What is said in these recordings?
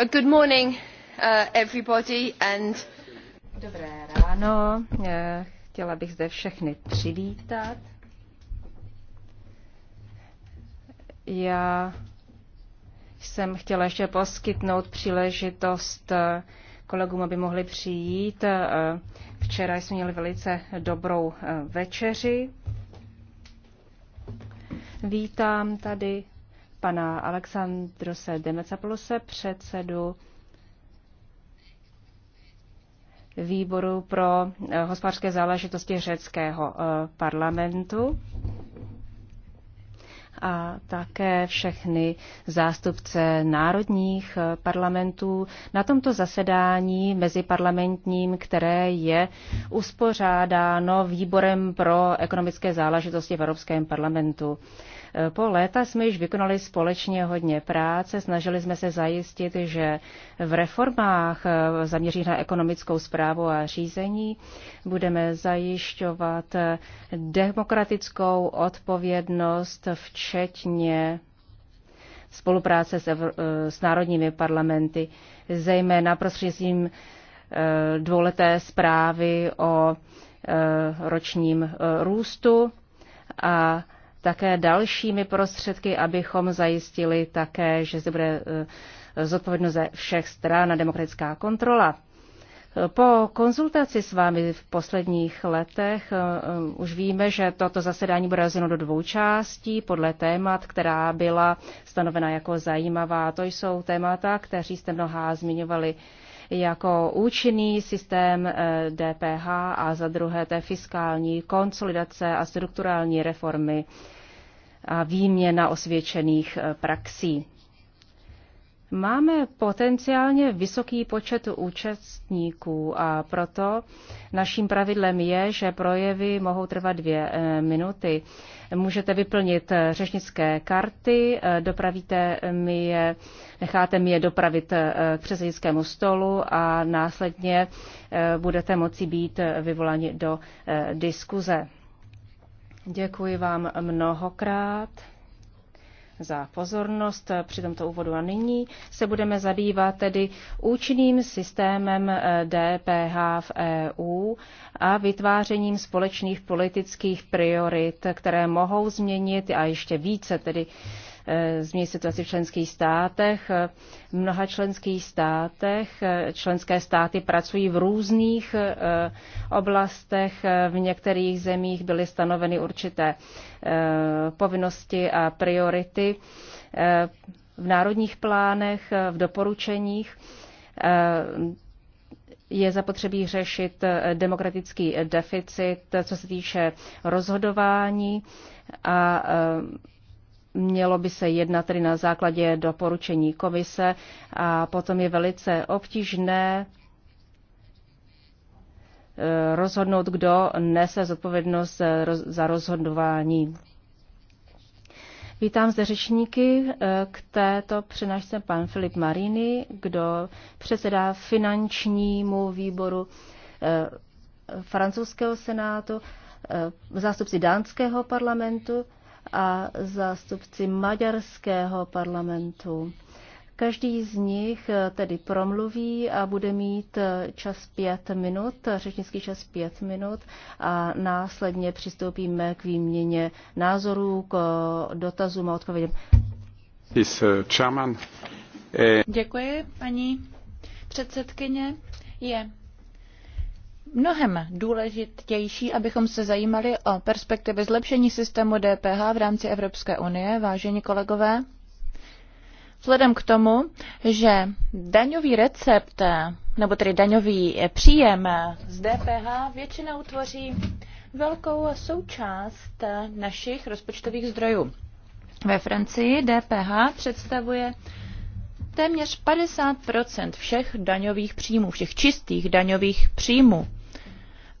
Uh, uh, Dobré ráno, uh, chtěla bych zde všechny přivítat. Já jsem chtěla ještě poskytnout příležitost kolegům, aby mohli přijít. Včera jsme měli velice dobrou večeři. Vítám tady pana Alexandrose Demecaplose, předsedu výboru pro eh, hospodářské záležitosti řeckého eh, parlamentu a také všechny zástupce národních eh, parlamentů na tomto zasedání meziparlamentním, které je uspořádáno výborem pro ekonomické záležitosti v Evropském parlamentu. Po léta jsme již vykonali společně hodně práce, snažili jsme se zajistit, že v reformách eh, zaměřených na ekonomickou zprávu a řízení budeme zajišťovat demokratickou odpovědnost, včetně spolupráce s, Evr- eh, s národními parlamenty, zejména prostřednictvím eh, dvouleté zprávy o ročním růstu a také dalšími prostředky, abychom zajistili také, že se bude e, zodpovědnost ze všech stran na demokratická kontrola. Po konzultaci s vámi v posledních letech e, e, už víme, že toto zasedání bude rozděleno do dvou částí podle témat, která byla stanovena jako zajímavá. To jsou témata, kteří jste mnohá zmiňovali jako účinný systém DPH eh, a za druhé té fiskální konsolidace a strukturální reformy a výměna osvědčených eh, praxí. Máme potenciálně vysoký počet účastníků a proto naším pravidlem je, že projevy mohou trvat dvě eh, minuty. Můžete vyplnit eh, řečnické karty, eh, dopravíte mi je, necháte mi je dopravit k předsednickému stolu a následně budete moci být vyvolani do diskuze. Děkuji vám mnohokrát za pozornost při tomto úvodu. A nyní se budeme zabývat tedy účinným systémem DPH eh, v EU a vytvářením společných politických priorit, které mohou změnit a ještě více tedy Eh, změnit situaci v členských státech. V mnoha členských státech eh, členské státy pracují v různých eh, oblastech. V některých zemích byly stanoveny určité povinnosti a priority v národních plánech, v doporučeních je zapotřebí řešit demokratický deficit, co se týče rozhodování a Mělo by se jednat tedy na základě doporučení komise a potom je velice obtížné eh, rozhodnout, kdo nese zodpovědnost za rozhodování. Vítám zde řečníky eh, k této přenášce pan Filip Marini, kdo předsedá finančnímu výboru eh, francouzského senátu, zástupci dánského parlamentu, a zástupci maďarského parlamentu. Každý z nich eh, tedy promluví a bude mít eh, čas pět minut, řečnický čas pět minut a následně přistoupíme k výměně názorů, k eh, dotazům a odpovědím. Děkuji, paní předsedkyně. Je mnohem důležitější, abychom se zajímali o perspektivy zlepšení systému DPH v rámci Evropské unie, vážení kolegové. Vzhledem k tomu, že daňový recept, nebo tedy daňový příjem z DPH většinou tvoří velkou součást našich rozpočtových zdrojů. Ve Francii DPH představuje téměř 50 všech daňových příjmů, všech čistých daňových příjmů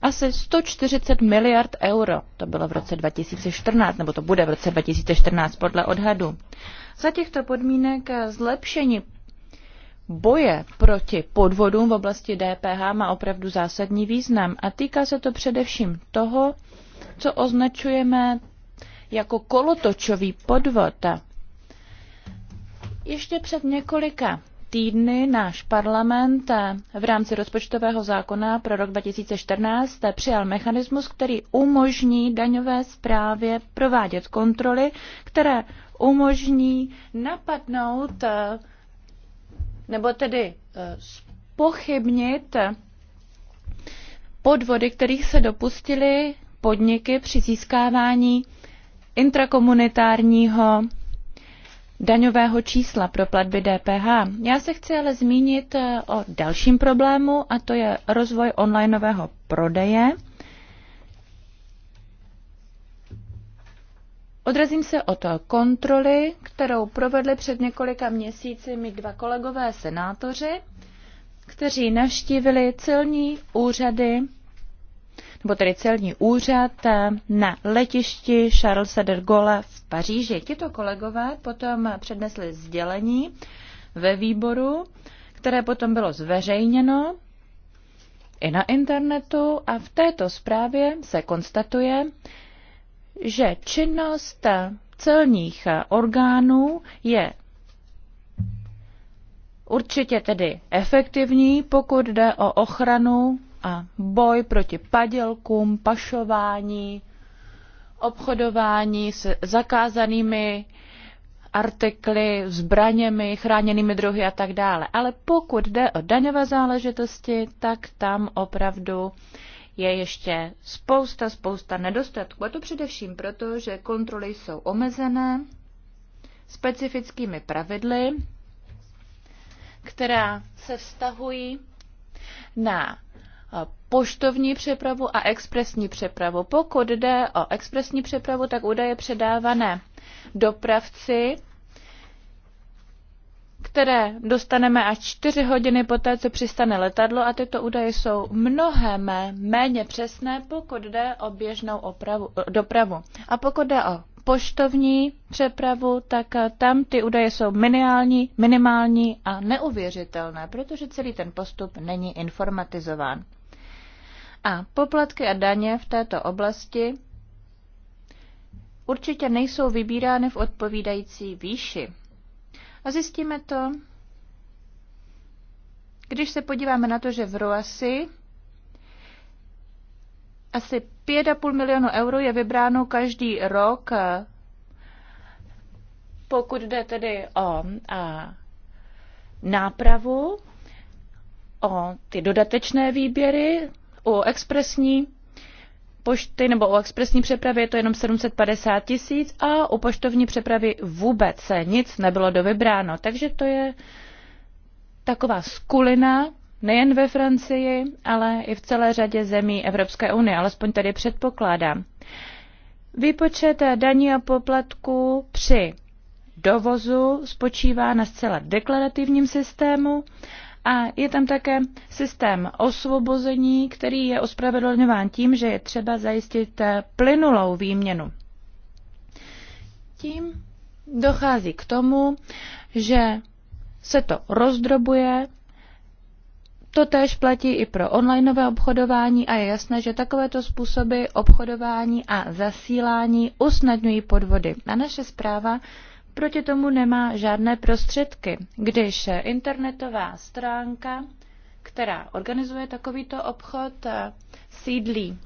asi 140 miliard euro. To bylo v roce 2014, nebo to bude v roce 2014 podle odhadu. Za těchto podmínek zlepšení boje proti podvodům v oblasti DPH má opravdu zásadní význam a týká se to především toho, co označujeme jako kolotočový podvod. Ještě před několika týdny náš parlament v rámci rozpočtového zákona pro rok 2014 přijal mechanismus, který umožní daňové správě provádět kontroly, které umožní napadnout nebo tedy eh, spochybnit podvody, kterých se dopustily podniky při získávání intrakomunitárního daňového čísla pro platby DPH. Já se chci ale zmínit eh, o dalším problému a to je rozvoj onlineového prodeje. Odrazím se od kontroly, kterou provedli před několika měsíci mi dva kolegové senátoři, kteří navštívili celní úřady nebo tedy celní úřad eh, na letišti Charlesa de Gaulle v Paříži. Tito kolegové potom přednesli sdělení ve výboru, které potom bylo zveřejněno i na internetu a v této zprávě se konstatuje, že činnost celních orgánů je určitě tedy efektivní, pokud jde o ochranu a boj proti padělkům, pašování, obchodování s zakázanými artikly, zbraněmi, chráněnými druhy a tak dále. Ale pokud jde o daňové záležitosti, tak tam opravdu je ještě spousta, spousta nedostatků. A to především proto, že kontroly jsou omezené specifickými pravidly, která se vztahují na poštovní přepravu a expresní přepravu. Pokud jde o expresní přepravu, tak údaje předávané dopravci, které dostaneme až 4 hodiny poté, co přistane letadlo a tyto údaje jsou mnohem méně přesné, pokud jde o běžnou opravu, dopravu. A pokud jde o poštovní přepravu, tak tam ty údaje jsou minimální, minimální a neuvěřitelné, protože celý ten postup není informatizován. A poplatky a daně v této oblasti určitě nejsou vybírány v odpovídající výši. A zjistíme to, když se podíváme na to, že v Roasi asi 5,5 milionu euro je vybráno každý rok, pokud jde tedy o a, nápravu, o ty dodatečné výběry, u expresní pošty nebo u expresní přepravy je to jenom 750 tisíc a u poštovní přepravy vůbec se nic nebylo dovybráno. Takže to je taková skulina nejen ve Francii, ale i v celé řadě zemí Evropské unie, alespoň tady předpokládám. Výpočet daní a poplatků při dovozu spočívá na zcela deklarativním systému a je tam také systém osvobození, který je ospravedlňován tím, že je třeba zajistit eh, plynulou výměnu. Tím dochází k tomu, že se to rozdrobuje, to též platí i pro onlineové obchodování a je jasné, že takovéto způsoby obchodování a zasílání usnadňují podvody. A naše zpráva proti tomu nemá žádné prostředky. Když internetová stránka, která organizuje takovýto obchod, eh, sídlí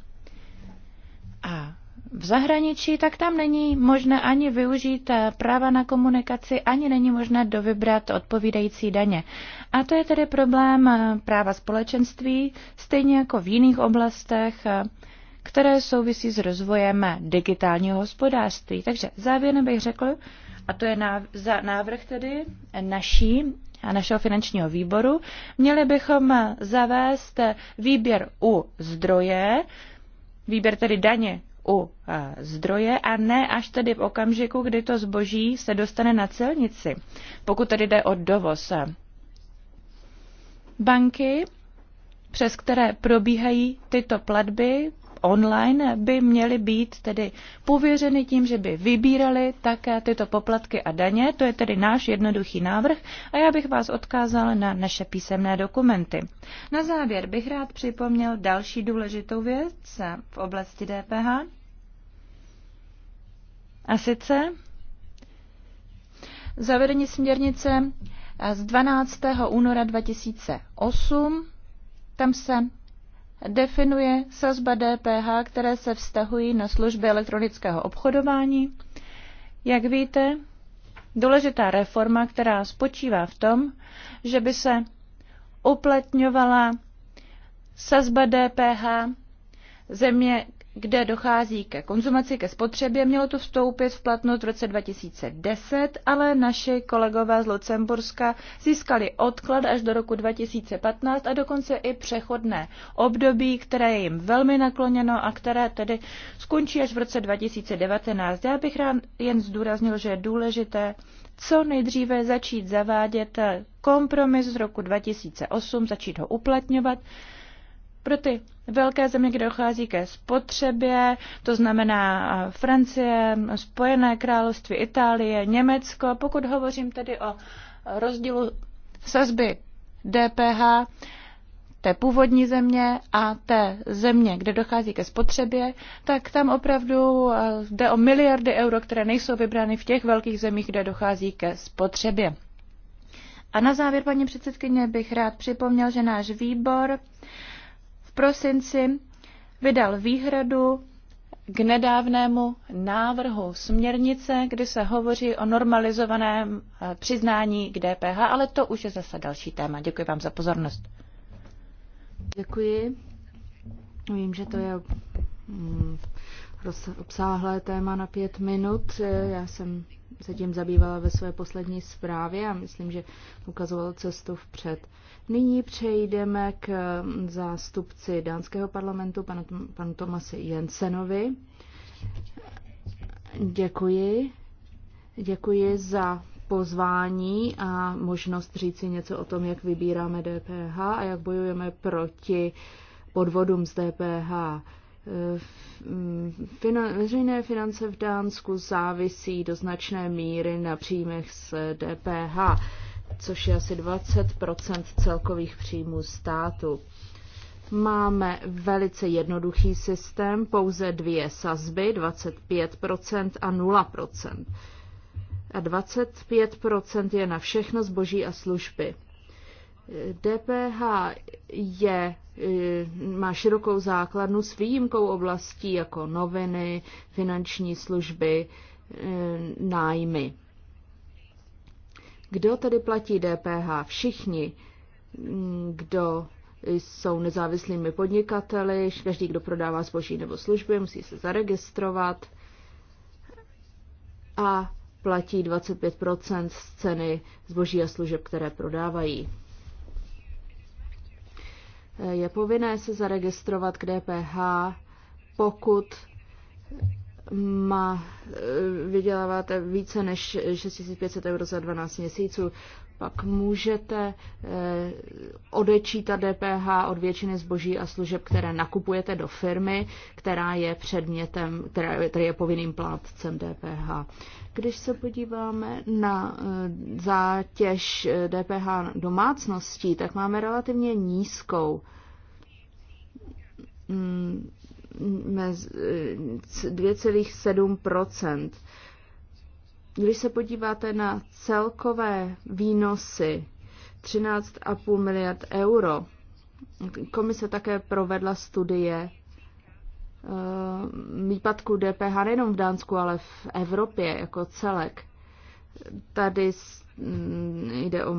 a v zahraničí, tak tam není možné ani využít eh, práva na komunikaci, ani není možné dovybrat odpovídající daně. A to je tedy problém eh, práva společenství, stejně jako v jiných oblastech, které souvisí s rozvojem digitálního hospodářství. Takže závěrem bych řekl, a to je návrh tedy naší a našeho finančního výboru, měli bychom zavést výběr u zdroje, výběr tedy daně u eh, zdroje a ne až tedy v okamžiku, kdy to zboží se dostane na celnici, pokud tedy jde o dovoz. Banky, přes které probíhají tyto platby, online by měly být tedy pověřeny tím, že by vybírali také tyto poplatky a daně. To je tedy náš jednoduchý návrh a já bych vás odkázal na naše písemné dokumenty. Na závěr bych rád připomněl další důležitou věc v oblasti DPH. A sice zavedení směrnice z 12. února 2008. Tam se definuje sazba DPH, které se vztahují na služby elektronického obchodování. Jak víte, důležitá reforma, která spočívá v tom, že by se uplatňovala sazba DPH země kde dochází ke konzumaci, ke spotřebě. Mělo to vstoupit v platnost v roce 2010, ale naši kolegové z Lucemburska získali odklad až do roku 2015 a dokonce i přechodné období, které je jim velmi nakloněno a které tedy skončí až v roce 2019. Já bych rád jen zdůraznil, že je důležité co nejdříve začít zavádět kompromis z roku 2008, začít ho uplatňovat pro ty velké země, kde dochází ke spotřebě, to znamená eh, Francie, Spojené království, Itálie, Německo, pokud hovořím tedy o rozdílu sazby DPH té původní země a té země, kde dochází ke spotřebě, tak tam opravdu eh, jde o miliardy euro, které nejsou vybrány v těch velkých zemích, kde dochází ke spotřebě. A na závěr, paní předsedkyně, bych rád připomněl, že náš výbor prosinci vydal výhradu k nedávnému návrhu směrnice, kdy se hovoří o normalizovaném eh, přiznání k DPH, ale to už je zase další téma. Děkuji vám za pozornost. Děkuji. Vím, že to je mm, obsáhlé téma na pět minut. Eh, já jsem se tím zabývala ve své poslední zprávě a myslím, že ukazoval cestu vpřed. Nyní přejdeme k zástupci dánského parlamentu, panu, panu Tomasi Jensenovi. Děkuji. Děkuji za pozvání a možnost říci něco o tom, jak vybíráme DPH a jak bojujeme proti podvodům z DPH veřejné finance v Dánsku závisí do značné míry na příjmech z DPH, což je asi 20 celkových příjmů státu. Máme velice jednoduchý systém, pouze dvě sazby, 25 a 0 a 25 je na všechno zboží a služby. DPH je, eh, má širokou základnu s výjimkou oblastí jako noviny, finanční služby, eh, nájmy. Kdo tedy platí DPH? Všichni, mm, kdo jsou nezávislými podnikateli, každý, kdo prodává zboží nebo služby, musí se zaregistrovat a platí 25 z ceny zboží a služeb, které prodávají. Je povinné se zaregistrovat k DPH, pokud má, eh, vyděláváte více než 6500 euro za 12 měsíců, pak můžete eh, odečítat DPH od většiny zboží a služeb, které nakupujete do firmy, která je předmětem, která, je povinným plátcem DPH. Když se podíváme na eh, zátěž DPH domácností, tak máme relativně nízkou hmm, 2,7 Když se podíváte na celkové výnosy 13,5 miliard euro, komise také provedla studie eh, výpadku DPH nejenom v Dánsku, ale v Evropě jako celek. Tady mm, jde o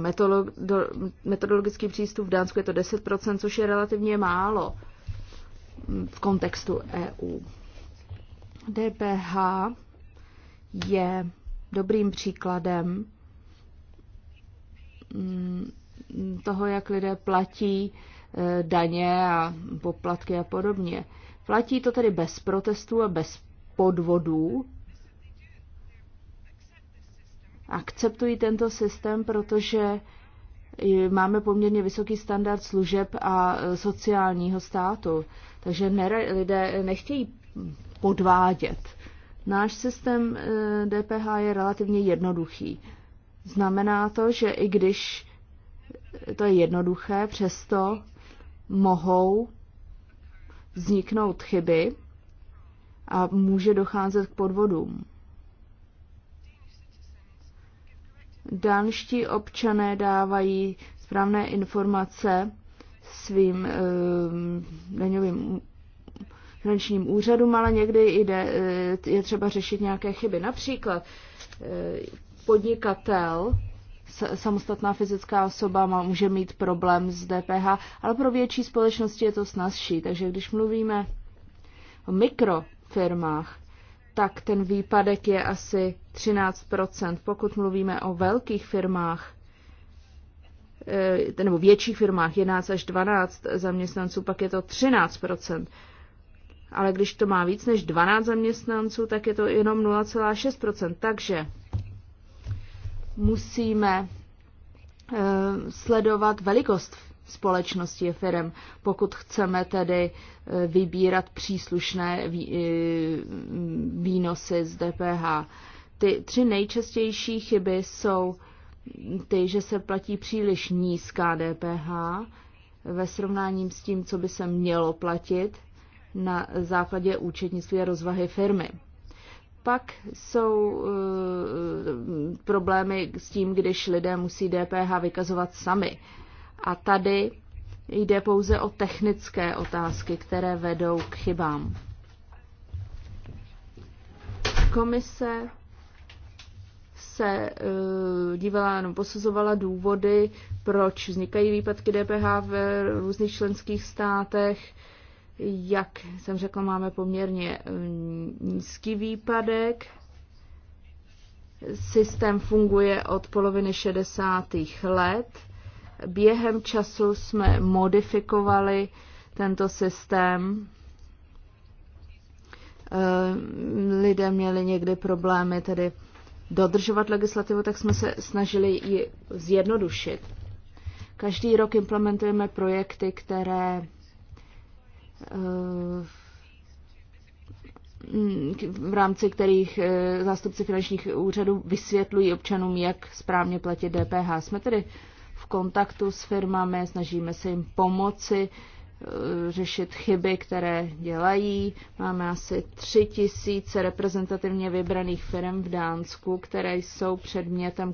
metodologický přístup. V Dánsku je to 10%, což je relativně málo v kontextu EU. DPH je dobrým příkladem mm, toho, jak lidé platí e, daně a poplatky a podobně. Platí to tedy bez protestů a bez podvodů. Akceptují tento systém, protože e, máme poměrně vysoký standard služeb a e, sociálního státu. Takže lidé nechtějí podvádět. Náš systém DPH eh, je relativně jednoduchý. Znamená to, že i když to je jednoduché, přesto mohou vzniknout chyby a může docházet k podvodům. Danští občané dávají správné informace svým ehm, daňovým finančním úřadům, ale někdy jde, eh, je třeba řešit nějaké chyby. Například eh, podnikatel, samostatná fyzická osoba má, může mít problém s DPH, ale pro větší společnosti je to snazší. Takže když mluvíme o mikrofirmách, tak ten výpadek je asi 13 Pokud mluvíme o velkých firmách, E, nebo větších firmách 11 až 12 zaměstnanců, pak je to 13 ale když to má víc než 12 zaměstnanců, tak je to jenom 0,6 Takže musíme e, sledovat velikost společnosti firm, pokud chceme tedy e, vybírat příslušné výnosy z DPH. Ty tři nejčastější chyby jsou ty, že se platí příliš nízká DPH ve srovnání s tím, co by se mělo platit na základě účetnictví a rozvahy firmy. Pak jsou uh, problémy s tím, když lidé musí DPH vykazovat sami. A tady jde pouze o technické otázky, které vedou k chybám. Komise se e, dívala nebo posuzovala důvody, proč vznikají výpadky DPH v různých členských státech. Jak jsem řekla, máme poměrně e, nízký výpadek. Systém funguje od poloviny 60. let. Během času jsme modifikovali tento systém e, lidé měli někdy problémy tedy dodržovat legislativu, tak jsme se snažili ji zjednodušit. Každý rok implementujeme projekty, které eh, v rámci kterých eh, zástupci finančních úřadů vysvětlují občanům, jak správně platit DPH. Jsme tedy v kontaktu s firmami, snažíme se jim pomoci Eh, řešit chyby, které dělají. Máme asi tři tisíce reprezentativně vybraných firm v Dánsku, které jsou předmětem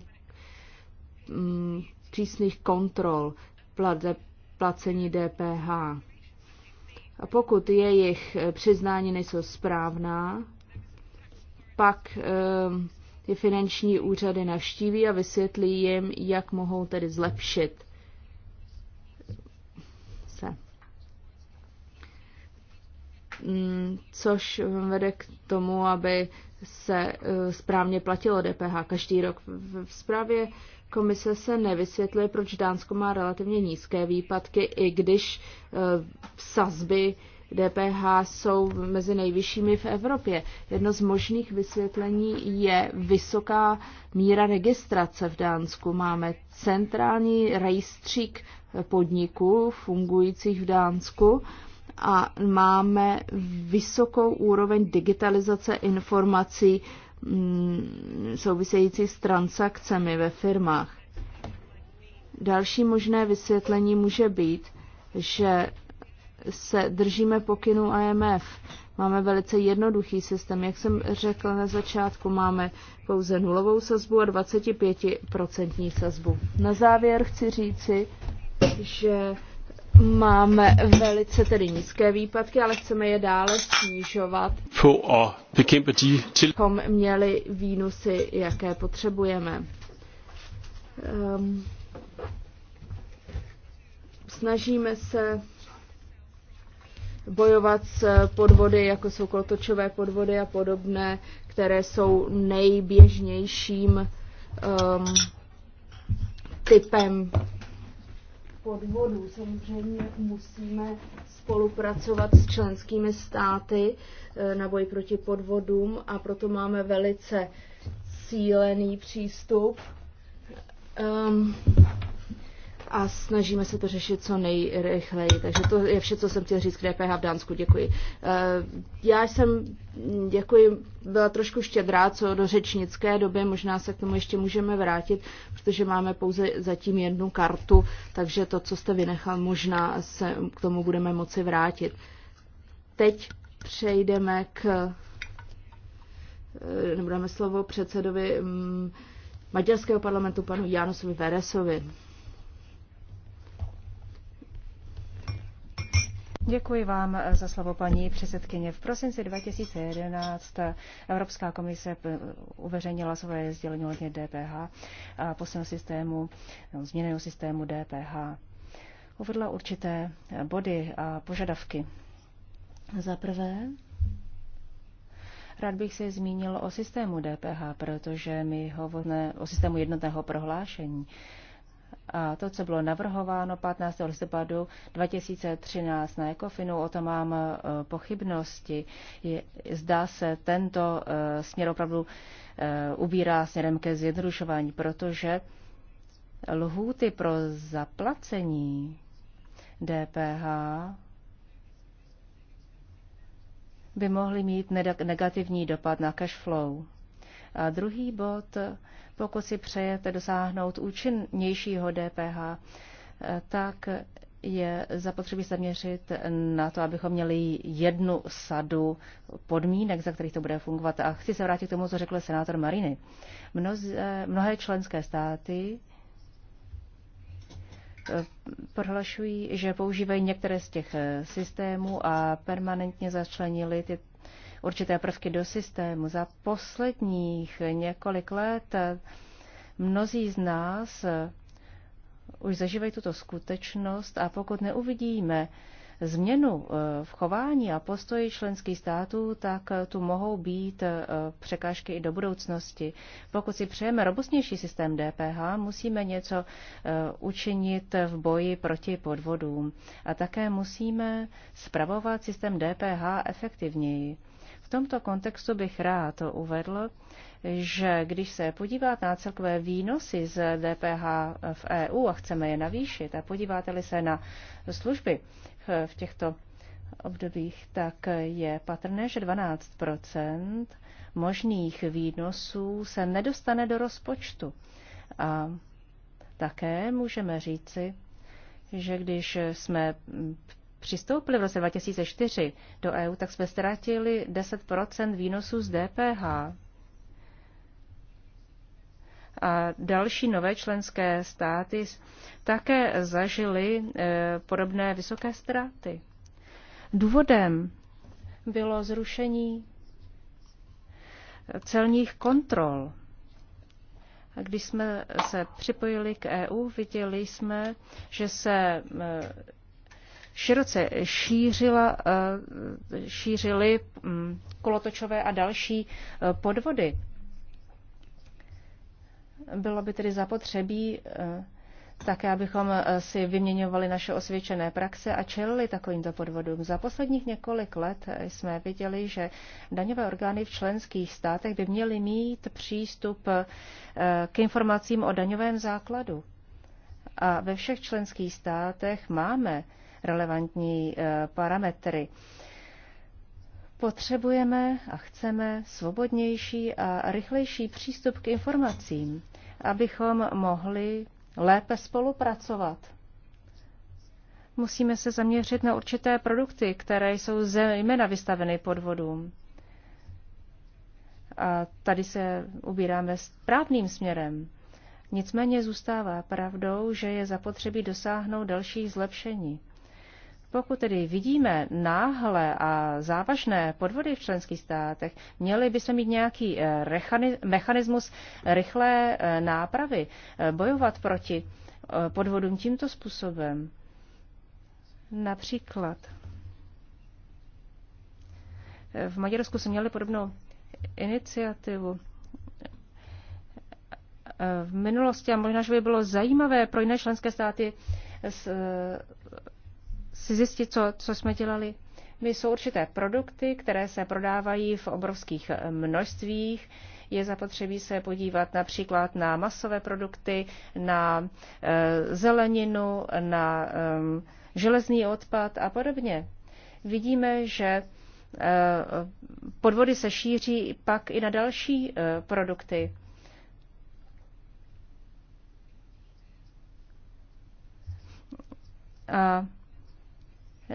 mm, přísných kontrol placení DPH. A pokud jejich eh, přiznání nejsou správná, pak ty eh, finanční úřady navštíví a vysvětlí jim, jak mohou tedy zlepšit Mm, což vede k tomu, aby se eh, správně platilo DPH každý rok. V zprávě komise se nevysvětluje, proč Dánsko má relativně nízké výpadky, i když eh, sazby DPH jsou mezi nejvyššími v Evropě. Jedno z možných vysvětlení je vysoká míra registrace v Dánsku. Máme centrální rejstřík podniků fungujících v Dánsku a máme vysokou úroveň digitalizace informací mm, související s transakcemi ve firmách. Další možné vysvětlení může být, že se držíme pokynu IMF. Máme velice jednoduchý systém. Jak jsem řekla na začátku, máme pouze nulovou sazbu a 25% sazbu. Na závěr chci říci, že Máme velice tedy nízké výpadky, ale chceme je dále snižovat. Abychom měli výnosy, jaké potřebujeme. Um, snažíme se bojovat s podvody, jako jsou koltočové podvody a podobné, které jsou nejběžnějším um, typem podvodů. Samozřejmě musíme spolupracovat s členskými státy e, na boji proti podvodům a proto máme velice cílený přístup. Um, a snažíme se to řešit co nejrychleji. Takže to je vše, co jsem chtěl říct k DPH v Dánsku. Děkuji. Eh, já jsem, děkuji, byla trošku štědrá co do řečnické doby, možná se k tomu ještě můžeme vrátit, protože máme pouze zatím jednu kartu, takže to, co jste vynechal, možná se k tomu budeme moci vrátit. Teď přejdeme k eh, nebudeme slovo předsedovi mm, maďarského parlamentu panu Jánosovi Veresovi. Děkuji vám eh, za slovo, paní předsedkyně. V prosinci 2011 eh, Evropská komise eh, uveřejnila svoje sdělení hodně DPH a posledního systému, no, změněného systému DPH. Uvedla určité body a požadavky. Za prvé, Rád bych se zmínil o systému DPH, protože my hovoříme o systému jednotného prohlášení. A to, co bylo navrhováno 15. listopadu 2013 na Ekofinu, o tom mám e, pochybnosti. Je, zdá se, tento e, směr opravdu e, ubírá směrem ke zjednodušování, protože lhůty pro zaplacení DPH by mohly mít negativní dopad na cash flow. A druhý bod pokud si přejete dosáhnout účinnějšího DPH, tak je zapotřebí zaměřit na to, abychom měli jednu sadu podmínek, za kterých to bude fungovat. A chci se vrátit k tomu, co řekl senátor Mariny. Mnoze, mnohé členské státy eh, prohlašují, že používají některé z těch eh, systémů a permanentně začlenili ty, určité prvky do systému. Za posledních několik let mnozí z nás už zažívají tuto skutečnost a pokud neuvidíme změnu eh, v chování a postoji členských států, tak eh, tu mohou být eh, překážky i do budoucnosti. Pokud si přejeme robustnější systém DPH, musíme něco učinit v boji proti podvodům. A také musíme spravovat systém DPH efektivněji tomto kontextu bych rád uvedl, že když se podíváte na celkové výnosy z DPH v EU a chceme je navýšit a podíváte-li se na služby v těchto obdobích, tak je patrné, že 12 možných výnosů se nedostane do rozpočtu. A také můžeme říci, že když jsme přistoupili v roce 2004 do EU, tak jsme ztratili 10 výnosů z DPH. A další nové členské státy také zažily e, podobné vysoké ztráty. Důvodem bylo zrušení celních kontrol. A když jsme se připojili k EU, viděli jsme, že se e, široce šířila, eh, šířili mm, kolotočové a další eh, podvody. Bylo by tedy zapotřebí eh, také, abychom si vyměňovali naše osvědčené praxe a čelili takovýmto podvodům. Za posledních několik let jsme viděli, že daňové orgány v členských státech by měly mít přístup k informacím o daňovém základu. A ve všech členských státech máme relevantní eh, parametry. Potřebujeme a chceme svobodnější a rychlejší přístup k informacím, abychom mohli lépe spolupracovat. Musíme se zaměřit na určité produkty, které jsou zejména vystaveny podvodům. A tady se ubíráme správným směrem. Nicméně zůstává pravdou, že je zapotřebí dosáhnout dalších zlepšení. Pokud tedy vidíme náhle a závažné podvody v členských státech, měli by se mít nějaký eh, mechanismus rychlé eh, nápravy, eh, bojovat proti podvodům tímto způsobem. Například v Maďarsku jsme měli podobnou iniciativu v minulosti a možná, že by bylo zajímavé pro jiné členské státy si zjistit, co, co jsme dělali. My jsou určité produkty, které se prodávají v obrovských eh, množstvích. Je zapotřebí se podívat například na masové produkty, na eh, zeleninu, na eh, železný odpad a podobně. Vidíme, že podvody se šíří pak i na další produkty. A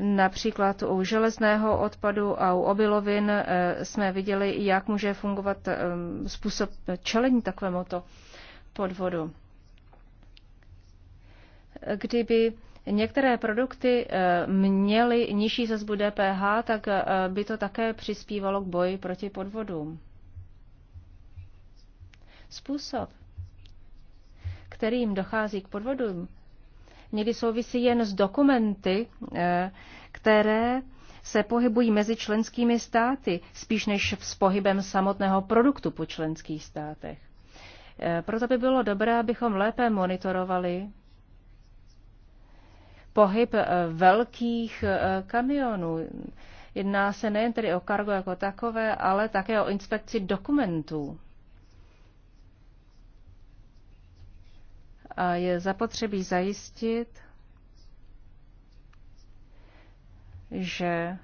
Například u železného odpadu a u obilovin eh, jsme viděli, jak může fungovat eh, způsob čelení takovémuto podvodu. Kdyby některé produkty eh, měly nižší sazbu DPH, tak by to také přispívalo k boji proti podvodům. Způsob, kterým dochází k podvodům, někdy souvisí jen s dokumenty, eh, které se pohybují mezi členskými státy, spíš než s pohybem samotného produktu po členských státech. Eh, proto by bylo dobré, abychom lépe monitorovali pohyb eh, velkých kamionů. Jedná se nejen tedy o kargo jako takové, ale také o inspekci dokumentů. a je zapotřebí zajistit, že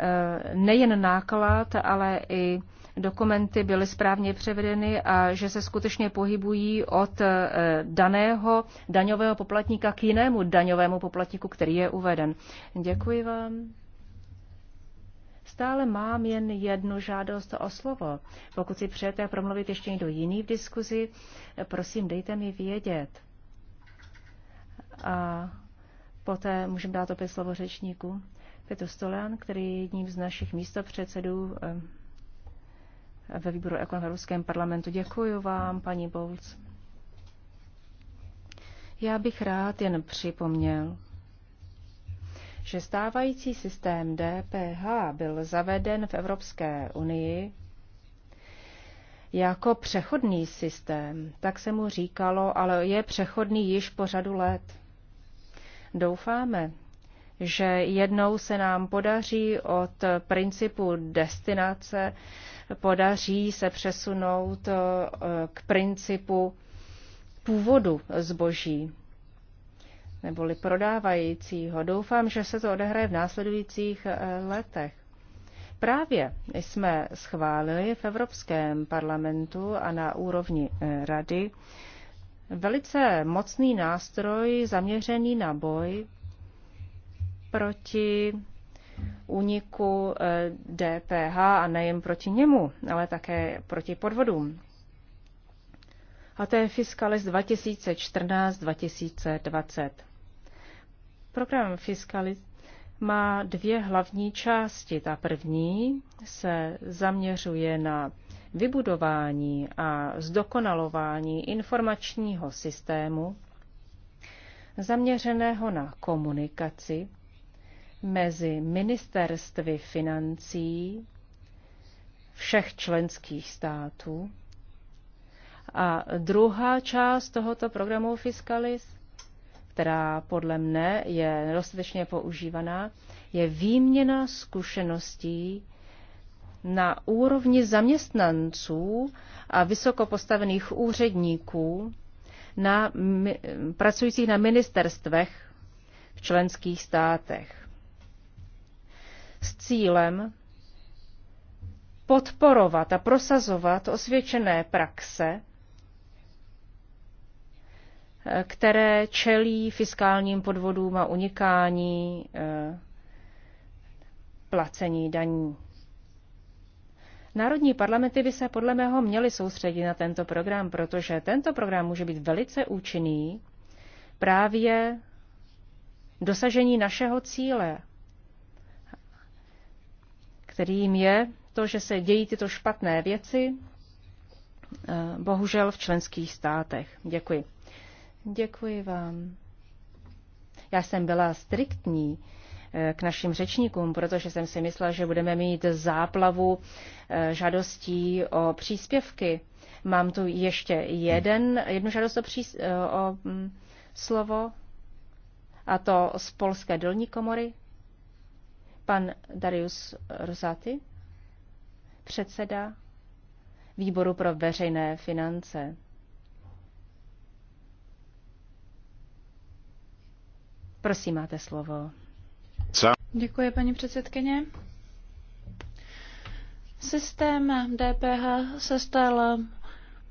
e, nejen náklad, ale i dokumenty byly správně převedeny a že se skutečně pohybují od e, daného daňového poplatníka k jinému daňovému poplatníku, který je uveden. Děkuji vám. Stále mám jen jednu žádost o slovo. Pokud si přejete promluvit ještě někdo jiný v diskuzi, prosím, dejte mi vědět. A poté můžeme dát opět slovo řečníku. Petr Stolan, který je jedním z našich místopředsedů eh, ve výboru ekonomickém parlamentu. Děkuji vám, paní Bowles. Já bych rád jen připomněl, že stávající systém DPH byl zaveden v Evropské unii jako přechodný systém, tak se mu říkalo, ale je přechodný již po řadu let. Doufáme, že jednou se nám podaří od principu destinace, podaří se přesunout eh, k principu původu zboží neboli prodávajícího. Doufám, že se to odehraje v následujících eh, letech. Právě jsme schválili v Evropském parlamentu a na úrovni eh, rady velice mocný nástroj zaměřený na boj proti úniku DPH eh, a nejen proti němu, ale také proti podvodům. A to je Fiskalist 2014-2020. Program Fiskalit má dvě hlavní části. Ta první se zaměřuje na vybudování a zdokonalování informačního systému zaměřeného na komunikaci mezi ministerstvy financí všech členských států. A druhá část tohoto programu Fiscalis která podle mne je nedostatečně používaná, je výměna zkušeností na úrovni zaměstnanců a vysoko postavených úředníků na, pracujících na ministerstvech v členských státech s cílem podporovat a prosazovat osvědčené praxe které čelí fiskálním podvodům a unikání eh, placení daní. Národní parlamenty by se podle mého měly soustředit na tento program, protože tento program může být velice účinný právě dosažení našeho cíle, kterým je to, že se dějí tyto špatné věci, eh, bohužel v členských státech. Děkuji. Děkuji vám. Já jsem byla striktní eh, k našim řečníkům, protože jsem si myslela, že budeme mít záplavu eh, žádostí o příspěvky. Mám tu ještě jeden, jednu žádost o, přís, eh, o mm, slovo, a to z Polské dolní komory. Pan Darius Rosati, předseda výboru pro veřejné finance. Prosím, máte slovo. Co? Děkuji, paní předsedkyně. Systém DPH se stal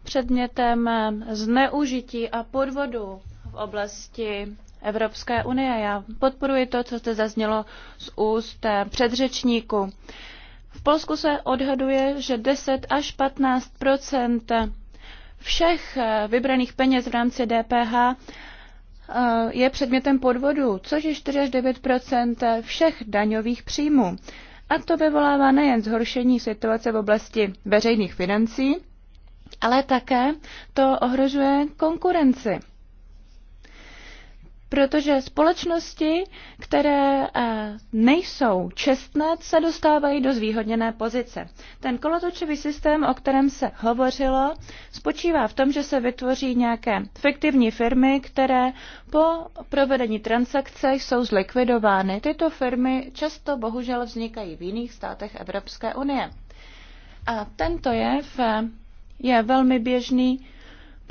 předmětem zneužití a podvodu v oblasti Evropské unie. Já podporuji to, co zde zaznělo z úst předřečníku. V Polsku se odhaduje, že 10 až 15 všech vybraných peněz v rámci DPH Eh, je předmětem podvodu, což je 4 až 9 všech daňových příjmů. A to vyvolává nejen zhoršení situace v oblasti veřejných financí, ale také to ohrožuje konkurenci protože společnosti, které eh, nejsou čestné, se dostávají do zvýhodněné pozice. Ten kolotočový systém, o kterém se hovořilo, spočívá v tom, že se vytvoří nějaké fiktivní firmy, které po provedení transakce jsou zlikvidovány. Tyto firmy často bohužel vznikají v jiných státech Evropské unie. A tento jev eh, je velmi běžný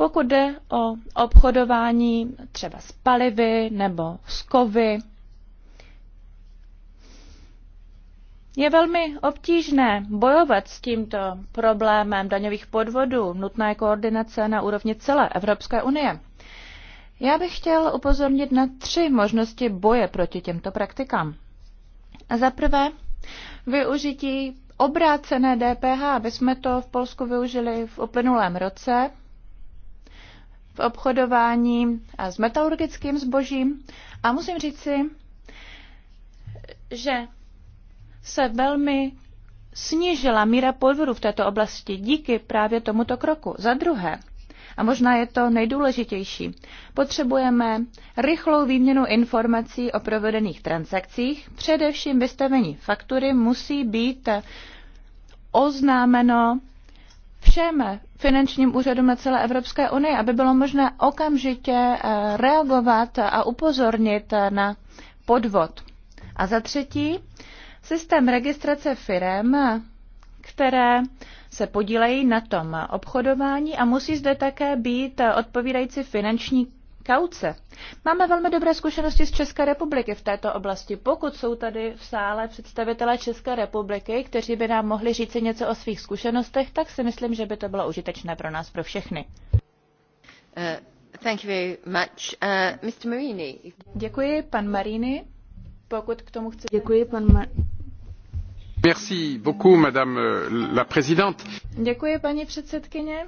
pokud jde o obchodování třeba s palivy nebo s kovy, Je velmi obtížné bojovat s tímto problémem daňových podvodů. Nutná je koordinace na úrovni celé Evropské unie. Já bych chtěl upozornit na tři možnosti boje proti těmto praktikám. Za prvé, využití obrácené DPH. aby jsme to v Polsku využili v uplynulém roce v obchodování a s metalurgickým zbožím. A musím říci, že se velmi snížila míra podvodu v této oblasti díky právě tomuto kroku. Za druhé, a možná je to nejdůležitější, potřebujeme rychlou výměnu informací o provedených transakcích. Především vystavení faktury musí být oznámeno všem finančním úřadům na celé Evropské unii, aby bylo možné okamžitě eh, reagovat a upozornit eh, na podvod. A za třetí, systém registrace firem, eh, které se podílejí na tom obchodování a musí zde také být odpovídající finanční kauce. Máme velmi dobré zkušenosti z České republiky v této oblasti. Pokud jsou tady v sále představitelé České republiky, kteří by nám mohli říci něco o svých zkušenostech, tak si myslím, že by to bylo užitečné pro nás, pro všechny. Uh, thank you very much. Uh, Mr. Děkuji, pan Marini. Pokud k tomu chce. Děkuji, pan Mar... Merci beaucoup, madame euh, la présidente. Děkuji, paní předsedkyně.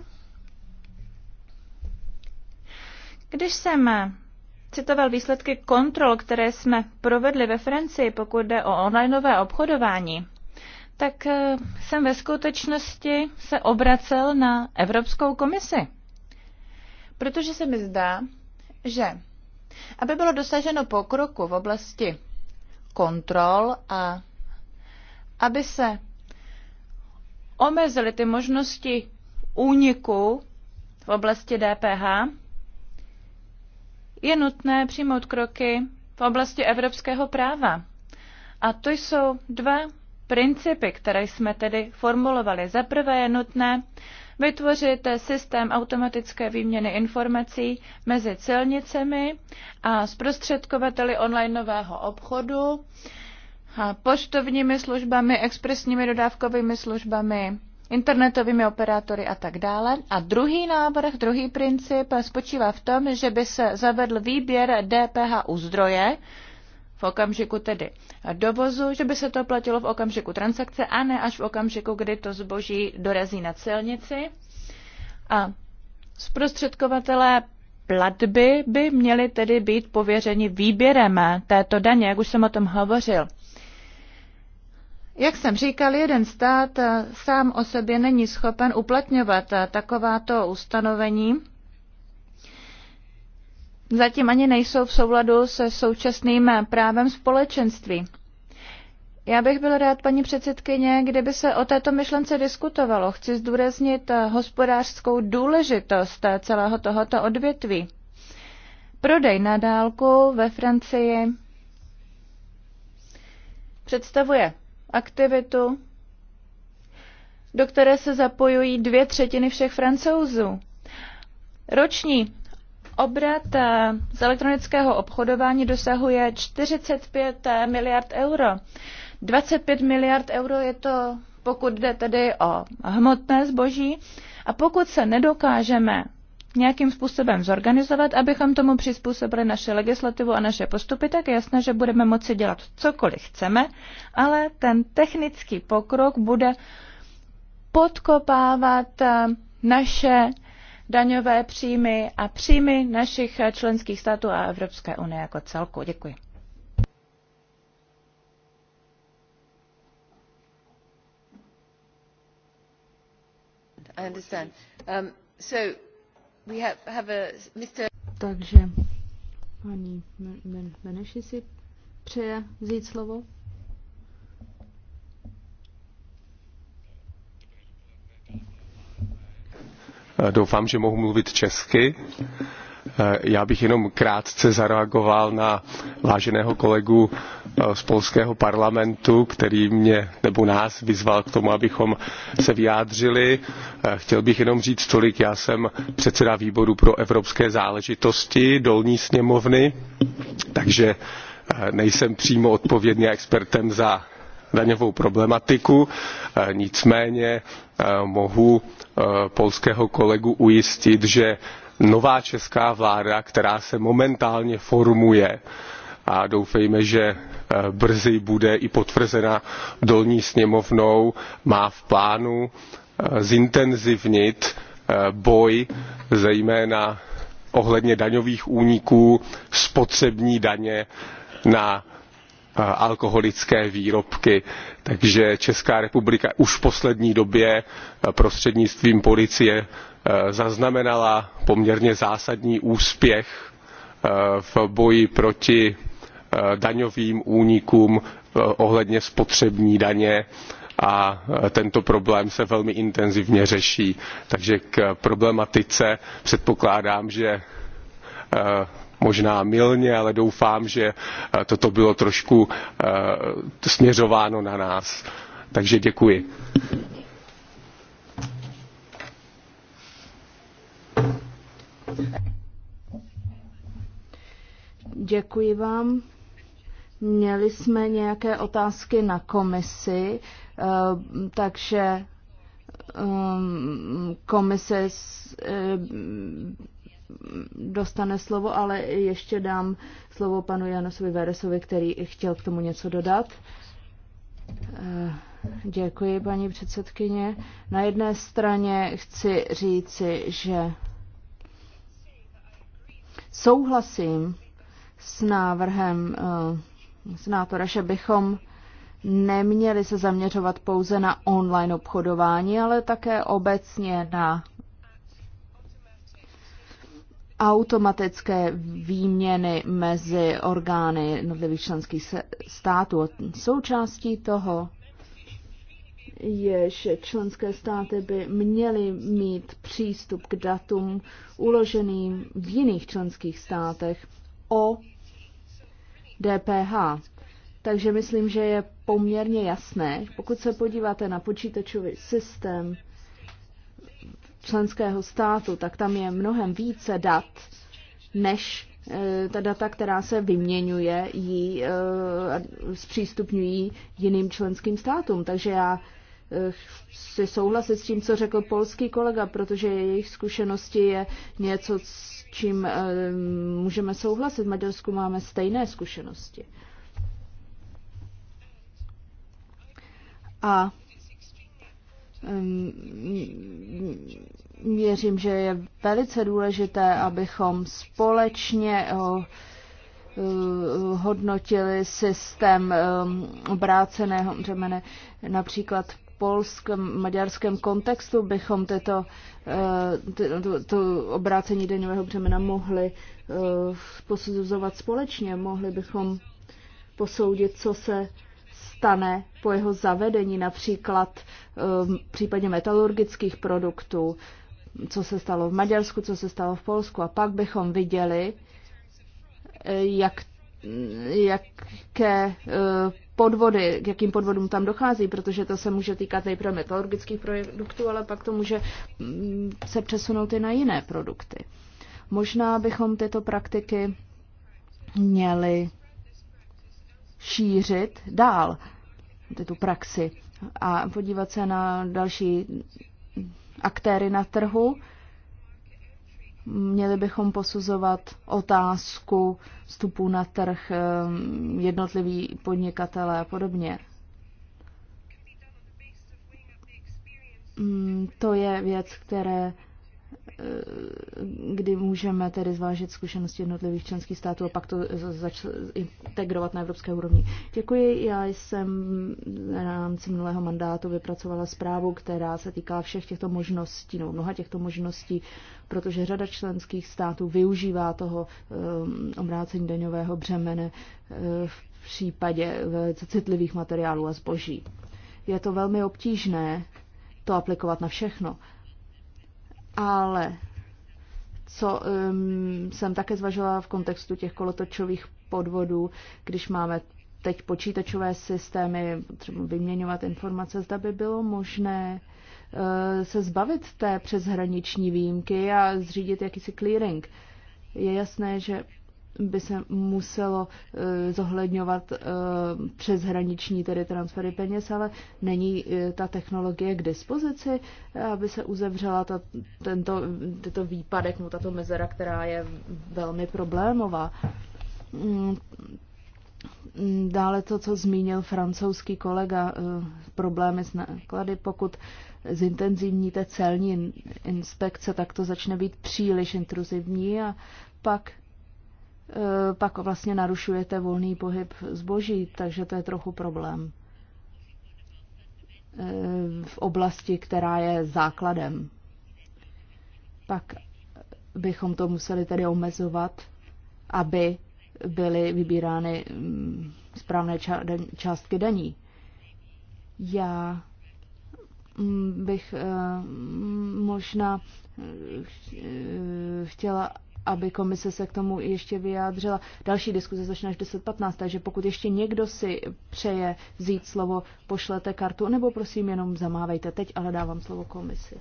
Když jsem citoval výsledky kontrol, které jsme provedli ve Francii, pokud jde o onlineové obchodování, tak eh, jsem ve skutečnosti se obracel na Evropskou komisi. Protože se mi zdá, že aby bylo dosaženo pokroku v oblasti kontrol a aby se omezily ty možnosti úniku v oblasti DPH, je nutné přijmout kroky v oblasti evropského práva. A to jsou dva principy, které jsme tedy formulovali. Za prvé je nutné vytvořit systém automatické výměny informací mezi celnicemi a zprostředkovateli onlineového obchodu, a poštovními službami, expresními dodávkovými službami, internetovými operátory a tak dále. A druhý návrh, druhý princip spočívá v tom, že by se zavedl výběr DPH u zdroje, v okamžiku tedy dovozu, že by se to platilo v okamžiku transakce a ne až v okamžiku, kdy to zboží dorazí na celnici. A zprostředkovatelé platby by měly tedy být pověřeni výběrem této daně, jak už jsem o tom hovořil. Jak jsem říkal, jeden stát eh, sám o sobě není schopen uplatňovat eh, takováto ustanovení. Zatím ani nejsou v souladu se současným eh, právem společenství. Já bych byl rád, paní předsedkyně, kdyby se o této myšlence diskutovalo. Chci zdůraznit hospodářskou důležitost celého tohoto odvětví. Prodej na dálku ve Francii představuje aktivitu, do které se zapojují dvě třetiny všech francouzů. Roční obrat eh, z elektronického obchodování dosahuje 45 eh, miliard euro. 25 miliard euro je to, pokud jde tedy o hmotné zboží. A pokud se nedokážeme nějakým způsobem zorganizovat, abychom tomu přizpůsobili naše legislativu a naše postupy, tak je jasné, že budeme moci dělat cokoliv chceme, ale ten technický pokrok bude podkopávat eh, naše daňové příjmy a příjmy našich členských států a Evropské unie jako celku. Děkuji. I understand. Um, so takže paní Meneši si přeje vzít slovo. Doufám, že mohu mluvit česky. Eh, já bych jenom krátce zareagoval na váženého kolegu eh, z polského parlamentu, který mě nebo nás vyzval k tomu, abychom se vyjádřili. Eh, chtěl bych jenom říct tolik, já jsem předseda výboru pro evropské záležitosti dolní sněmovny, takže nejsem přímo odpovědný expertem za daňovou problematiku, nicméně mohu polského kolegu ujistit, že nová česká vláda, která se momentálně formuje a doufejme, že eh, brzy bude i potvrzena dolní sněmovnou, má v plánu eh, zintenzivnit eh, boj zejména ohledně daňových úniků spotřební daně na alkoholické výrobky. Takže Česká republika už v poslední době prostřednictvím policie Eh, zaznamenala poměrně zásadní úspěch eh, v boji proti eh, daňovým únikům ohledně spotřební daně a tento problém se velmi intenzivně řeší. Takže k problematice předpokládám, že možná mylně, ale doufám, že toto bylo trošku směřováno na nás. Takže děkuji. Děkuji vám. Měli jsme nějaké otázky na komisi, eh, takže eh, komise eh, dostane slovo, ale ještě dám slovo panu Janosovi Veresovi, který chtěl k tomu něco dodat. Děkuji, paní předsedkyně. Na jedné straně chci říci, že souhlasím s návrhem uh, senátora, že bychom neměli se zaměřovat pouze na online obchodování, ale také obecně na automatické výměny mezi orgány jednotlivých členských států. Součástí toho jež členské státy by měly mít přístup k datům uloženým v jiných členských státech o DPH. Takže myslím, že je poměrně jasné, pokud se podíváte na počítačový systém členského státu, tak tam je mnohem více dat, než eh, ta data, která se vyměňuje, ji eh, zpřístupňují jiným členským státům. Takže já si souhlasit s tím, co řekl polský kolega, protože jejich zkušenosti je něco, s čím eh, můžeme souhlasit. V Maďarsku máme stejné zkušenosti. A mm, věřím, že je velice důležité, abychom společně eh, eh, hodnotili systém obráceného břemene. Například polském, maďarském kontextu bychom tyto, eh, ty, to, to obrácení daňového břemena mohli eh, posuzovat společně. Mohli bychom posoudit, co se stane po jeho zavedení, například eh, v případě metalurgických produktů, co se stalo v Maďarsku, co se stalo v Polsku. A pak bychom viděli, jak jaké eh, podvody, k jakým podvodům tam dochází, protože to se může týkat nejprve metalurgických produktů, ale pak to může mm, se přesunout i na jiné produkty. Možná bychom tyto praktiky měli šířit dál, tu praxi, a podívat se na další aktéry na trhu, Měli bychom posuzovat otázku vstupu na trh ehm, jednotlivý podnikatele a podobně. Mm, to je věc, které Eh, kdy můžeme tedy zvážit zkušenosti jednotlivých členských států a pak to integrovat na evropské úrovni. Děkuji. Já jsem v rámci minulého mandátu vypracovala zprávu, která se týká všech těchto možností, nebo mnoha těchto možností, protože řada členských států využívá toho um, obrácení daňového břemene uh, v případě velice citlivých materiálů a zboží. Je to velmi obtížné to aplikovat na všechno. Ale co um, jsem také zvažovala v kontextu těch kolotočových podvodů, když máme teď počítačové systémy, třeba vyměňovat informace, zda by bylo možné uh, se zbavit té přeshraniční výjimky a zřídit jakýsi clearing. Je jasné, že by se muselo eh, zohledňovat eh, přeshraniční tedy transfery peněz, ale není eh, ta technologie k dispozici, aby se uzevřela ta, tento, tento výpadek, no, tato mezera, která je velmi problémová. Mm, mm, dále to, co zmínil francouzský kolega, problémy s náklady, pokud zintenzivníte celní inspekce, tak to začne být příliš intruzivní a pak Eh, pak vlastně narušujete volný pohyb zboží, takže to je trochu problém eh, v oblasti, která je základem. Pak bychom to museli tedy omezovat, aby byly vybírány mm, správné částky daní. Já mm, bych eh, mm, možná chtěla, aby komise se k tomu ještě vyjádřila. Další diskuze začne až 10.15, takže pokud ještě někdo si přeje vzít slovo, pošlete kartu, nebo prosím jenom zamávejte teď, ale dávám slovo komisi.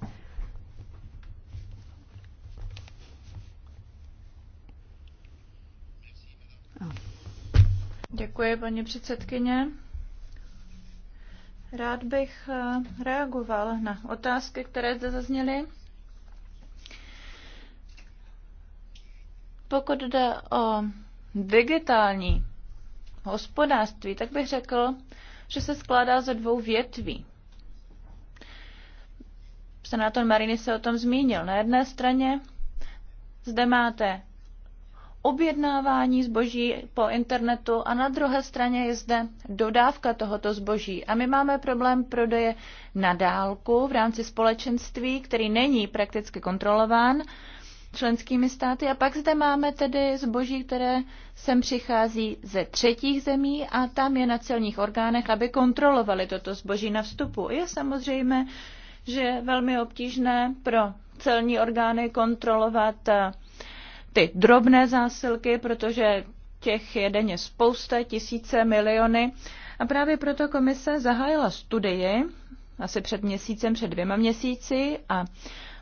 Děkuji, paní předsedkyně. Rád bych eh, reagoval na otázky, které zde zazněly. Pokud jde o digitální hospodářství, tak bych řekl, že se skládá ze dvou větví. Senátor Mariny se o tom zmínil. Na jedné straně zde máte objednávání zboží po internetu a na druhé straně je zde dodávka tohoto zboží. A my máme problém prodeje na dálku v rámci společenství, který není prakticky kontrolován členskými státy. A pak zde máme tedy zboží, které sem přichází ze třetích zemí a tam je na celních orgánech, aby kontrolovali toto zboží na vstupu. Je samozřejmé, že je velmi obtížné pro celní orgány kontrolovat eh, ty drobné zásilky, protože těch je denně spousta, tisíce, miliony. A právě proto komise zahájila studii asi před měsícem, před dvěma měsíci a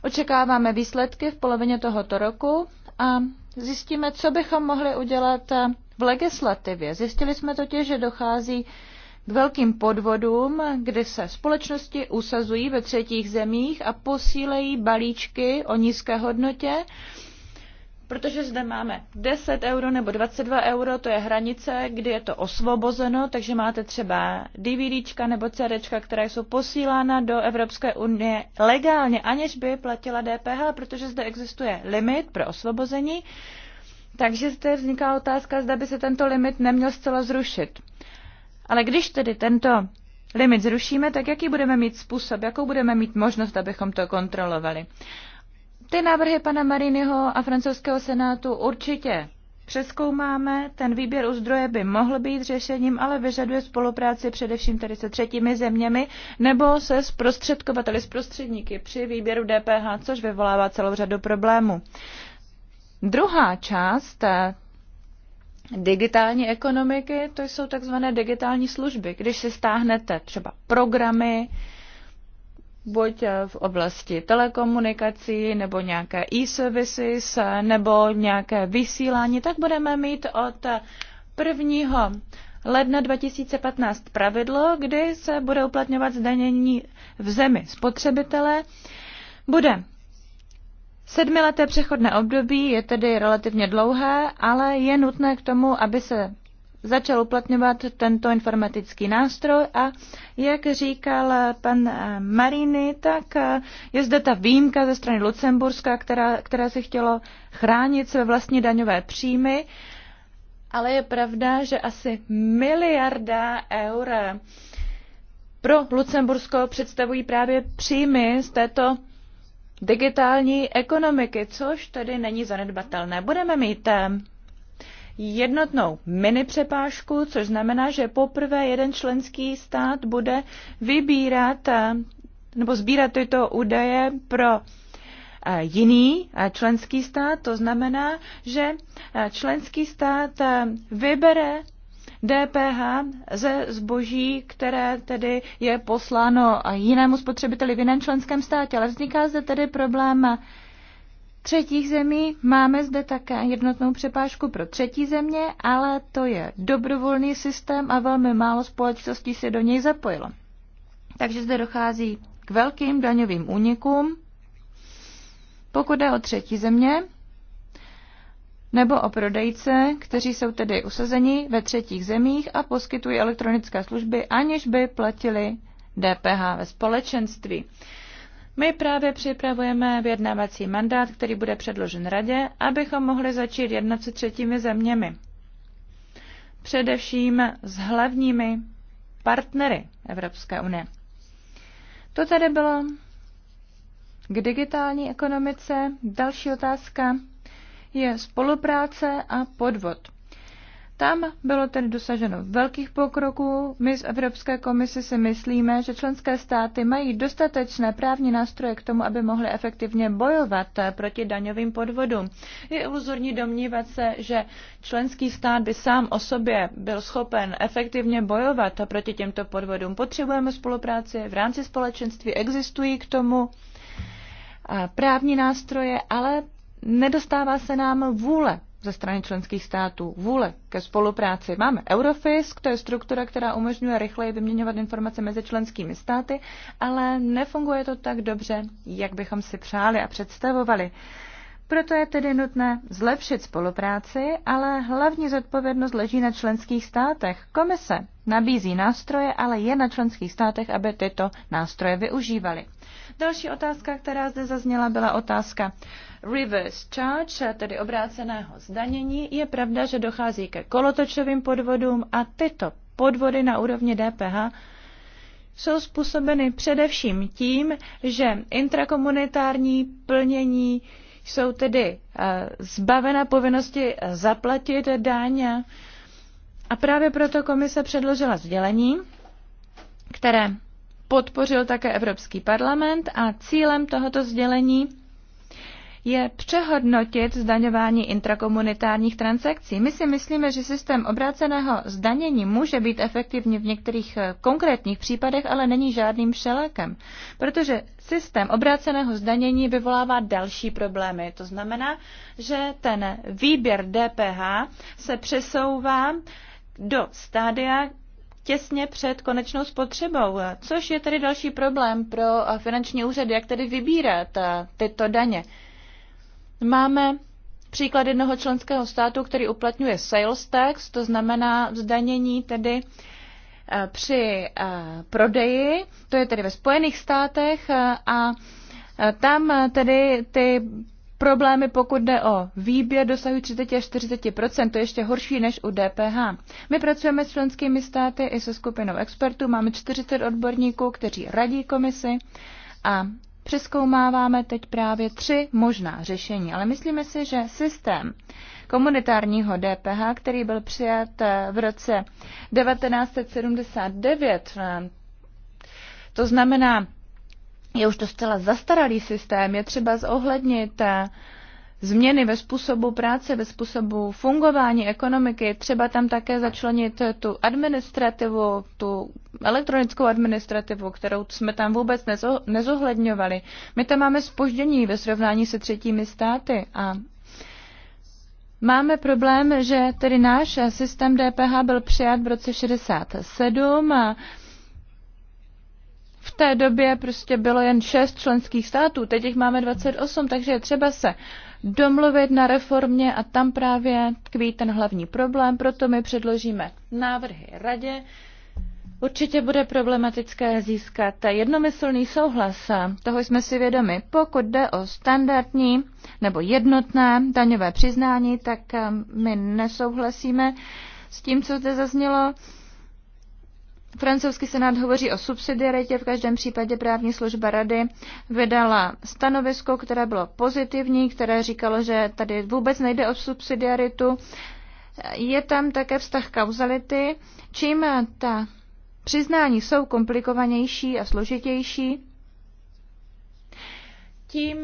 Očekáváme výsledky v polovině tohoto roku a zjistíme, co bychom mohli udělat v legislativě. Zjistili jsme totiž, že dochází k velkým podvodům, kdy se společnosti usazují ve třetích zemích a posílejí balíčky o nízké hodnotě protože zde máme 10 euro nebo 22 euro, to je hranice, kdy je to osvobozeno, takže máte třeba DVDčka nebo CDčka, které jsou posílána do Evropské unie legálně, aniž by platila DPH, protože zde existuje limit pro osvobození. Takže zde vzniká otázka, zda by se tento limit neměl zcela zrušit. Ale když tedy tento limit zrušíme, tak jaký budeme mít způsob, jakou budeme mít možnost, abychom to kontrolovali. Ty návrhy pana Mariniho a francouzského senátu určitě přeskoumáme. Ten výběr u zdroje by mohl být řešením, ale vyžaduje spolupráci především tedy se třetími zeměmi nebo se zprostředkovateli, zprostředníky při výběru DPH, což vyvolává celou řadu problémů. Druhá část eh, digitální ekonomiky, to jsou takzvané digitální služby. Když si stáhnete třeba programy, buď eh, v oblasti telekomunikací nebo nějaké e-services eh, nebo nějaké vysílání, tak budeme mít od 1. ledna 2015 pravidlo, kdy se bude uplatňovat zdanění v zemi spotřebitele. Bude Sedmileté přechodné období je tedy relativně dlouhé, ale je nutné k tomu, aby se začal uplatňovat tento informatický nástroj a jak říkal pan eh, Marini, tak eh, je zde ta výjimka ze strany Lucemburska, která, která se chtělo chránit své vlastní daňové příjmy, ale je pravda, že asi miliarda eur pro Lucembursko představují právě příjmy z této digitální ekonomiky, což tedy není zanedbatelné. Budeme mít eh, jednotnou mini přepážku, což znamená, že poprvé jeden členský stát bude vybírat eh, nebo sbírat tyto údaje pro eh, jiný eh, členský stát. To znamená, že členský stát vybere DPH ze zboží, které tedy je posláno jinému spotřebiteli v jiném členském státě. Ale vzniká zde tedy problém třetích zemí. Máme zde také jednotnou přepážku pro třetí země, ale to je dobrovolný systém a velmi málo společností se do něj zapojilo. Takže zde dochází k velkým daňovým únikům. Pokud jde o třetí země, nebo o prodejce, kteří jsou tedy usazeni ve třetích zemích a poskytují elektronické služby, aniž by platili DPH ve společenství. My právě připravujeme vyjednávací mandát, který bude předložen radě, abychom mohli začít jednat se třetími zeměmi. Především s hlavními partnery Evropské unie. To tady bylo k digitální ekonomice. Další otázka je spolupráce a podvod. Tam bylo tedy dosaženo velkých pokroků. My z Evropské komise si myslíme, že členské státy mají dostatečné právní nástroje k tomu, aby mohly efektivně bojovat eh, proti daňovým podvodům. Je iluzorní domnívat se, že členský stát by sám o sobě byl schopen efektivně bojovat proti těmto podvodům. Potřebujeme spolupráci v rámci společenství, existují k tomu eh, právní nástroje, ale nedostává se nám vůle ze strany členských států vůle ke spolupráci. Máme Eurofisk, to je struktura, která umožňuje rychleji vyměňovat informace mezi členskými státy, ale nefunguje to tak dobře, jak bychom si přáli a představovali. Proto je tedy nutné zlepšit spolupráci, ale hlavní zodpovědnost leží na členských státech. Komise nabízí nástroje, ale je na členských státech, aby tyto nástroje využívali. Další otázka, která zde zazněla, byla otázka reverse charge, tedy obráceného zdanění, je pravda, že dochází ke kolotočovým podvodům a tyto podvody na úrovni DPH jsou způsobeny především tím, že intrakomunitární plnění jsou tedy eh, zbavena povinnosti eh, zaplatit daň. A právě proto komise předložila sdělení, které podpořil také Evropský parlament a cílem tohoto sdělení je přehodnotit zdaňování intrakomunitárních transakcí. My si myslíme, že systém obráceného zdanění může být efektivní v některých eh, konkrétních případech, ale není žádným všelékem, protože systém obráceného zdanění vyvolává další problémy. To znamená, že ten výběr DPH se přesouvá do stádia, těsně před konečnou spotřebou, což je tedy další problém pro eh, finanční úřady, jak tedy vybírat eh, tyto daně. Máme příklad jednoho členského státu, který uplatňuje sales tax, to znamená zdanění tedy eh, při eh, prodeji, to je tedy ve Spojených státech eh, a tam tedy ty problémy, pokud jde o výběr, dosahují 30 až 40 to je ještě horší než u DPH. My pracujeme s členskými státy i se skupinou expertů, máme 40 odborníků, kteří radí komisi a Přeskoumáváme teď právě tři možná řešení, ale myslíme si, že systém komunitárního DPH, který byl přijat eh, v roce 1979, eh, to znamená, je už to zcela zastaralý systém, je třeba zohlednit eh, změny ve způsobu práce, ve způsobu fungování ekonomiky. Třeba tam také začlenit tu administrativu, tu elektronickou administrativu, kterou jsme tam vůbec nezohledňovali. My tam máme spoždění ve srovnání se třetími státy a Máme problém, že tedy náš systém DPH byl přijat v roce 67 a v té době prostě bylo jen šest členských států, teď jich máme 28, takže je třeba se domluvit na reformě a tam právě tkví ten hlavní problém, proto my předložíme návrhy radě. Určitě bude problematické získat jednomyslný souhlas, toho jsme si vědomi. Pokud jde o standardní nebo jednotné daňové přiznání, tak eh, my nesouhlasíme s tím, co zde zaznělo. Francouzský senát hovoří o subsidiaritě, v každém případě právní služba rady vydala stanovisko, které bylo pozitivní, které říkalo, že tady vůbec nejde o subsidiaritu. Je tam také vztah kauzality, čím ta přiznání jsou komplikovanější a složitější, tím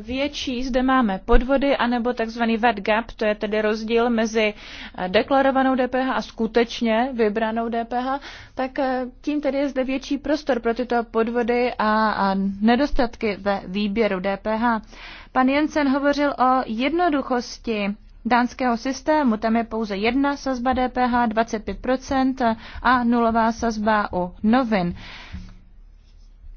větší, zde máme podvody, anebo takzvaný VAT gap, to je tedy rozdíl mezi eh, deklarovanou DPH a skutečně vybranou DPH, tak eh, tím tedy je zde větší prostor pro tyto podvody a, a nedostatky ve výběru DPH. Pan Jensen hovořil o jednoduchosti dánského systému. Tam je pouze jedna sazba DPH, 25% a nulová sazba u novin.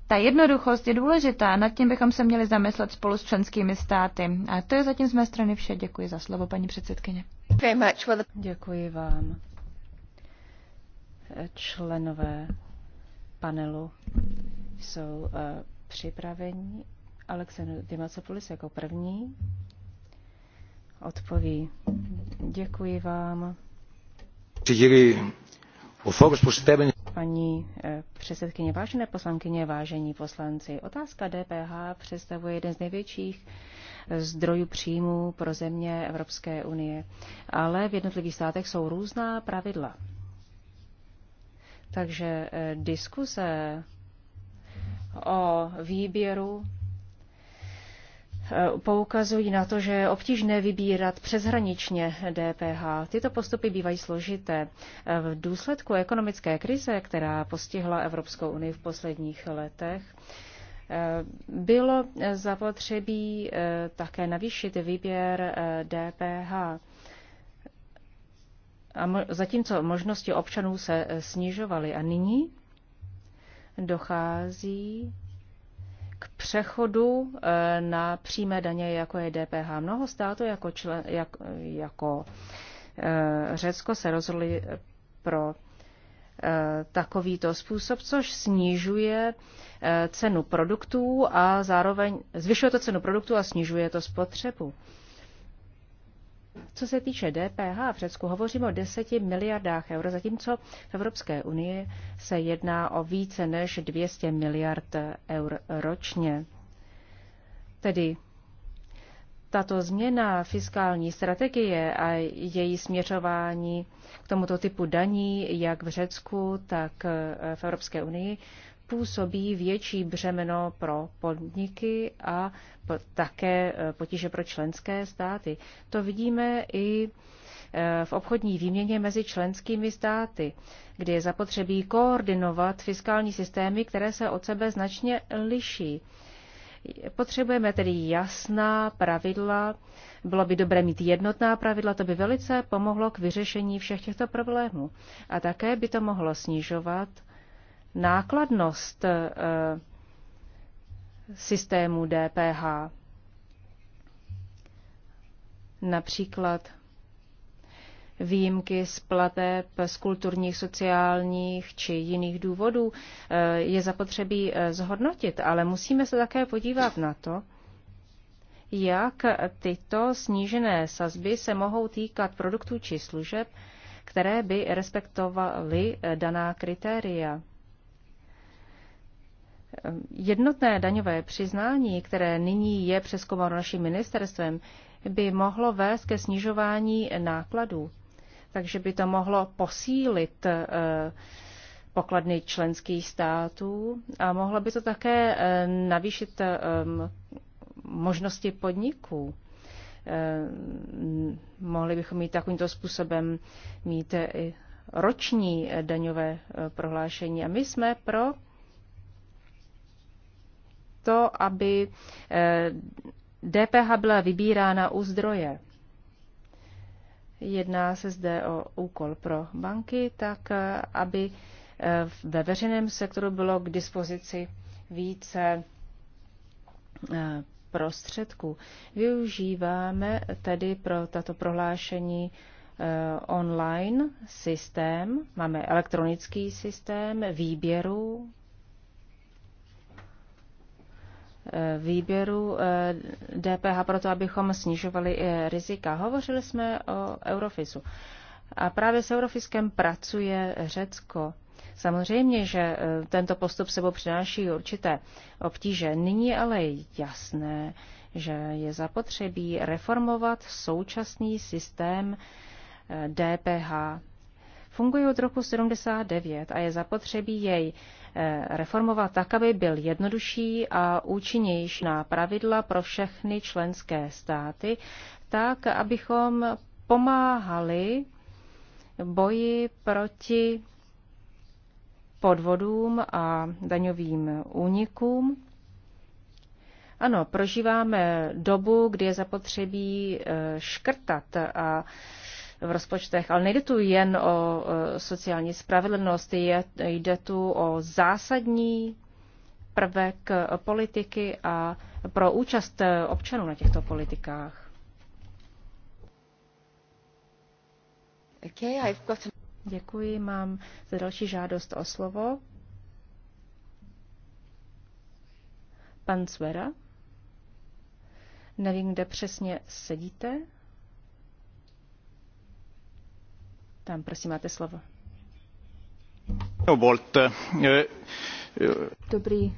Ta jednoduchost je důležitá, nad tím bychom se měli zamyslet spolu s členskými státy. A to je zatím z mé strany vše. Děkuji za slovo, paní předsedkyně. Děkuji vám. Členové panelu jsou uh, připraveni. Alexandr Dimacopolis jako první odpoví. Děkuji vám paní eh, předsedkyně, vážené poslankyně, vážení poslanci. Otázka DPH představuje jeden z největších eh, zdrojů příjmů pro země Evropské unie, ale v jednotlivých státech jsou různá pravidla. Takže eh, diskuse o výběru Eh, poukazují na to, že je obtížné vybírat přeshraničně DPH. Tyto postupy bývají složité. Eh, v důsledku ekonomické krize, která postihla Evropskou unii v posledních letech, eh, bylo zapotřebí také navýšit výběr DPH. A zatímco možnosti občanů se snižovaly a nyní dochází k přechodu eh, na přímé daně, jako je DPH. Mnoho států jako, člen, jak, jako eh, Řecko se rozhodli pro eh, takovýto způsob, což snižuje cenu produktů a zároveň zvyšuje to cenu produktů a snižuje to spotřebu. Co se týče DPH v Řecku, hovoříme o 10 miliardách euro, zatímco v Evropské unii se jedná o více než 200 miliard eur ročně. Tedy tato změna fiskální strategie a její směřování k tomuto typu daní, jak v Řecku, tak v Evropské unii, působí větší břemeno pro podniky a také eh, potíže pro členské státy. To vidíme i eh, v obchodní výměně mezi členskými státy, kdy je zapotřebí koordinovat fiskální systémy, které se od sebe značně liší. Potřebujeme tedy jasná pravidla, bylo by dobré mít jednotná pravidla, to by velice pomohlo k vyřešení všech těchto problémů. A také by to mohlo snižovat nákladnost eh, systému DPH. Například výjimky z plateb z kulturních, sociálních či jiných důvodů eh, je zapotřebí eh, zhodnotit, ale musíme se také podívat na to, jak tyto snížené sazby se mohou týkat produktů či služeb, které by respektovaly daná kritéria. Jednotné daňové přiznání, které nyní je přeskoumáno naším ministerstvem, by mohlo vést ke snižování nákladů. Takže by to mohlo posílit eh, pokladny členských států a mohlo by to také eh, navýšit eh, možnosti podniků. Mohli bychom mít takovýmto způsobem mít i roční daňové prohlášení. A my jsme pro to, aby DPH eh, byla vybírána u zdroje. Jedná se zde o úkol pro banky, tak eh, aby eh, ve veřejném sektoru bylo k dispozici více prostředků. Využíváme tedy pro tato prohlášení online systém, máme elektronický systém výběru výběru DPH eh, proto, abychom snižovali eh, rizika. Hovořili jsme o Eurofisu. A právě s Eurofiskem pracuje Řecko. Samozřejmě, že eh, tento postup sebou přináší určité obtíže. Nyní ale jasné, že je zapotřebí reformovat současný systém DPH. Funguje od roku 79 a je zapotřebí jej Eh, reformovat tak, aby byl jednodušší a účinnější na pravidla pro všechny členské státy, tak, abychom pomáhali boji proti podvodům a daňovým únikům. Ano, prožíváme dobu, kdy je zapotřebí eh, škrtat a v rozpočtech. Ale nejde tu jen o e, sociální spravedlnost, je, jde tu o zásadní prvek politiky a pro účast občanů na těchto politikách. Okay, I've got Děkuji, mám za další žádost o slovo. Pan Cvera, Nevím, kde přesně sedíte. Tam, prosím, máte slovo. Dobrý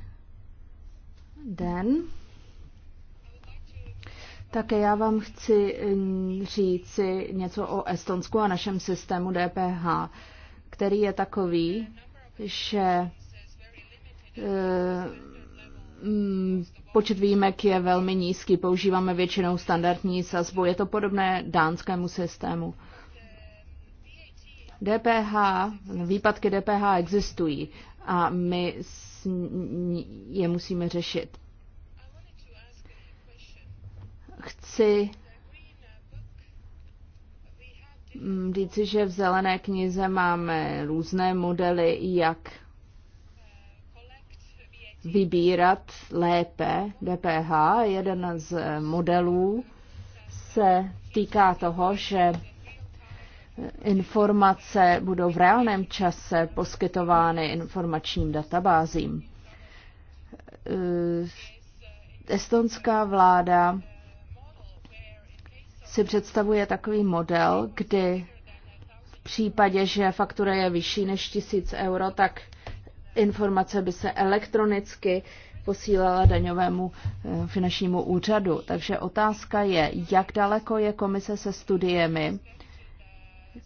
den. Také já vám chci mm, říci něco o Estonsku a našem systému DPH, který je takový, že eh, mm, počet výjimek je velmi nízký, používáme většinou standardní sazbu, je to podobné dánskému systému. DPH, výpadky DPH existují a my je musíme řešit. Chci mm, říci, že v zelené knize máme různé modely, jak vybírat lépe DPH. Jeden z modelů se týká toho, že Informace budou v reálném čase poskytovány informačním databázím. Eh, estonská vláda si představuje takový model, kdy v případě, že faktura je vyšší než 1000 euro, tak informace by se elektronicky posílala daňovému eh, finančnímu úřadu. Takže otázka je, jak daleko je komise se studiemi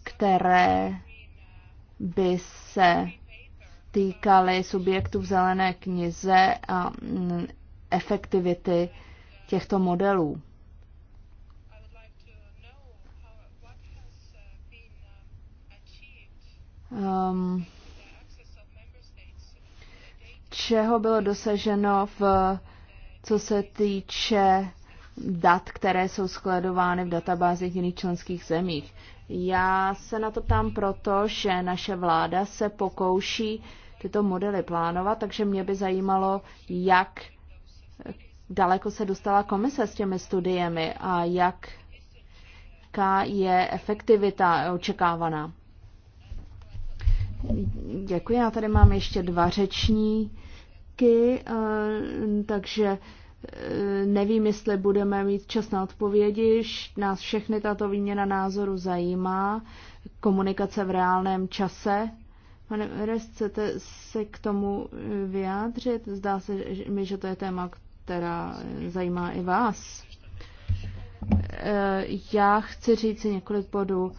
které by se týkaly subjektů v zelené knize a mm, efektivity těchto modelů. Um, čeho bylo dosaženo v co se týče dat, které jsou skladovány v databázích jiných členských zemích. Já se na to ptám proto, že naše vláda se pokouší tyto modely plánovat, takže mě by zajímalo, jak daleko se dostala komise s těmi studiemi a jak je efektivita očekávaná. Děkuji, já tady mám ještě dva řečníky, eh, takže Eh, nevím, jestli budeme mít čas na odpovědi. Nás všechny tato výměna názoru zajímá. Komunikace v reálném čase. Pane Veres, chcete se k tomu eh, vyjádřit? Zdá se mi, že to je téma, která eh, zajímá i vás. Já chci říct si několik bodů.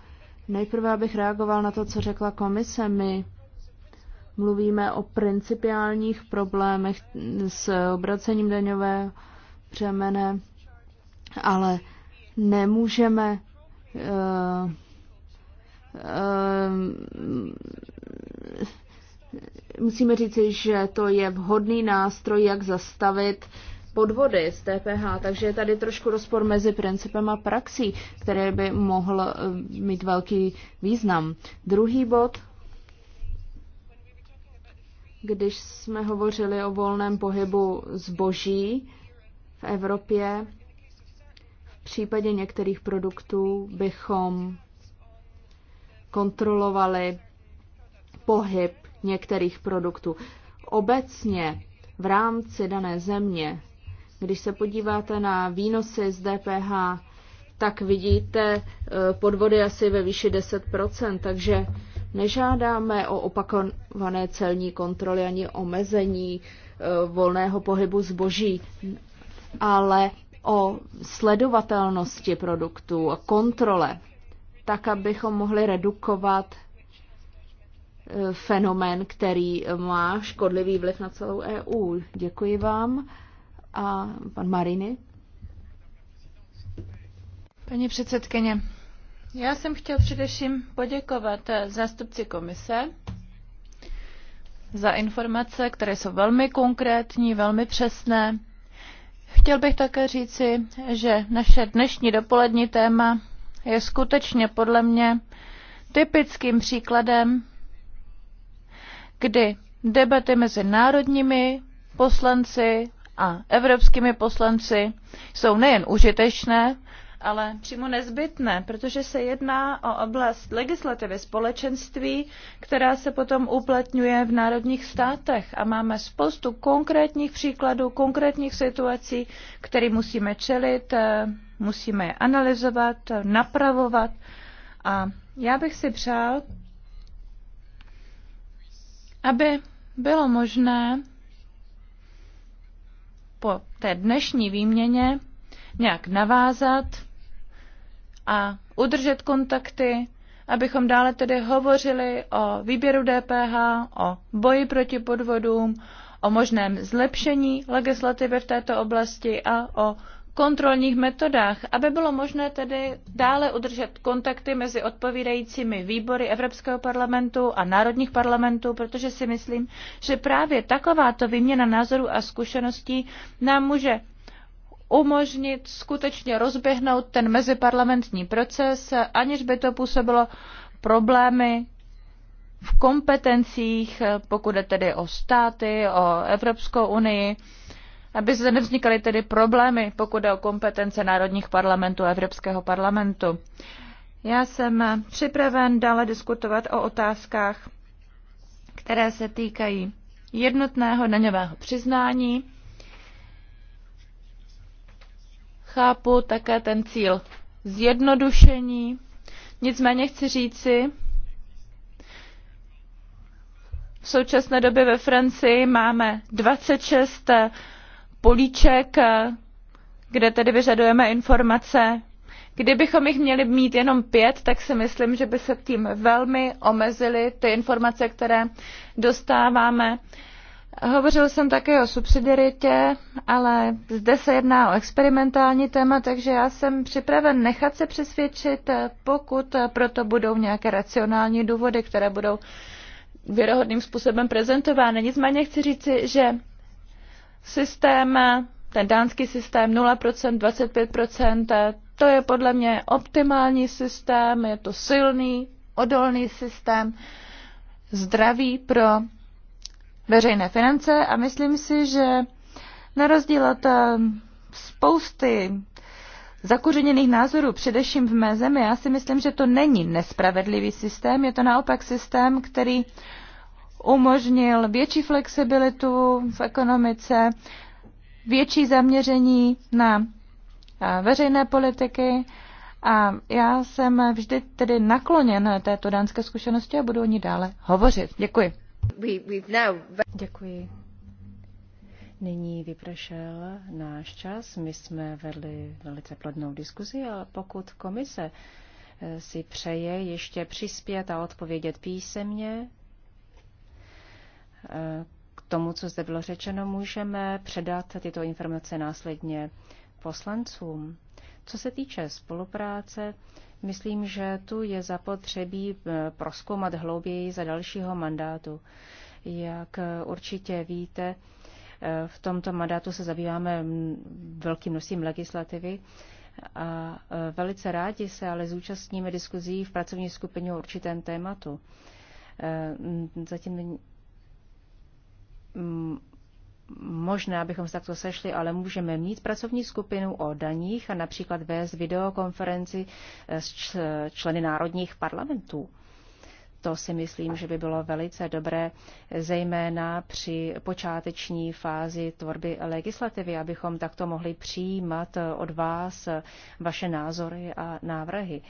Nejprve abych reagoval na to, co řekla komise. My mluvíme o principiálních problémech s obracením daňové přemene, ale nemůžeme uh, uh, musíme říci, že to je vhodný nástroj, jak zastavit podvody z TPH, takže je tady trošku rozpor mezi principem a praxí, které by mohl eh, mít velký význam. Druhý bod když jsme hovořili o volném pohybu zboží v Evropě. V případě některých produktů bychom kontrolovali pohyb některých produktů. Obecně v rámci dané země, když se podíváte na výnosy z DPH, tak vidíte eh, podvody asi ve výši 10%, takže Nežádáme o opakované celní kontroly ani omezení e, volného pohybu zboží, ale o sledovatelnosti produktů, o kontrole, tak abychom mohli redukovat e, fenomén, který má škodlivý vliv na celou EU. Děkuji vám. A pan Mariny? Paní předsedkyně, já jsem chtěl především poděkovat eh, zástupci komise za informace, které jsou velmi konkrétní, velmi přesné. Chtěl bych také říci, že naše dnešní dopolední téma je skutečně podle mě typickým příkladem, kdy debaty mezi národními poslanci a evropskými poslanci jsou nejen užitečné, ale přímo nezbytné, protože se jedná o oblast legislativy společenství, která se potom uplatňuje v národních státech a máme spoustu konkrétních příkladů, konkrétních situací, které musíme čelit, eh, musíme je analyzovat, napravovat a já bych si přál, aby bylo možné po té dnešní výměně nějak navázat a udržet kontakty, abychom dále tedy hovořili o výběru DPH, o boji proti podvodům, o možném zlepšení legislativy v této oblasti a o kontrolních metodách, aby bylo možné tedy dále udržet kontakty mezi odpovídajícími výbory Evropského parlamentu a národních parlamentů, protože si myslím, že právě takováto výměna názorů a zkušeností nám může umožnit skutečně rozběhnout ten meziparlamentní proces, aniž by to působilo problémy v kompetencích, pokud je tedy o státy, o Evropskou unii, aby se nevznikaly tedy problémy, pokud je o kompetence národních parlamentů a Evropského parlamentu. Já jsem připraven dále diskutovat o otázkách, které se týkají jednotného daňového přiznání chápu také ten cíl zjednodušení. Nicméně chci říci, v současné době ve Francii máme 26 políček, kde tedy vyžadujeme informace. Kdybychom jich měli mít jenom pět, tak si myslím, že by se tím velmi omezily ty informace, které dostáváme. Hovořil jsem také o subsidiaritě, ale zde se jedná o experimentální téma, takže já jsem připraven nechat se přesvědčit, pokud proto budou nějaké racionální důvody, které budou věrohodným způsobem prezentovány. Nicméně chci říci, že systém, ten dánský systém 0%, 25%, to je podle mě optimální systém, je to silný, odolný systém, zdravý pro veřejné finance a myslím si, že na rozdíl od eh, spousty zakořeněných názorů, především v mé zemi, já si myslím, že to není nespravedlivý systém, je to naopak systém, který umožnil větší flexibilitu v ekonomice, větší zaměření na eh, veřejné politiky a já jsem vždy tedy nakloněn této dánské zkušenosti a budu o ní dále hovořit. Děkuji. Děkuji. Nyní vypršel náš čas. My jsme vedli velice plodnou diskuzi a pokud komise eh, si přeje ještě přispět a odpovědět písemně eh, k tomu, co zde bylo řečeno, můžeme předat tyto informace následně poslancům. Co se týče spolupráce, Myslím, že tu je zapotřebí eh, proskoumat hlouběji za dalšího mandátu. Jak eh, určitě víte, eh, v tomto mandátu se zabýváme velkým množstvím legislativy a velice rádi se ale zúčastníme diskuzí v pracovní skupině o určitém tématu. Zatím možné, abychom se takto sešli, ale můžeme mít pracovní skupinu o daních a například vést videokonferenci s členy národních parlamentů. To si myslím, že by bylo velice dobré, zejména při počáteční fázi tvorby legislativy, abychom takto mohli přijímat od vás vaše názory a návrhy.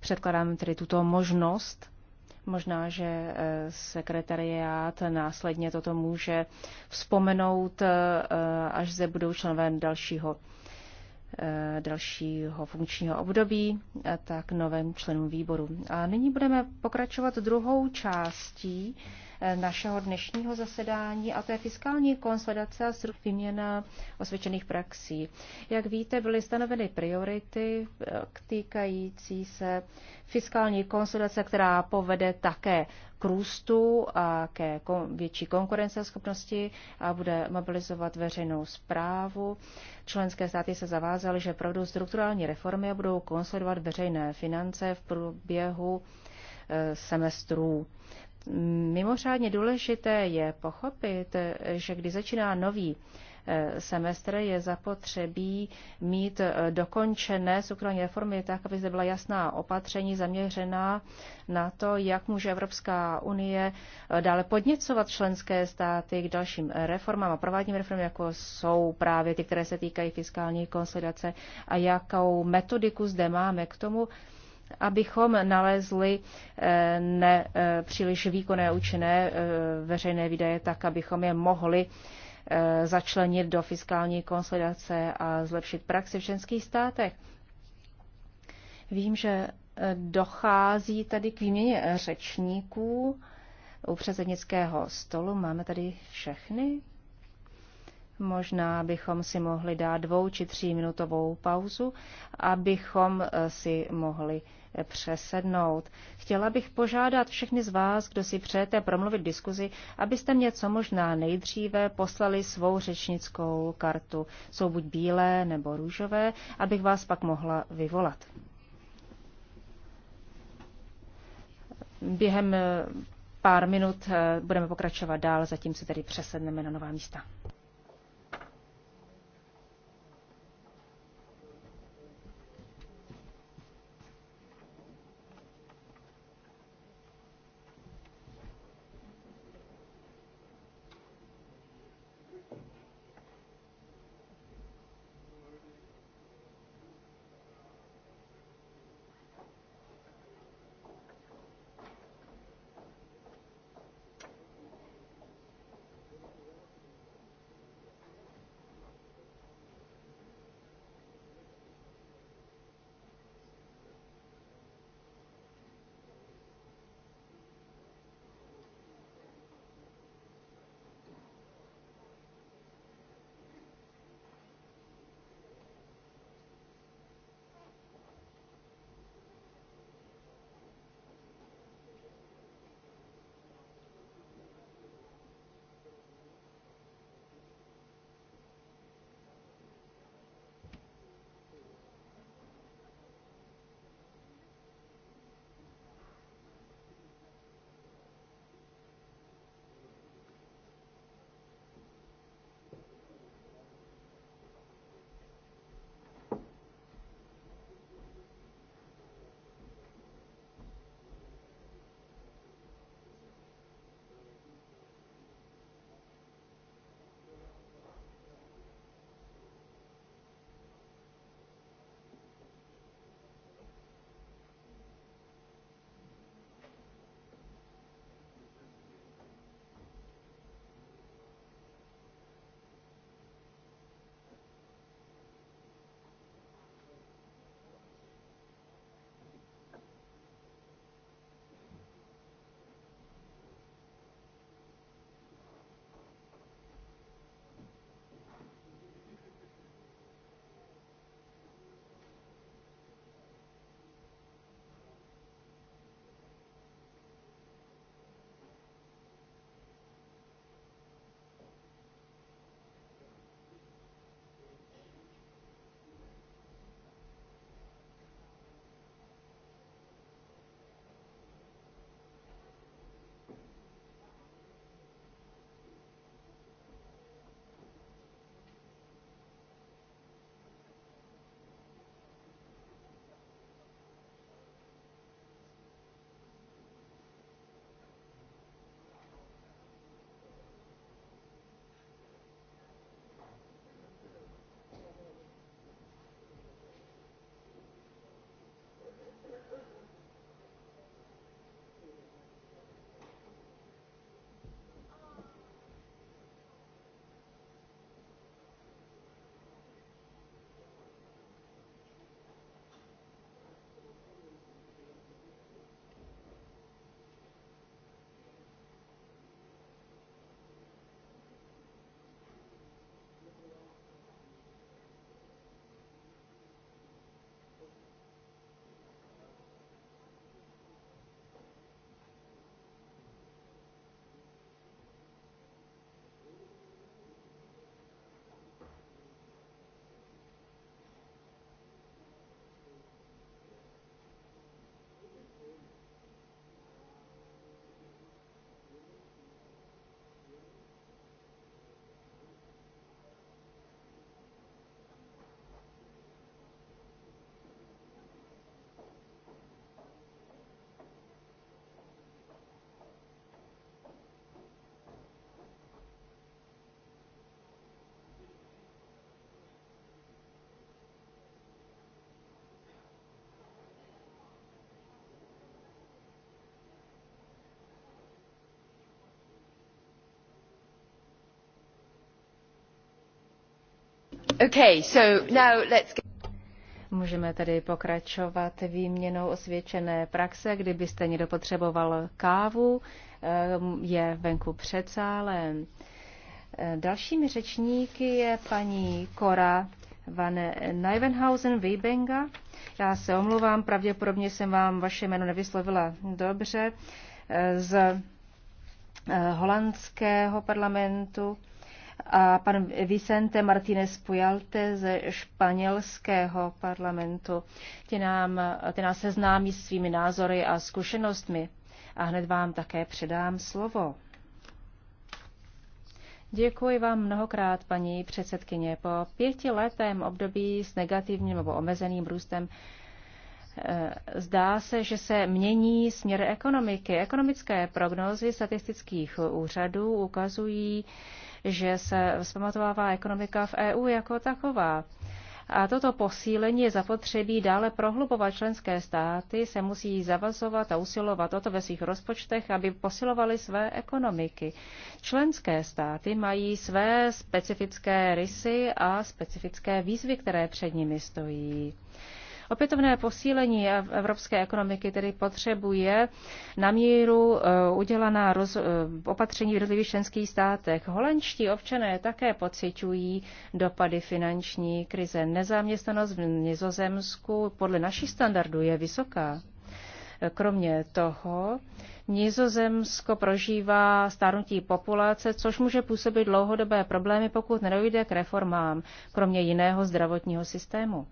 Předkládám tedy tuto možnost Možná, že eh, sekretariát následně toto může vzpomenout, eh, až se budou členové dalšího, eh, dalšího funkčního období, tak novém členům výboru. A nyní budeme pokračovat druhou částí našeho dnešního zasedání a to je fiskální konsolidace a výměna osvědčených praxí. Jak víte, byly stanoveny priority eh, týkající se fiskální konsolidace, která povede také k růstu a ke větší konkurenceschopnosti a bude mobilizovat veřejnou zprávu. Členské státy se zavázaly, že provedou strukturální reformy a budou konsolidovat veřejné finance v průběhu eh, semestrů. Mimořádně důležité je pochopit, že když začíná nový eh, semestr, je zapotřebí mít eh, dokončené soukromé reformy tak, aby zde byla jasná opatření zaměřená na to, jak může Evropská unie eh, dále podněcovat členské státy k dalším reformám a provádním reformám, jako jsou právě ty, které se týkají fiskální konsolidace a jakou metodiku zde máme k tomu, abychom nalezli eh, nepříliš eh, výkonné a účinné eh, veřejné výdaje tak, abychom je mohli začlenit do fiskální konsolidace a zlepšit praxi v ženských státech. Vím, že dochází tady k výměně řečníků u předsednického stolu. Máme tady všechny. Možná bychom si mohli dát dvou či tříminutovou pauzu, abychom si mohli přesednout. Chtěla bych požádat všechny z vás, kdo si přejete promluvit diskuzi, abyste mě co možná nejdříve poslali svou řečnickou kartu. Jsou buď bílé nebo růžové, abych vás pak mohla vyvolat. Během eh, pár minut eh, budeme pokračovat dál, zatím se tedy přesedneme na nová místa. Okay, so now let's... Můžeme tedy pokračovat výměnou osvědčené praxe. Kdybyste někdo potřeboval kávu, eh, je venku před eh, Dalšími řečníky je paní Kora van Nijvenhausen Weibenga. Já se omluvám, pravděpodobně jsem vám vaše jméno nevyslovila dobře. Eh, z holandského parlamentu a pan Vicente Martínez Pujalte ze španělského parlamentu. Ty, nám, ty nás seznámí svými názory a zkušenostmi. A hned vám také předám slovo. Děkuji vám mnohokrát, paní předsedkyně. Po pěti letém období s negativním nebo omezeným růstem eh, Zdá se, že se mění směr ekonomiky. Ekonomické prognózy statistických úřadů ukazují, že se zpamatovává ekonomika v EU jako taková. A toto posílení je zapotřebí dále prohlubovat. Členské státy se musí zavazovat a usilovat o to ve svých rozpočtech, aby posilovaly své ekonomiky. Členské státy mají své specifické rysy a specifické výzvy, které před nimi stojí. Opětovné posílení evropské ekonomiky tedy potřebuje na míru eh, udělaná roz, eh, opatření v jednotlivých členských státech. Holandští občané také pociťují dopady finanční krize. Nezaměstnanost v Nizozemsku podle našich standardů je vysoká. Kromě toho Nizozemsko prožívá stárnutí populace, což může působit dlouhodobé problémy, pokud nedojde k reformám, kromě jiného zdravotního systému.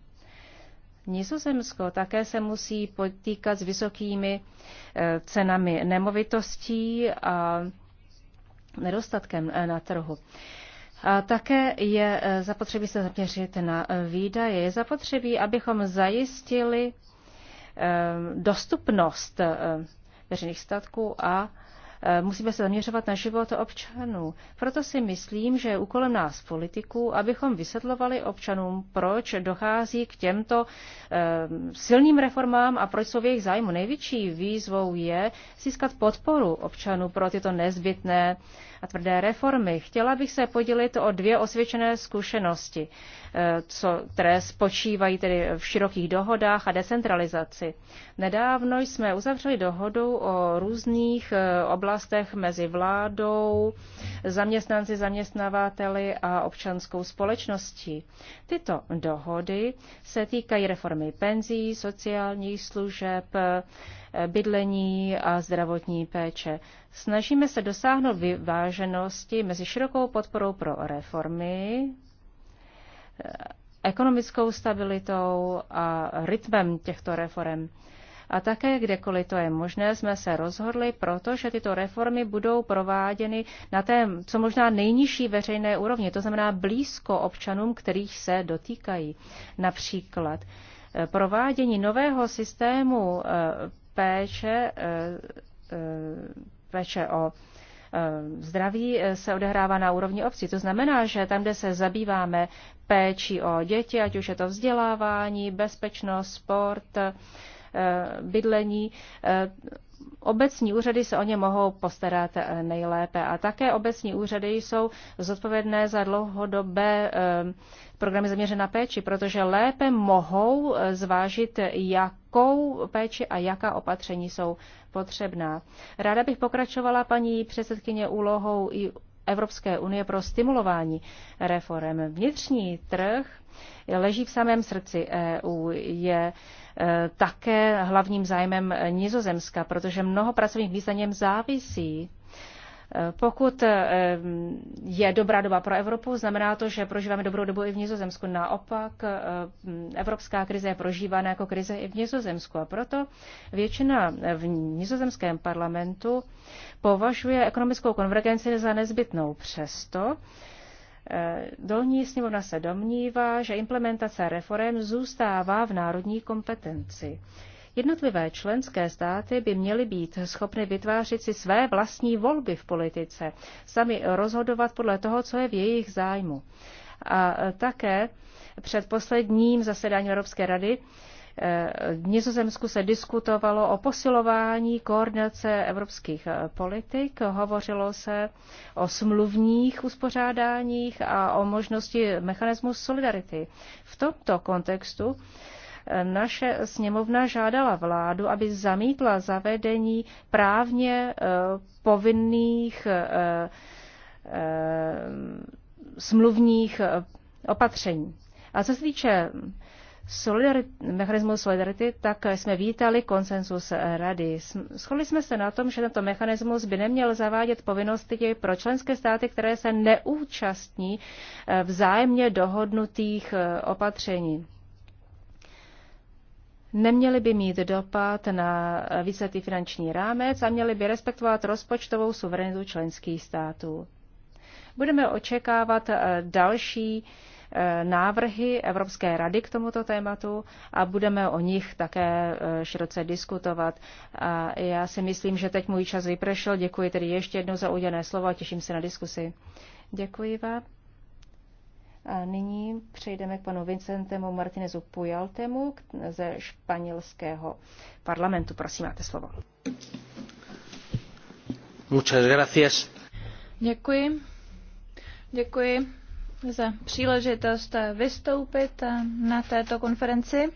Nizozemsko také se musí potýkat s vysokými eh, cenami nemovitostí a nedostatkem eh, na trhu. A také je eh, zapotřebí se zaměřit na výdaje. Je zapotřebí, abychom zajistili dostupnost veřejných statků a Eh, musíme se zaměřovat na život občanů. Proto si myslím, že je úkolem nás politiků, abychom vysvětlovali občanům, proč dochází k těmto eh, silným reformám a proč jsou v jejich zájmu. Největší výzvou je získat podporu občanů pro tyto nezbytné a tvrdé reformy. Chtěla bych se podělit o dvě osvědčené zkušenosti, eh, co, které spočívají tedy v širokých dohodách a decentralizaci. Nedávno jsme uzavřeli dohodu o různých oblastech oblastech mezi vládou, zaměstnanci, zaměstnavateli a občanskou společností. Tyto dohody se týkají reformy penzí, sociálních služeb, bydlení a zdravotní péče. Snažíme se dosáhnout vyváženosti mezi širokou podporou pro reformy, ekonomickou stabilitou a rytmem těchto reform. A také, kdekoliv to je možné, jsme se rozhodli, protože tyto reformy budou prováděny na té, co možná nejnižší veřejné úrovni, to znamená blízko občanům, kterých se dotýkají. Například eh, provádění nového systému eh, péče, eh, péče o zdraví se odehrává na úrovni obcí. To znamená, že tam, kde se zabýváme péčí o děti, ať už je to vzdělávání, bezpečnost, sport, Eh, bydlení. Eh, obecní úřady se o ně mohou postarat eh, nejlépe a také obecní úřady jsou zodpovědné za dlouhodobé programy zaměřené na péči, protože lépe mohou zvážit, jakou péči a jaká opatření jsou potřebná. Ráda bych pokračovala paní předsedkyně úlohou i Evropské unie pro stimulování reform. Vnitřní trh leží v samém srdci EU, je e, také hlavním zájmem Nizozemska, protože mnoho pracovních míst na něm závisí pokud eh, je dobrá doba pro Evropu, znamená to, že prožíváme dobrou dobu i v Nizozemsku. Naopak, eh, evropská krize je prožívána jako krize i v Nizozemsku. A proto většina v nizozemském parlamentu považuje ekonomickou konvergenci za nezbytnou. Přesto eh, Dolní sněmovna se domnívá, že implementace reform zůstává v národní kompetenci. Jednotlivé členské státy by měly být schopny vytvářet si své vlastní volby v politice, sami rozhodovat podle toho, co je v jejich zájmu. A e, také před posledním zasedáním Evropské rady e, v Nizozemsku se diskutovalo o posilování koordinace evropských e, politik, hovořilo se o smluvních uspořádáních a o možnosti mechanismu solidarity. V tomto kontextu naše sněmovna žádala vládu, aby zamítla zavedení právně eh, povinných eh, eh, smluvních opatření. A co se týče solidarit, mechanismu solidarity, tak jsme vítali konsensus rady. Shodli jsme se na tom, že tento mechanismus by neměl zavádět povinnosti pro členské státy, které se neúčastní vzájemně dohodnutých opatření neměly by mít dopad na výsledky finanční rámec a měly by respektovat rozpočtovou suverenitu členských států. Budeme očekávat eh, další eh, návrhy Evropské rady k tomuto tématu a budeme o nich také eh, široce diskutovat. A já si myslím, že teď můj čas vypršel. Děkuji tedy ještě jednou za udělené slovo a těším se na diskusi. Děkuji vám. A nyní přejdeme k panu Vincentemu Martinezu Pujaltemu ze španělského parlamentu. Prosím, máte slovo. Muchas gracias. Děkuji. Děkuji za příležitost vystoupit na této konferenci.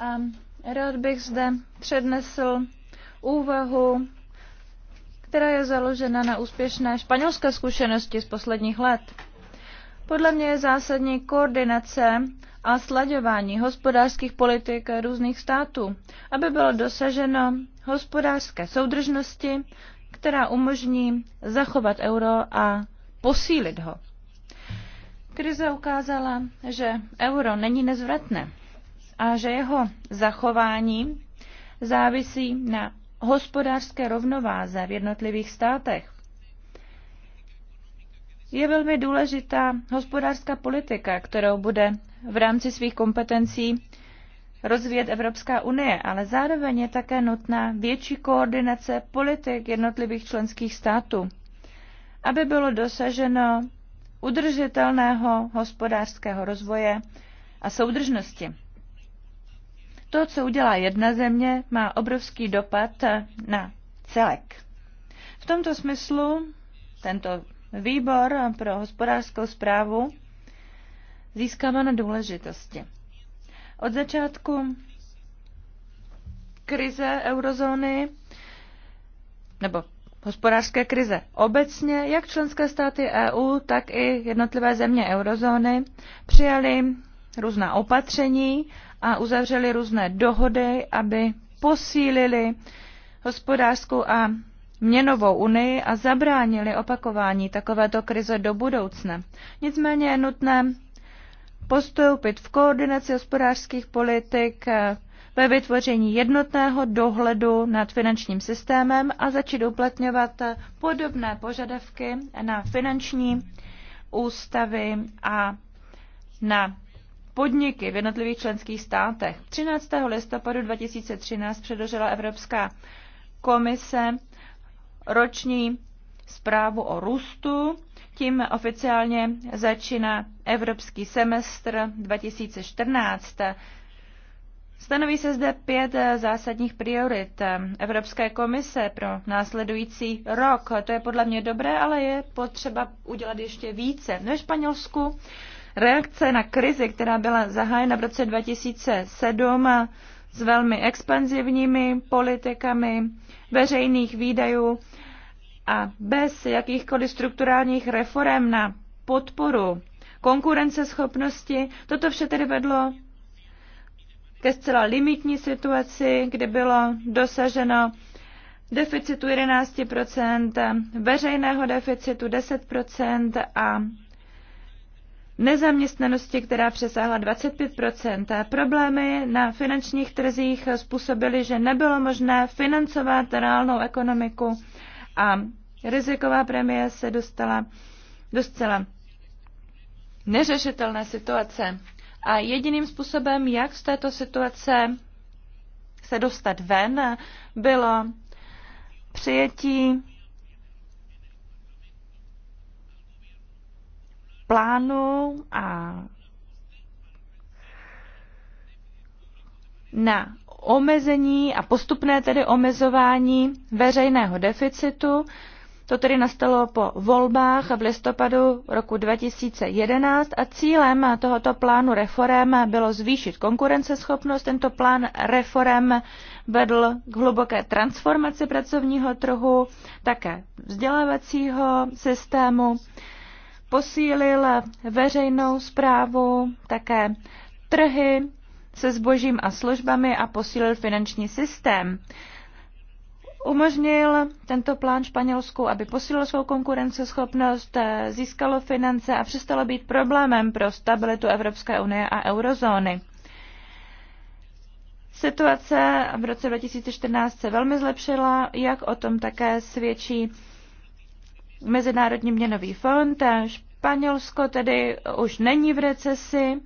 A rád bych zde přednesl úvahu, která je založena na úspěšné španělské zkušenosti z posledních let. Podle mě je zásadní koordinace a slaďování hospodářských politik různých států, aby bylo dosaženo hospodářské soudržnosti, která umožní zachovat euro a posílit ho. Krize ukázala, že euro není nezvratné a že jeho zachování závisí na hospodářské rovnováze v jednotlivých státech je velmi důležitá hospodářská politika, kterou bude v rámci svých kompetencí rozvíjet Evropská unie, ale zároveň je také nutná větší koordinace politik jednotlivých členských států, aby bylo dosaženo udržitelného hospodářského rozvoje a soudržnosti. To, co udělá jedna země, má obrovský dopad na celek. V tomto smyslu tento Výbor pro hospodářskou zprávu získává na důležitosti. Od začátku krize eurozóny nebo hospodářské krize obecně, jak členské státy EU, tak i jednotlivé země eurozóny přijali různá opatření a uzavřeli různé dohody, aby posílili hospodářskou a měnovou unii a zabránili opakování takovéto krize do budoucna. Nicméně je nutné postoupit v koordinaci hospodářských politik, eh, ve vytvoření jednotného dohledu nad finančním systémem a začít uplatňovat eh, podobné požadavky na finanční ústavy a na podniky v jednotlivých členských státech. 13. listopadu 2013 předložila Evropská komise roční zprávu o růstu. Tím oficiálně začíná Evropský semestr 2014. Stanoví se zde pět zásadních priorit Evropské komise pro následující rok. To je podle mě dobré, ale je potřeba udělat ještě více. No, ve Španělsku reakce na krizi, která byla zahájena v roce 2007 s velmi expanzivními politikami veřejných výdajů, a bez jakýchkoliv strukturálních reform na podporu konkurenceschopnosti, toto vše tedy vedlo ke zcela limitní situaci, kdy bylo dosaženo deficitu 11 veřejného deficitu 10 a nezaměstnanosti, která přesáhla 25 Problémy na finančních trzích způsobily, že nebylo možné financovat reálnou ekonomiku a riziková premie se dostala do zcela neřešitelné situace. A jediným způsobem, jak z této situace se dostat ven, bylo přijetí plánu a na omezení a postupné tedy omezování veřejného deficitu. To tedy nastalo po volbách v listopadu roku 2011 a cílem tohoto plánu reform bylo zvýšit konkurenceschopnost. Tento plán reform vedl k hluboké transformaci pracovního trhu, také vzdělávacího systému, posílil veřejnou zprávu, také trhy se zbožím a službami a posílil finanční systém. Umožnil tento plán Španělsku, aby posílil svou konkurenceschopnost, eh, získalo finance a přestalo být problémem pro stabilitu Evropské unie a eurozóny. Situace v roce 2014 se velmi zlepšila, jak o tom také svědčí Mezinárodní měnový fond. Španělsko tedy už není v recesi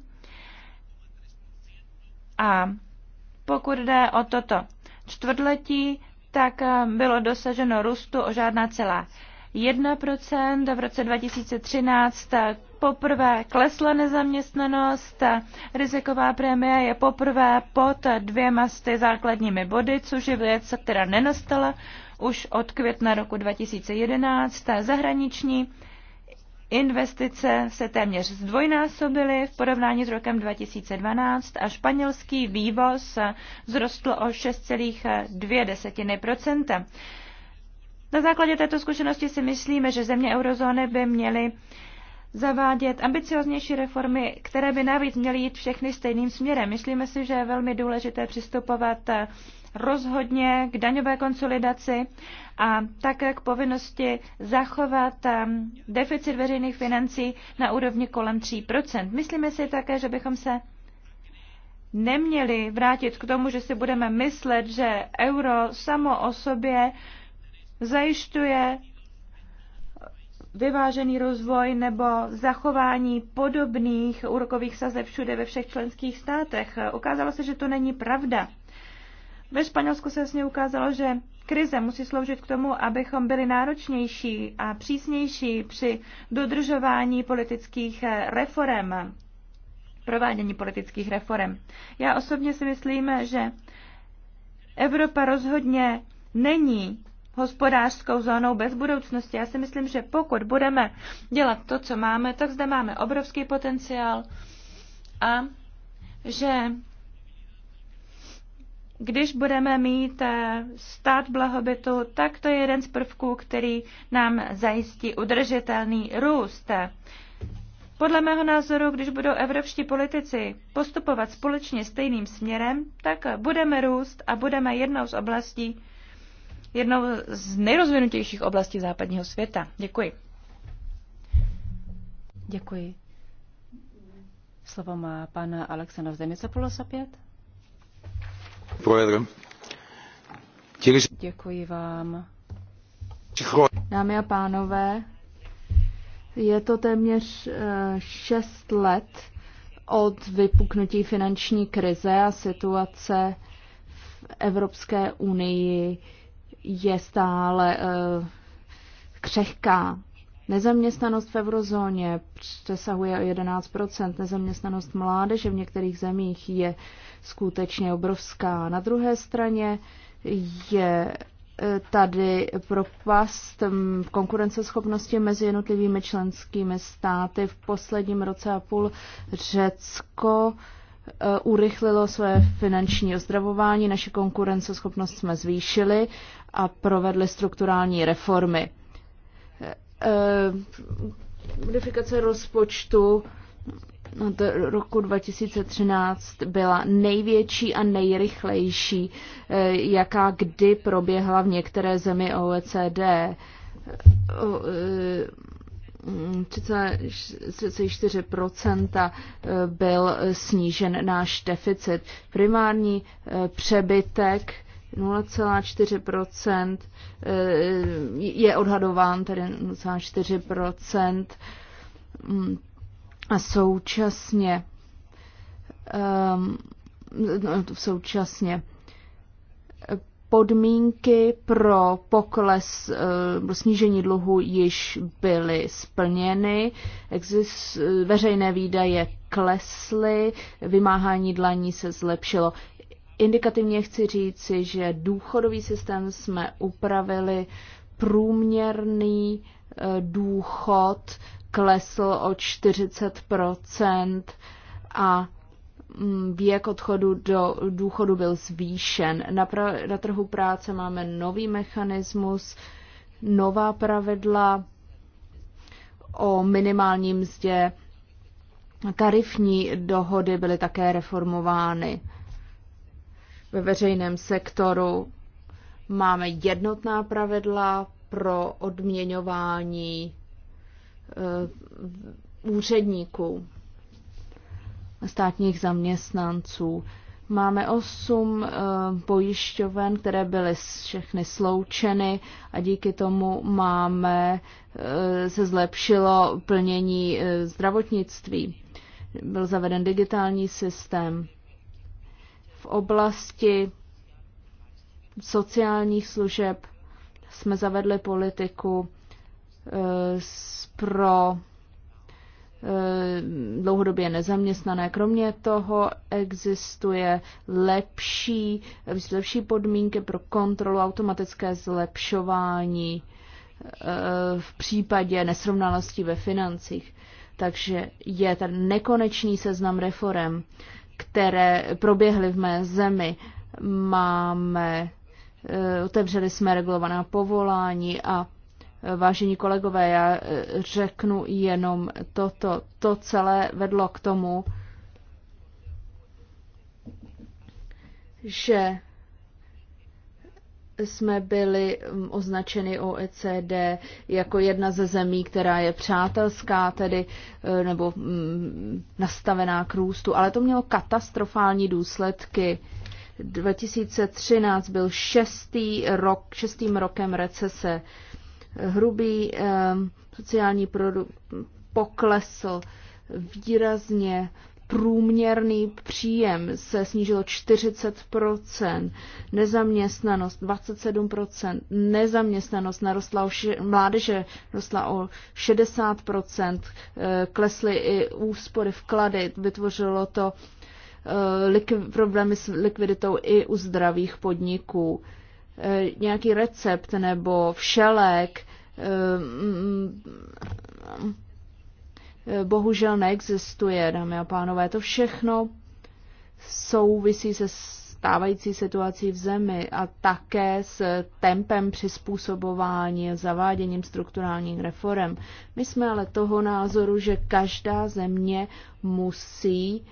a pokud jde o toto čtvrtletí, tak eh, bylo dosaženo růstu o žádná celá 1%. V roce 2013 eh, poprvé klesla nezaměstnanost, riziková prémie je poprvé pod dvěma z ty základními body, což je věc, která nenastala už od května roku 2011. Zahraniční Investice se téměř zdvojnásobily v porovnání s rokem 2012 a španělský vývoz vzrostl o 6,2 Na základě této zkušenosti si myslíme, že země eurozóny by měly zavádět ambicioznější reformy, které by navíc měly jít všechny stejným směrem. Myslíme si, že je velmi důležité přistupovat rozhodně k daňové konsolidaci a také k povinnosti zachovat um, deficit veřejných financí na úrovni kolem 3 Myslíme si také, že bychom se neměli vrátit k tomu, že si budeme myslet, že euro samo o sobě zajišťuje vyvážený rozvoj nebo zachování podobných úrokových sazeb všude ve všech členských státech. Ukázalo se, že to není pravda. Ve Španělsku se jasně ukázalo, že krize musí sloužit k tomu, abychom byli náročnější a přísnější při dodržování politických eh, reform, provádění politických reform. Já osobně si myslím, že Evropa rozhodně není hospodářskou zónou bez budoucnosti. Já si myslím, že pokud budeme dělat to, co máme, tak zde máme obrovský potenciál a že když budeme mít eh, stát blahobytu, tak to je jeden z prvků, který nám zajistí udržitelný růst. Podle mého názoru, když budou evropští politici postupovat společně stejným směrem, tak budeme růst a budeme jednou z oblastí, jednou z nejrozvinutějších oblastí západního světa. Děkuji. Děkuji. Slovo má pan Alexandr Zdemisopoulos opět. Děkuji vám. Dámy a pánové, je to téměř eh, šest let od vypuknutí finanční krize a situace v Evropské unii je stále eh, křehká. Nezaměstnanost v eurozóně přesahuje o 11 nezaměstnanost mládeže v některých zemích je skutečně obrovská. Na druhé straně je e, tady propast v konkurenceschopnosti mezi jednotlivými členskými státy. V posledním roce a půl Řecko e, urychlilo své finanční ozdravování, naši konkurenceschopnost jsme zvýšili a provedli strukturální reformy. Eh, modifikace rozpočtu to roku 2013 byla největší a nejrychlejší, eh, jaká kdy proběhla v některé zemi OECD. 34% eh, byl snížen náš deficit. Primární přebytek 0,4 eh, je odhadován tedy 0,4 mm, a současně um, současně podmínky pro pokles, eh, pro snížení dluhu již byly splněny, exist, eh, veřejné výdaje klesly, vymáhání dlaní se zlepšilo. Indikativně chci říci, že důchodový systém jsme upravili, průměrný eh, důchod klesl o 40 a mm, věk odchodu do důchodu byl zvýšen. Na, pra- na trhu práce máme nový mechanismus, nová pravidla o minimálním mzdě. Tarifní dohody byly také reformovány ve veřejném sektoru. Máme jednotná pravidla pro odměňování eh, úředníků, státních zaměstnanců. Máme osm eh, pojišťoven, které byly všechny sloučeny a díky tomu máme, eh, se zlepšilo plnění zdravotnictví. Byl zaveden digitální systém oblasti sociálních služeb jsme zavedli politiku eh, pro eh, dlouhodobě nezaměstnané. Kromě toho existuje lepší, lepší podmínky pro kontrolu, automatické zlepšování eh, v případě nesrovnalostí ve financích. Takže je ten nekonečný seznam reform které proběhly v mé zemi. Máme, eh, otevřeli jsme regulovaná povolání a eh, vážení kolegové, já eh, řeknu jenom toto. To celé vedlo k tomu, že jsme byli mm, označeni OECD jako jedna ze zemí, která je přátelská tedy e, nebo mm, nastavená k růstu, ale to mělo katastrofální důsledky. 2013 byl šestý rok, šestým rokem recese. Hrubý eh, sociální produkt poklesl výrazně průměrný příjem se snížil 40%, nezaměstnanost 27%, nezaměstnanost narostla o ši- mládeže rostla o 60%, eh, klesly i úspory vklady, vytvořilo to eh, problémy s likviditou i u zdravých podniků. Eh, nějaký recept nebo všelek, Eh, bohužel neexistuje, dámy a pánové. To všechno souvisí se stávající situací v zemi a také s tempem přizpůsobování a zaváděním strukturálních reform. My jsme ale toho názoru, že každá země musí eh,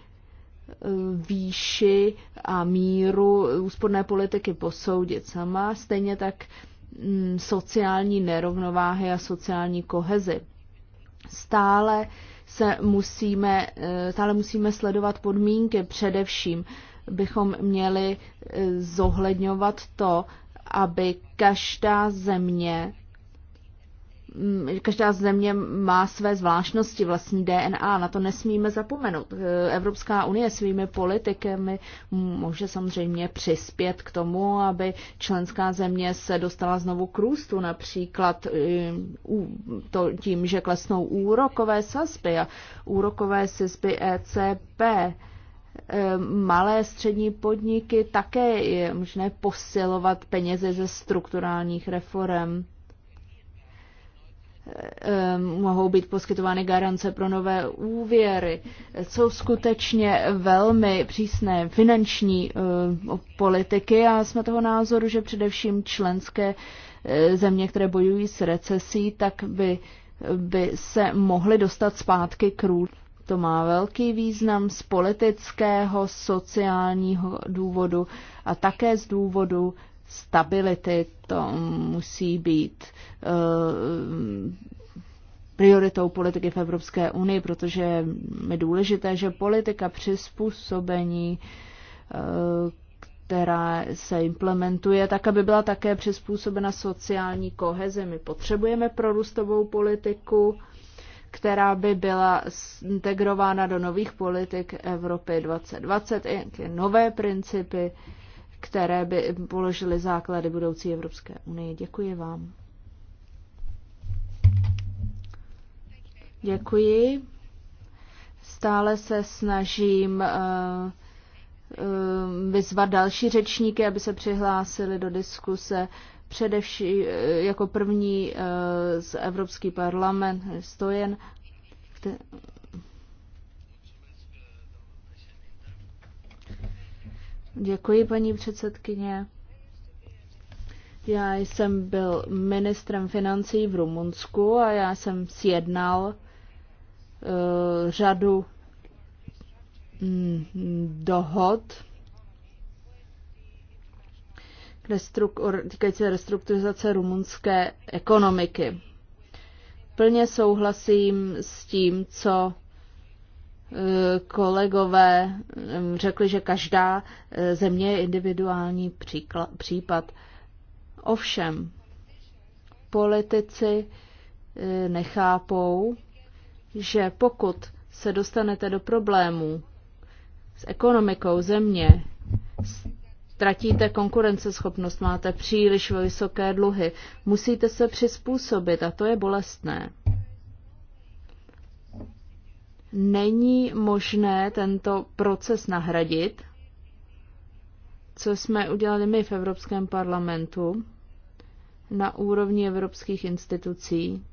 výši a míru úsporné politiky posoudit sama, stejně tak mm, sociální nerovnováhy a sociální kohezi. Stále se musíme, eh, stále musíme sledovat podmínky. Především bychom měli eh, zohledňovat to, aby každá země Mm, každá země má své zvláštnosti vlastní DNA, na to nesmíme zapomenout. E, Evropská unie svými politikami může samozřejmě přispět k tomu, aby členská země se dostala znovu k růstu, například e, to, tím, že klesnou úrokové sazby a úrokové sazby ECB e, malé střední podniky také je možné posilovat peněze ze strukturálních reform. Eh, mohou být poskytovány garance pro nové úvěry. Jsou skutečně velmi přísné finanční eh, politiky a jsme toho názoru, že především členské eh, země, které bojují s recesí, tak by, by se mohly dostat zpátky k růd. To má velký význam z politického, sociálního důvodu a také z důvodu stability, to musí být eh, prioritou politiky v Evropské unii, protože je důležité, že politika přizpůsobení, eh, která se implementuje, tak aby byla také přizpůsobena sociální kohezi. My potřebujeme prorůstovou politiku, která by byla integrována do nových politik Evropy 2020, i nové principy, které by položily základy budoucí Evropské unie. Děkuji vám. Děkuji. Stále se snažím eh, eh, vyzvat další řečníky, aby se přihlásili do diskuse. Především eh, jako první z Evropský parlament stojen, Děkuji, paní předsedkyně. Já jsem byl ministrem financí v Rumunsku a já jsem sjednal uh, řadu mm, dohod týkající restrukturizace rumunské ekonomiky. Plně souhlasím s tím, co kolegové mm, řekli, že každá e, země je individuální případ. Ovšem, politici e, nechápou, že pokud se dostanete do problémů s ekonomikou země, ztratíte konkurenceschopnost, máte příliš vysoké dluhy, musíte se přizpůsobit a to je bolestné není možné tento proces nahradit, co jsme udělali my v Evropském parlamentu na úrovni evropských institucí,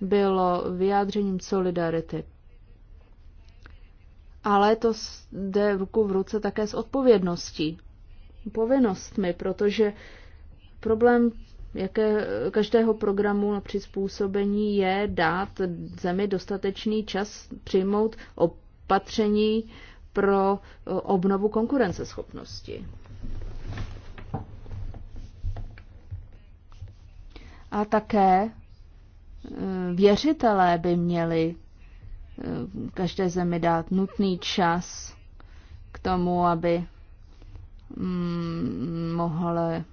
bylo vyjádřením solidarity. Ale to jde ruku v ruce také s odpovědností, povinnostmi, protože problém jaké, každého programu na přizpůsobení je dát zemi dostatečný čas přijmout opatření pro e, obnovu konkurenceschopnosti. A také e, věřitelé by měli e, každé zemi dát nutný čas k tomu, aby mm, mohly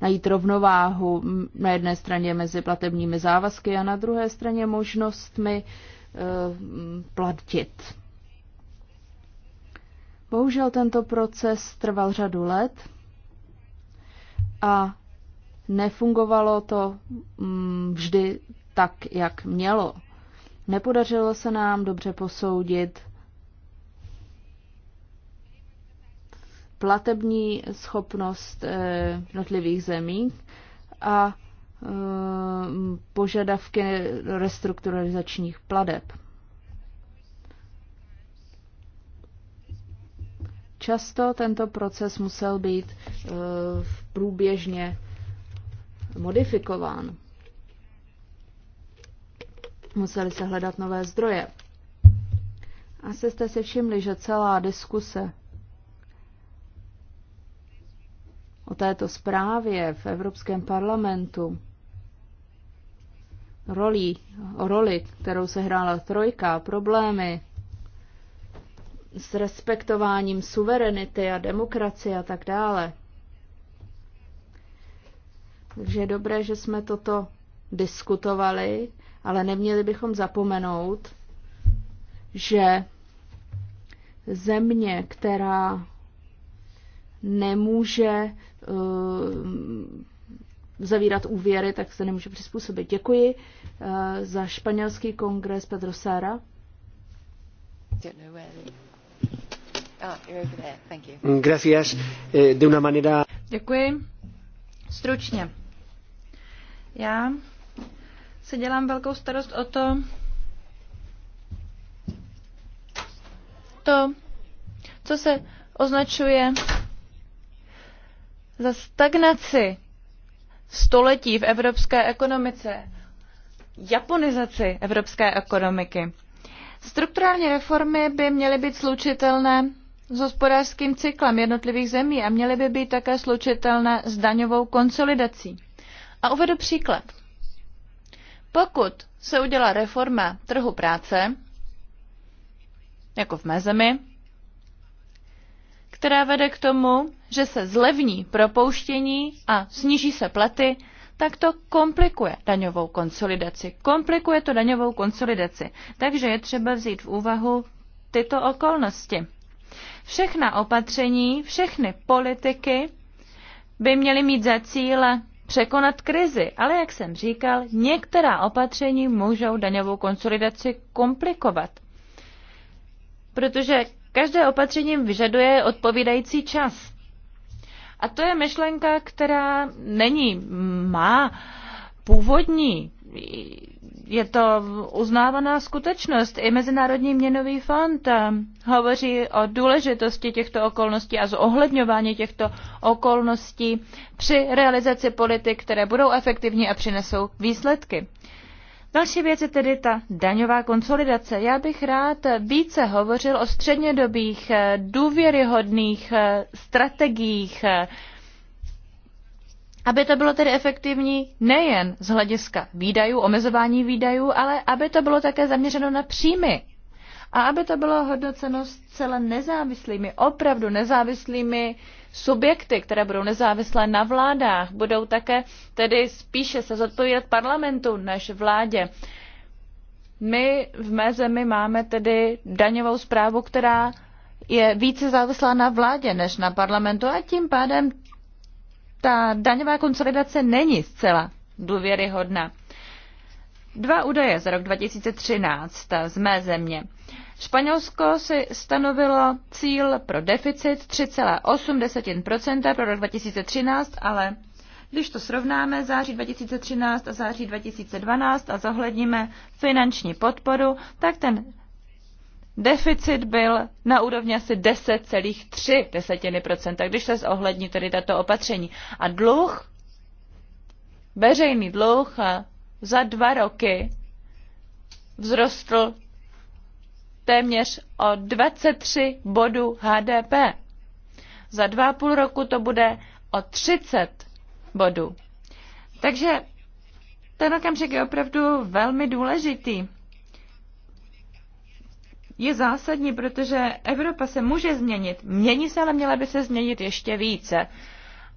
najít rovnováhu na jedné straně mezi platebními závazky a na druhé straně možnostmi eh, platit. Bohužel tento proces trval řadu let a nefungovalo to mm, vždy tak, jak mělo. Nepodařilo se nám dobře posoudit platební schopnost eh, jednotlivých zemí a eh, požadavky restrukturalizačních pladeb. Často tento proces musel být eh, průběžně modifikován. Museli se hledat nové zdroje. Asi jste si všimli, že celá diskuse o této zprávě v Evropském parlamentu, roli, o roli, kterou se hrála trojka, problémy s respektováním suverenity a demokracie a tak dále. Takže je dobré, že jsme toto diskutovali, ale neměli bychom zapomenout, že země, která nemůže Eh, zavírat úvěry, tak se nemůže přizpůsobit. Děkuji eh, za španělský kongres Pedro Sára. Eh, Děkuji. Stručně. Já se dělám velkou starost o to, to, co se označuje za stagnaci století v evropské ekonomice, japonizaci evropské ekonomiky. Strukturální reformy by měly být slučitelné s hospodářským cyklem jednotlivých zemí a měly by být také slučitelné s daňovou konsolidací. A uvedu příklad. Pokud se udělá reforma trhu práce, jako v mé zemi, která vede k tomu, že se zlevní propouštění a sníží se platy, tak to komplikuje daňovou konsolidaci. Komplikuje to daňovou konsolidaci. Takže je třeba vzít v úvahu tyto okolnosti. Všechna opatření, všechny politiky by měly mít za cíle překonat krizi, ale jak jsem říkal, některá opatření můžou daňovou konsolidaci komplikovat. Protože každé opatření vyžaduje odpovídající čas. A to je myšlenka, která není má původní. Je to uznávaná skutečnost. I Mezinárodní měnový fond eh, hovoří o důležitosti těchto okolností a zohledňování těchto okolností při realizaci politik, které budou efektivní a přinesou výsledky. Další věc je tedy ta daňová konsolidace. Já bych rád více hovořil o střednědobých eh, důvěryhodných eh, strategiích, eh, aby to bylo tedy efektivní nejen z hlediska výdajů, omezování výdajů, ale aby to bylo také zaměřeno na příjmy a aby to bylo hodnoceno zcela nezávislými, opravdu nezávislými uh, subjekty, které budou nezávislé na vládách, budou také tedy spíše se zodpovídat parlamentu než vládě. My v mé zemi máme tedy daňovou zprávu, která je více závislá na vládě než na parlamentu a tím pádem ta daňová konsolidace není zcela důvěryhodná. Dva údaje za rok 2013 z mé země. Španělsko si stanovilo cíl pro deficit 3,8 pro rok 2013, ale když to srovnáme září 2013 a září 2012 a zohledníme finanční podporu, tak ten deficit byl na úrovni asi 10,3 když se zohlední tedy tato opatření. A dluh, veřejný dluh eh, za dva roky vzrostl téměř o 23 bodů HDP. Za dva a půl roku to bude o 30 bodů. Takže ten okamžik je opravdu velmi důležitý. Je zásadní, protože Evropa se může změnit. Mění se, ale měla by se změnit ještě více.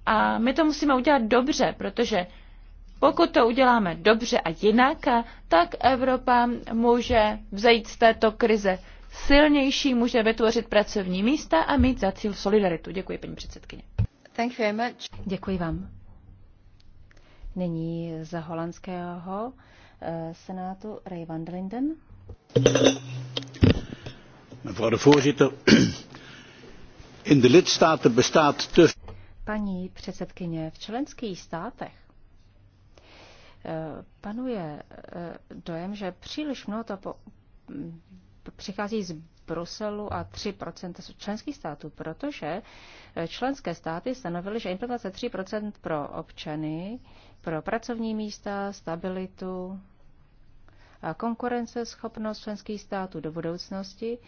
A my to musíme udělat dobře, protože pokud to uděláme dobře a jinak, tak Evropa může vzejít z této krize silnější, může vytvořit pracovní místa a mít za cíl solidaritu. Děkuji, paní předsedkyně. Thank you very much. Děkuji vám. Nyní za holandského eh, senátu Ray van der Linden. Mevrouw de voorzitter, in de lidstaten bestaat te... Paní předsedkyně, v členských státech Eh, panuje eh, dojem, že příliš mnoho to po, přichází z Bruselu a 3% z členských států, protože eh, členské státy stanovily, že implementace 3% pro občany, pro pracovní místa, stabilitu a konkurenceschopnost členských států do budoucnosti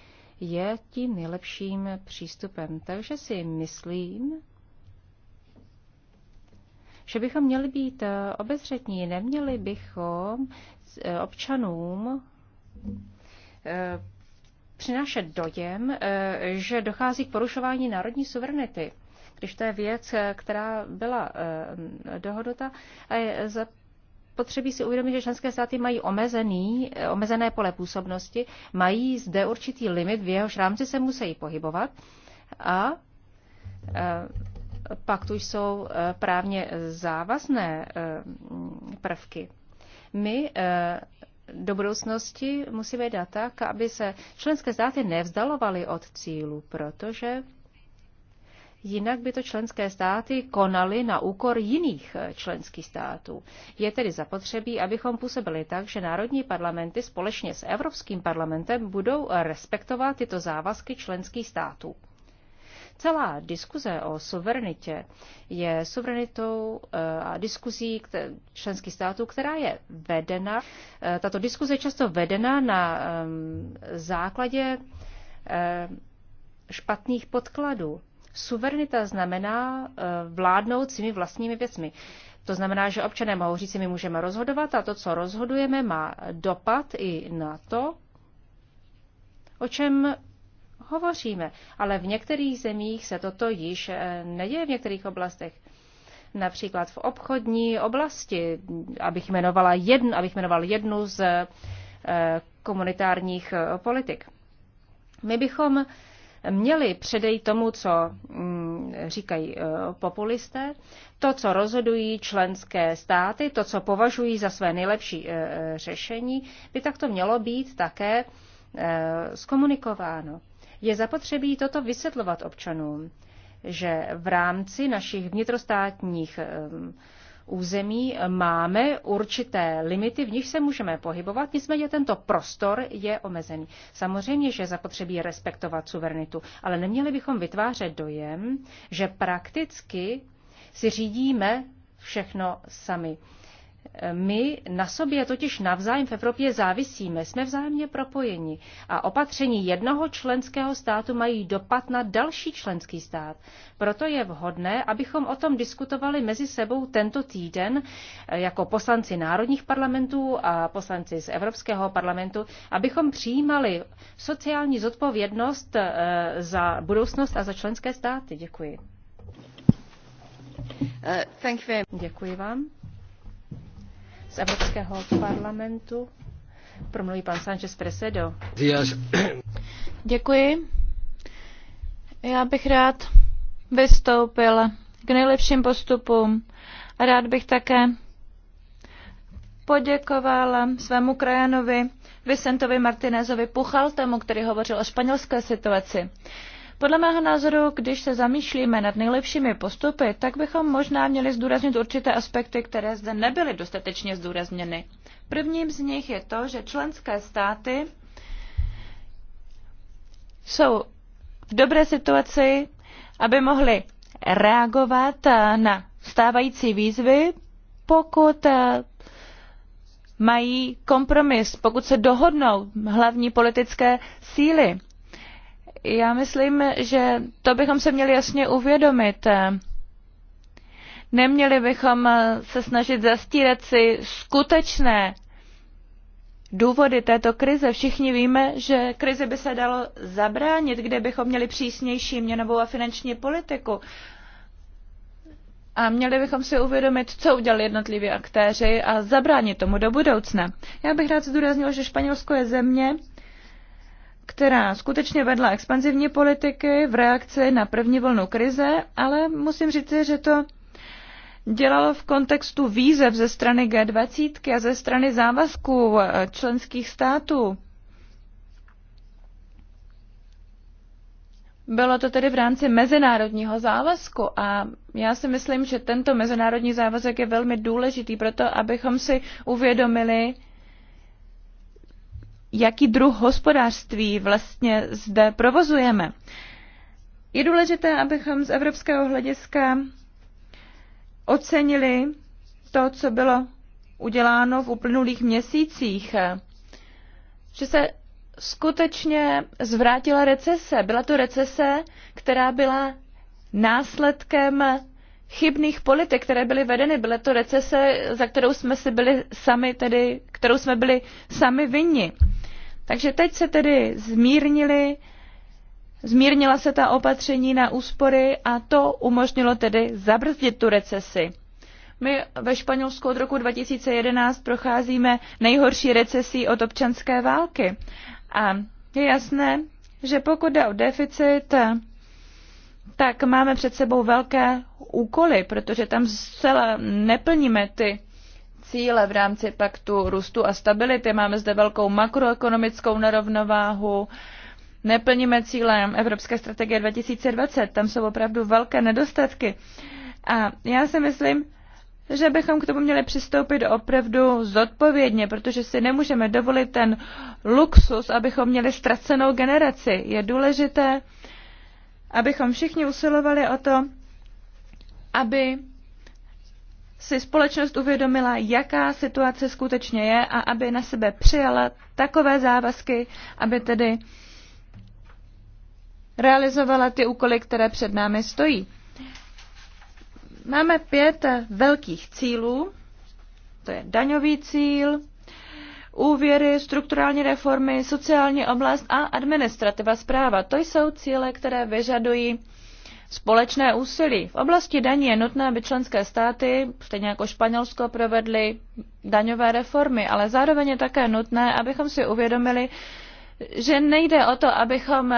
je tím nejlepším přístupem. Takže si myslím, že bychom měli být eh, obezřetní, neměli bychom eh, občanům eh, přinášet dojem, že dochází k porušování národní suverenity, když to je věc, která byla dohodota a je za potřebí si uvědomit, že členské státy mají omezený, omezené pole působnosti, mají zde určitý limit, v jehož rámci se musí pohybovat a pak tu jsou eh, právně závazné eh, prvky. My eh, do budoucnosti musíme dát tak, aby se členské státy nevzdalovaly od cílu, protože jinak by to členské státy konaly na úkor jiných členských států. Je tedy zapotřebí, abychom působili tak, že národní parlamenty společně s Evropským parlamentem budou respektovat tyto závazky členských států. Celá diskuze o suverenitě je suverenitou eh, a diskuzí členských států, která je vedena. Eh, tato diskuze je často vedena na ehm, základě eh, špatných podkladů. Suverenita znamená vládnout svými vlastními věcmi. To znamená, že občané mohou říct, my můžeme rozhodovat a to, co rozhodujeme, má dopad i na to, o čem hovoříme. Ale v některých zemích se toto již eh, neděje v některých oblastech. Například v obchodní oblasti, abych, jmenovala jednu, abych jmenoval jednu z eh, komunitárních eh, politik. My bychom měli předejít tomu, co mm, říkají populisté, to, co rozhodují členské státy, to, co považují za své nejlepší řešení, by takto mělo být také zkomunikováno. Je zapotřebí toto vysvětlovat občanům, že v rámci našich vnitrostátních ehm, území máme určité limity, v nich se můžeme pohybovat, nicméně tento prostor je omezený. Samozřejmě, že zapotřebí respektovat suverenitu, ale neměli bychom vytvářet dojem, že prakticky si řídíme všechno sami. My na sobě totiž navzájem v Evropě závisíme, jsme vzájemně propojeni a opatření jednoho členského státu mají dopad na další členský stát. Proto je vhodné, abychom o tom diskutovali mezi sebou tento týden eh, jako poslanci národních parlamentů a poslanci z Evropského parlamentu, abychom přijímali sociální zodpovědnost eh, za budoucnost a za členské státy. Děkuji. Uh, Děkuji vám z Evropského parlamentu. Promluví pan Sánchez Presedo. Děkuji. Já bych rád vystoupil k nejlepším postupům a rád bych také poděkoval svému krajanovi Vicentovi Martinezovi Puchaltemu, který hovořil o španělské situaci. Podle mého názoru, když se zamýšlíme nad nejlepšími postupy, tak bychom možná měli zdůraznit určité aspekty, které zde nebyly dostatečně zdůrazněny. Prvním z nich je to, že členské státy jsou v dobré situaci, aby mohly reagovat eh, na stávající výzvy, pokud eh, mají kompromis, pokud se dohodnou hlavní politické síly. Já myslím, že to bychom se měli jasně uvědomit. Neměli bychom se snažit zastírat si skutečné důvody této krize. Všichni víme, že krize by se dalo zabránit, kde bychom měli přísnější měnovou a finanční politiku. A měli bychom si uvědomit, co udělali jednotliví aktéři a zabránit tomu do budoucna. Já bych rád zdůraznil, že Španělsko je země, která skutečně vedla expanzivní politiky v reakci na první vlnu krize, ale musím říct, že to dělalo v kontextu výzev ze strany G20 a ze strany závazků členských států. Bylo to tedy v rámci mezinárodního závazku a já si myslím, že tento mezinárodní závazek je velmi důležitý proto, abychom si uvědomili, jaký druh hospodářství vlastně zde provozujeme. Je důležité, abychom z evropského hlediska ocenili to, co bylo uděláno v uplynulých měsících, že se skutečně zvrátila recese. Byla to recese, která byla následkem chybných politik, které byly vedeny. Byla to recese, za kterou jsme si byli sami, tedy, kterou jsme byli sami vinni. Takže teď se tedy zmírnili, zmírnila se ta opatření na úspory a to umožnilo tedy zabrzdit tu recesi. My ve Španělsku od roku 2011 procházíme nejhorší recesí od občanské války. A je jasné, že pokud jde o deficit, tak máme před sebou velké úkoly, protože tam zcela neplníme ty cíle v rámci paktu růstu a stability. Máme zde velkou makroekonomickou nerovnováhu, neplníme cílem Evropské strategie 2020, tam jsou opravdu velké nedostatky. A já si myslím, že bychom k tomu měli přistoupit opravdu zodpovědně, protože si nemůžeme dovolit ten luxus, abychom měli ztracenou generaci. Je důležité, abychom všichni usilovali o to, aby si společnost uvědomila, jaká situace skutečně je a aby na sebe přijala takové závazky, aby tedy realizovala ty úkoly, které před námi stojí. Máme pět velkých cílů. To je daňový cíl, úvěry, strukturální reformy, sociální oblast a administrativa zpráva. To jsou cíle, které vyžadují společné úsilí. V oblasti daní je nutné, aby členské státy, stejně jako Španělsko, provedly daňové reformy, ale zároveň je také nutné, abychom si uvědomili, že nejde o to, abychom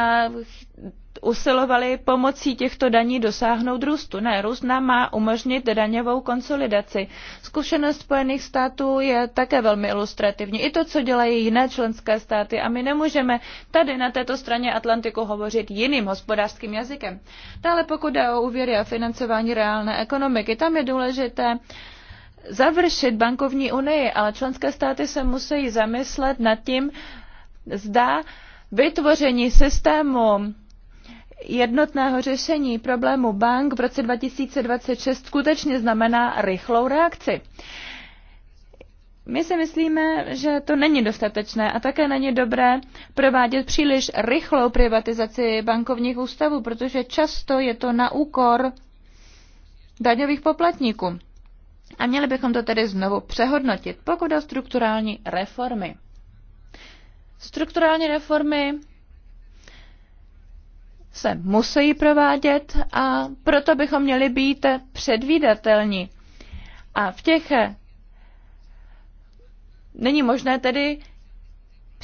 usilovali pomocí těchto daní dosáhnout růstu. Ne, růst nám má umožnit daňovou konsolidaci. Zkušenost Spojených států je také velmi ilustrativní. I to, co dělají jiné členské státy a my nemůžeme tady na této straně Atlantiku hovořit jiným hospodářským jazykem. Dále pokud jde o úvěry a financování reálné ekonomiky, tam je důležité završit bankovní unii, ale členské státy se musí zamyslet nad tím, zda vytvoření systému jednotného řešení problému bank v roce 2026 skutečně znamená rychlou reakci. My si myslíme, že to není dostatečné a také není dobré provádět příliš rychlou privatizaci bankovních ústavů, protože často je to na úkor daňových poplatníků. A měli bychom to tedy znovu přehodnotit, pokud o strukturální reformy. Strukturální reformy se musí provádět a proto bychom měli být předvídatelní. A v těch není možné tedy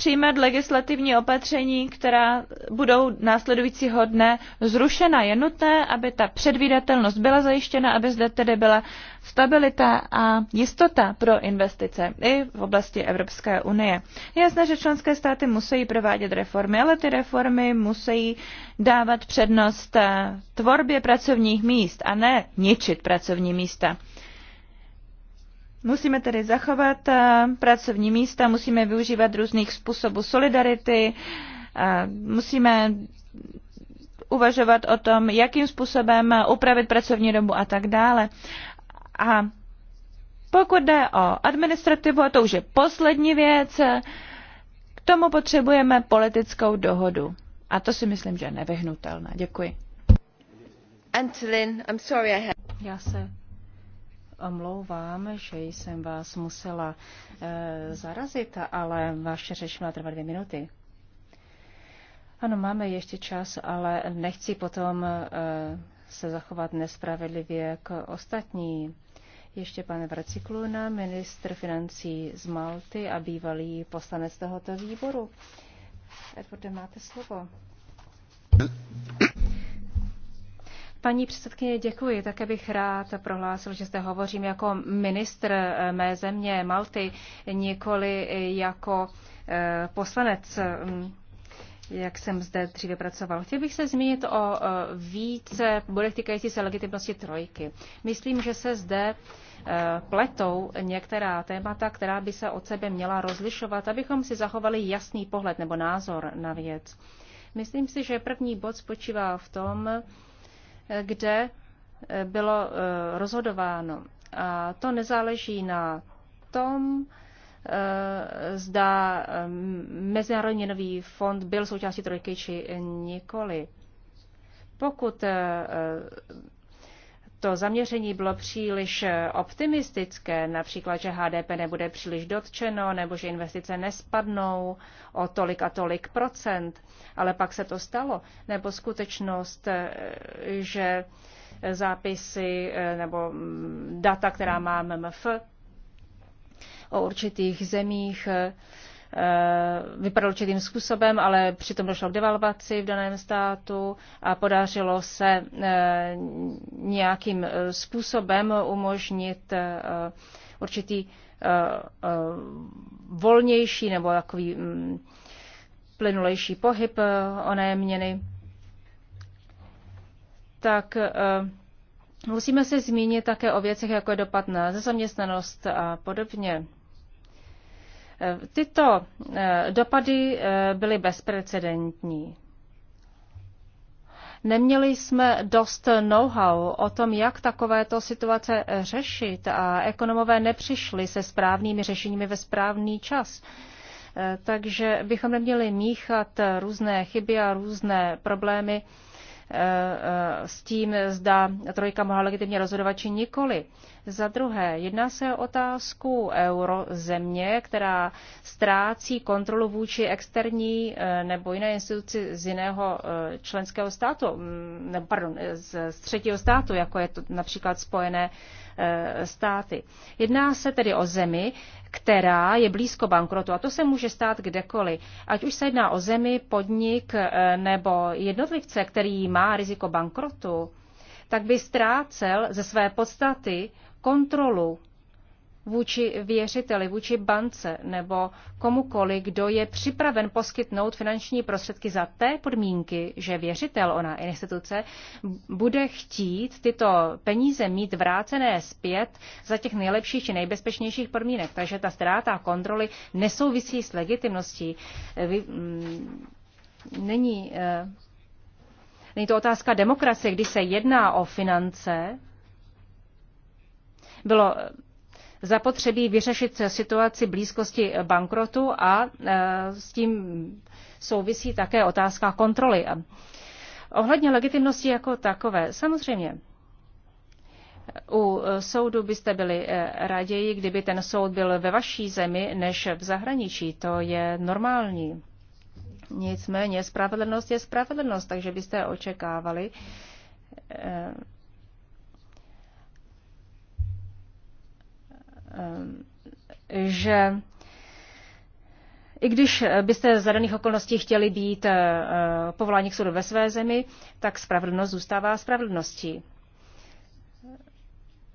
přijímat legislativní opatření, která budou následujícího dne zrušena. Je nutné, aby ta předvídatelnost byla zajištěna, aby zde tedy byla stabilita a jistota pro investice i v oblasti Evropské unie. Je jasné, že členské státy musí provádět reformy, ale ty reformy musí dávat přednost tvorbě pracovních míst a ne ničit pracovní místa. Musíme tedy zachovat eh, pracovní místa, musíme využívat různých způsobů solidarity, eh, musíme uvažovat o tom, jakým způsobem upravit pracovní dobu a tak dále. A pokud jde o administrativu, a to už je poslední věc, k tomu potřebujeme politickou dohodu. A to si myslím, že je nevyhnutelné. Děkuji. Antolin, I'm sorry I have. Já se omlouvám, že jsem vás musela e, zarazit, ale vaše řeč má trvat dvě minuty. Ano, máme ještě čas, ale nechci potom e, se zachovat nespravedlivě k ostatní. Ještě pan Vracikluna, ministr financí z Malty a bývalý poslanec tohoto výboru. Edwarde, máte slovo. Paní předsedkyně, děkuji. Také bych rád prohlásil, že zde hovořím jako ministr eh, mé země Malty, nikoli jako eh, poslanec, mm, jak jsem zde dříve pracoval. Chtěl bych se zmínit o eh, více bodech týkající se legitimnosti trojky. Myslím, že se zde pletou některá témata, která by se od sebe měla rozlišovat, abychom si zachovali jasný pohled nebo názor na věc. Myslím si, že první bod spočívá v tom, kde eh, bylo eh, rozhodováno. A to nezáleží na tom, eh, zda Mezinárodní nový fond byl součástí trojky či nikoli. Pokud to zaměření bylo příliš eh, optimistické, například, že HDP nebude příliš dotčeno nebo že investice nespadnou o tolik a tolik procent, ale pak se to stalo, nebo skutečnost, eh, že zápisy eh, nebo mm, data, která má MMF o určitých zemích, Eh, vypadal určitým způsobem, ale přitom došlo k devalvaci v daném státu a podařilo se eh, nějakým eh, způsobem umožnit určitý volnější nebo takový mm, plynulejší pohyb oné měny. Tak musíme se zmínit také o věcech, jako je dopad na zaměstnanost a podobně. Tyto eh, dopady eh, byly bezprecedentní. Neměli jsme dost know-how o tom, jak takovéto situace eh, řešit a ekonomové nepřišli se správnými řešeními ve správný čas. Takže bychom neměli míchat různé chyby a různé problémy Eh, eh, s tím, zda trojka mohla legitimně rozhodovat či nikoli. Za druhé, jedná se o otázku eurozemě, která ztrácí kontrolu vůči externí eh, nebo jiné instituci z jiného členského státu, mm, nebo pardon, z třetího státu, jako je to například Spojené Eh, státy. Jedná se tedy o zemi, která je blízko bankrotu. A to se může stát kdekoliv. Ať už se jedná o zemi, podnik eh, nebo jednotlivce, který má riziko bankrotu, tak by ztrácel ze své podstaty kontrolu vůči věřiteli, vůči bance nebo komukoli, kdo je připraven poskytnout finanční prostředky za té podmínky, že věřitel, ona instituce, bude chtít tyto peníze mít vrácené zpět za těch nejlepších či nejbezpečnějších podmínek. Takže ta ztráta kontroly nesouvisí s legitimností. Vy, mm, není, eh, není to otázka demokracie, když se jedná o finance, bylo zapotřebí vyřešit situaci blízkosti bankrotu a e, s tím souvisí také otázka kontroly. Ohledně legitimnosti jako takové, samozřejmě, u soudu byste byli e, raději, kdyby ten soud byl ve vaší zemi než v zahraničí. To je normální. Nicméně spravedlnost je spravedlnost, takže byste očekávali, e, Eh, že i když byste z daných okolností chtěli být eh, povoláni k soudu ve své zemi, tak spravedlnost zůstává spravedlností.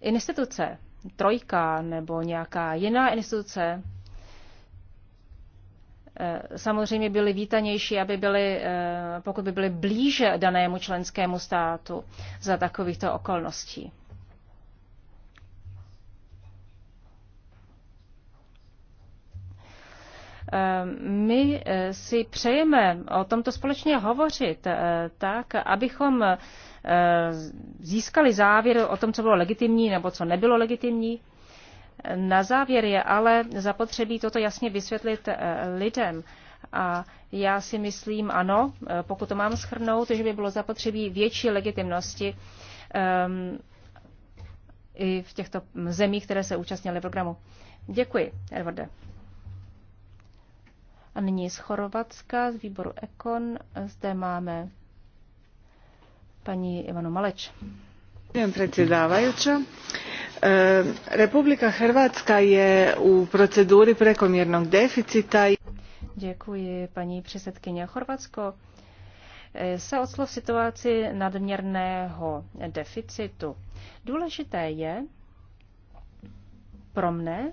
Instituce, trojka nebo nějaká jiná instituce, eh, samozřejmě byly vítanější, aby byly, pokud by byly blíže danému členskému státu za takovýchto okolností. Ehm, my eh, si přejeme o tomto společně hovořit eh, tak, abychom eh, získali závěr o tom, co bylo legitimní nebo co nebylo legitimní. Na závěr je ale zapotřebí toto jasně vysvětlit lidem. A já si myslím, ano, pokud to mám schrnout, že by bylo zapotřebí větší legitimnosti um, i v těchto zemích, které se účastnily programu. Děkuji, Edwarde. A nyní z Chorvatska, z výboru Ekon, zde máme paní Ivanu Maleč. Predsjedavajuća, eh, Republika Chorvatska je u procedury prekomjernog deficita. Děkuji, paní předsedkyně. Chorvatsko eh, se odslov situaci nadměrného deficitu. Důležité je pro mne,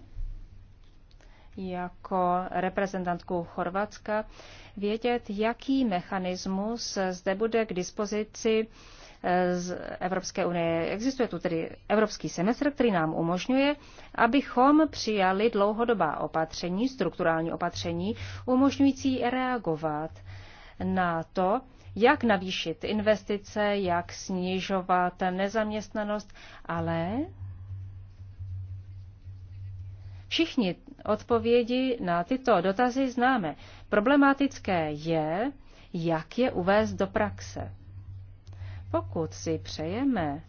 jako reprezentantku Chorvatska vědět, jaký mechanismus zde bude k dispozici eh, z Evropské unie. Existuje tu tedy evropský semestr, který nám umožňuje, abychom přijali dlouhodobá opatření, strukturální opatření, umožňující reagovat na to, jak navýšit investice, jak snižovat nezaměstnanost, ale Všichni odpovědi na tyto dotazy známe. Problematické je, jak je uvést do praxe. Pokud si přejeme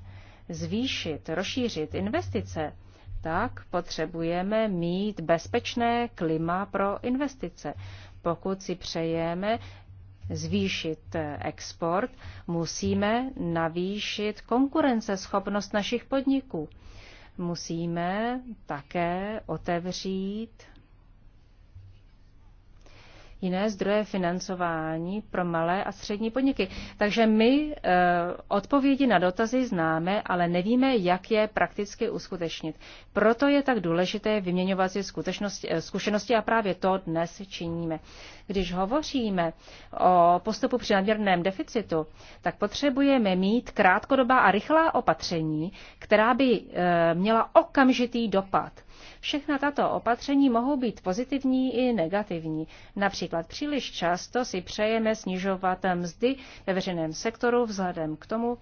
zvýšit, rozšířit investice, tak potřebujeme mít bezpečné klima pro investice. Pokud si přejeme zvýšit export, musíme navýšit konkurenceschopnost našich podniků musíme také otevřít jiné zdroje financování pro malé a střední podniky. Takže my eh, odpovědi na dotazy známe, ale nevíme, jak je prakticky uskutečnit. Proto je tak důležité vyměňovat si eh, zkušenosti a právě to dnes činíme. Když hovoříme o postupu při nadměrném deficitu, tak potřebujeme mít krátkodobá a rychlá opatření, která by eh, měla okamžitý dopad Všechna tato opatření mohou být pozitivní i negativní. Například příliš často si přejeme snižovat mzdy ve veřejném sektoru vzhledem k tomu,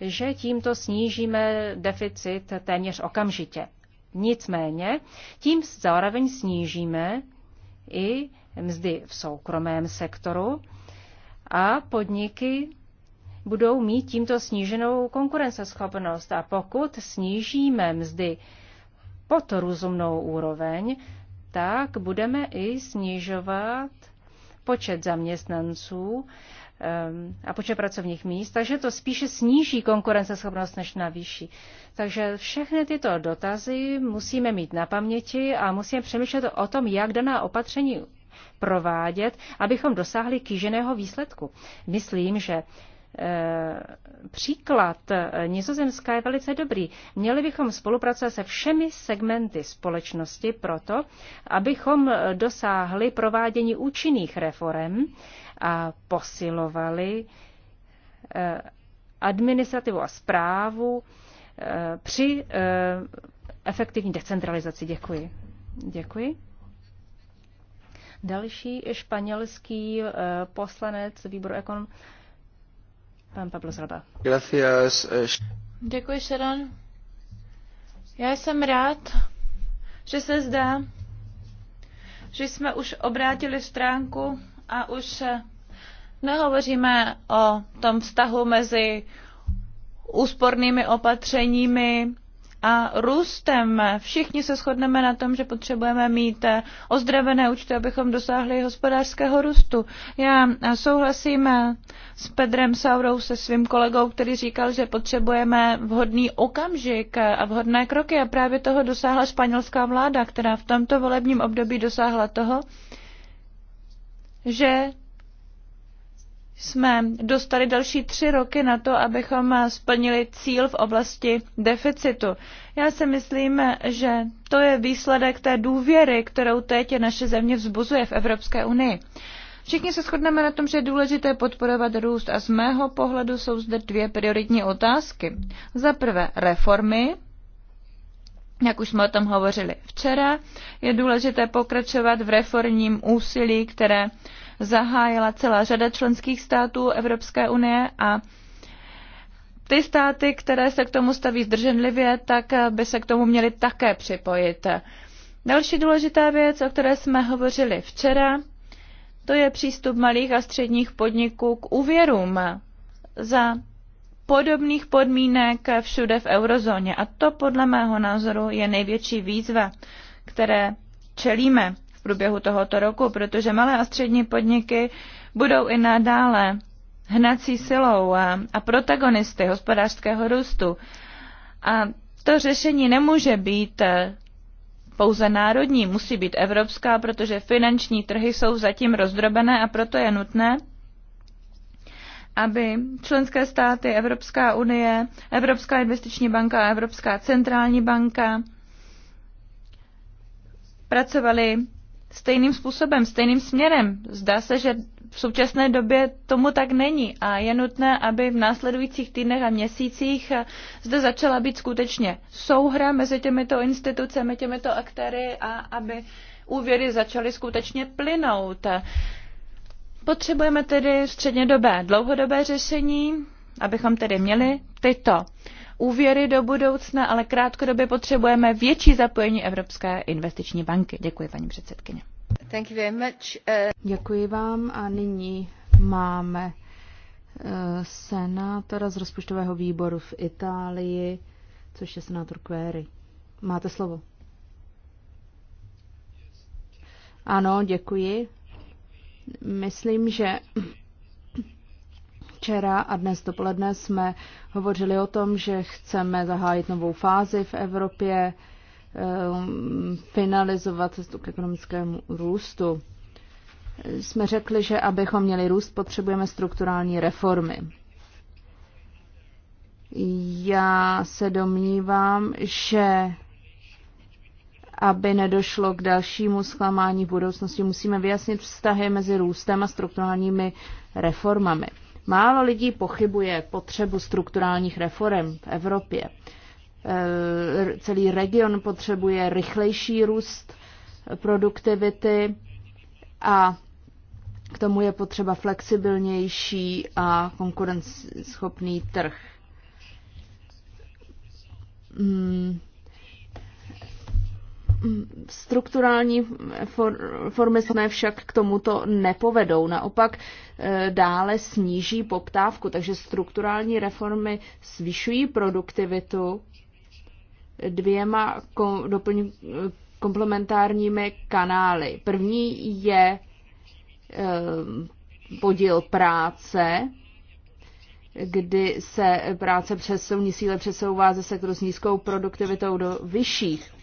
že tímto snížíme deficit téměř okamžitě. Nicméně tím zároveň snížíme i mzdy v soukromém sektoru a podniky budou mít tímto sníženou konkurenceschopnost. A pokud snížíme mzdy pod rozumnou úroveň, tak budeme i snižovat počet zaměstnanců ehm, a počet pracovních míst, takže to spíše sníží konkurenceschopnost než navýší. Takže všechny tyto dotazy musíme mít na paměti a musíme přemýšlet o tom, jak daná opatření provádět, abychom dosáhli kýženého výsledku. Myslím, že Eh, příklad eh, Nizozemská je velice dobrý. Měli bychom spolupracovat se všemi segmenty společnosti proto, abychom eh, dosáhli provádění účinných reform a posilovali administrativu a zprávu při efektivní decentralizaci. Děkuji. Děkuji. Další španělský poslanec výboru Ekon Eh, Děkuji, Já jsem rád, že se zdá, že jsme už obrátili stránku a už nehovoříme o tom vztahu mezi úspornými opatřeními a růstem. Všichni se shodneme na tom, že potřebujeme mít ozdravené účty, abychom dosáhli hospodářského růstu. Já souhlasím s Pedrem Saurou, se svým kolegou, který říkal, že potřebujeme vhodný okamžik a vhodné kroky a právě toho dosáhla španělská vláda, která v tomto volebním období dosáhla toho, že jsme dostali další tři roky na to, abychom splnili cíl v oblasti deficitu. Já si myslím, že to je výsledek té důvěry, kterou teď naše země vzbuzuje v Evropské unii. Všichni se shodneme na tom, že je důležité podporovat růst a z mého pohledu jsou zde dvě prioritní otázky. Za prvé reformy, jak už jsme o tom hovořili včera, je důležité pokračovat v reformním úsilí, které zahájila celá řada členských států Evropské unie a ty státy, které se k tomu staví zdrženlivě, tak by se k tomu měly také připojit. Další důležitá věc, o které jsme hovořili včera, to je přístup malých a středních podniků k úvěrům za podobných podmínek všude v eurozóně. A to podle mého názoru je největší výzva, které čelíme průběhu tohoto roku, protože malé a střední podniky budou i nadále hnací silou a, a protagonisty hospodářského růstu. A to řešení nemůže být e, pouze národní, musí být evropská, protože finanční trhy jsou zatím rozdrobené a proto je nutné, aby členské státy, Evropská unie, Evropská investiční banka a Evropská centrální banka pracovali stejným způsobem, stejným směrem. Zdá se, že v současné době tomu tak není a je nutné, aby v následujících týdnech a měsících eh, zde začala být skutečně souhra mezi těmito institucemi, těmito aktéry a aby úvěry začaly skutečně plynout. Potřebujeme tedy střednědobé, dlouhodobé řešení, abychom tedy měli tyto úvěry do budoucna, ale krátkodobě potřebujeme větší zapojení Evropské investiční banky. Děkuji, paní předsedkyně. Thank you very much. Uh... Děkuji vám a nyní máme uh, senátora z rozpočtového výboru v Itálii, což je senátor Query. Máte slovo. Ano, děkuji. Myslím, že Včera a dnes dopoledne jsme hovořili o tom, že chceme zahájit novou fázi v Evropě, ehm, finalizovat cestu k ekonomickému růstu. Jsme řekli, že abychom měli růst, potřebujeme strukturální reformy. Já se domnívám, že aby nedošlo k dalšímu zklamání v budoucnosti, musíme vyjasnit vztahy mezi růstem a strukturálními reformami. Málo lidí pochybuje potřebu strukturálních reform v Evropě. E, celý region potřebuje rychlejší růst produktivity a k tomu je potřeba flexibilnější a konkurenceschopný trh. Hmm. Mm, strukturální formy se však k tomuto nepovedou, naopak e, dále sníží poptávku, takže strukturální reformy zvyšují produktivitu dvěma komplementárními kanály. První je e, podíl práce, kdy se práce přesouní síle přesouvá ze sektoru s nízkou produktivitou do vyšších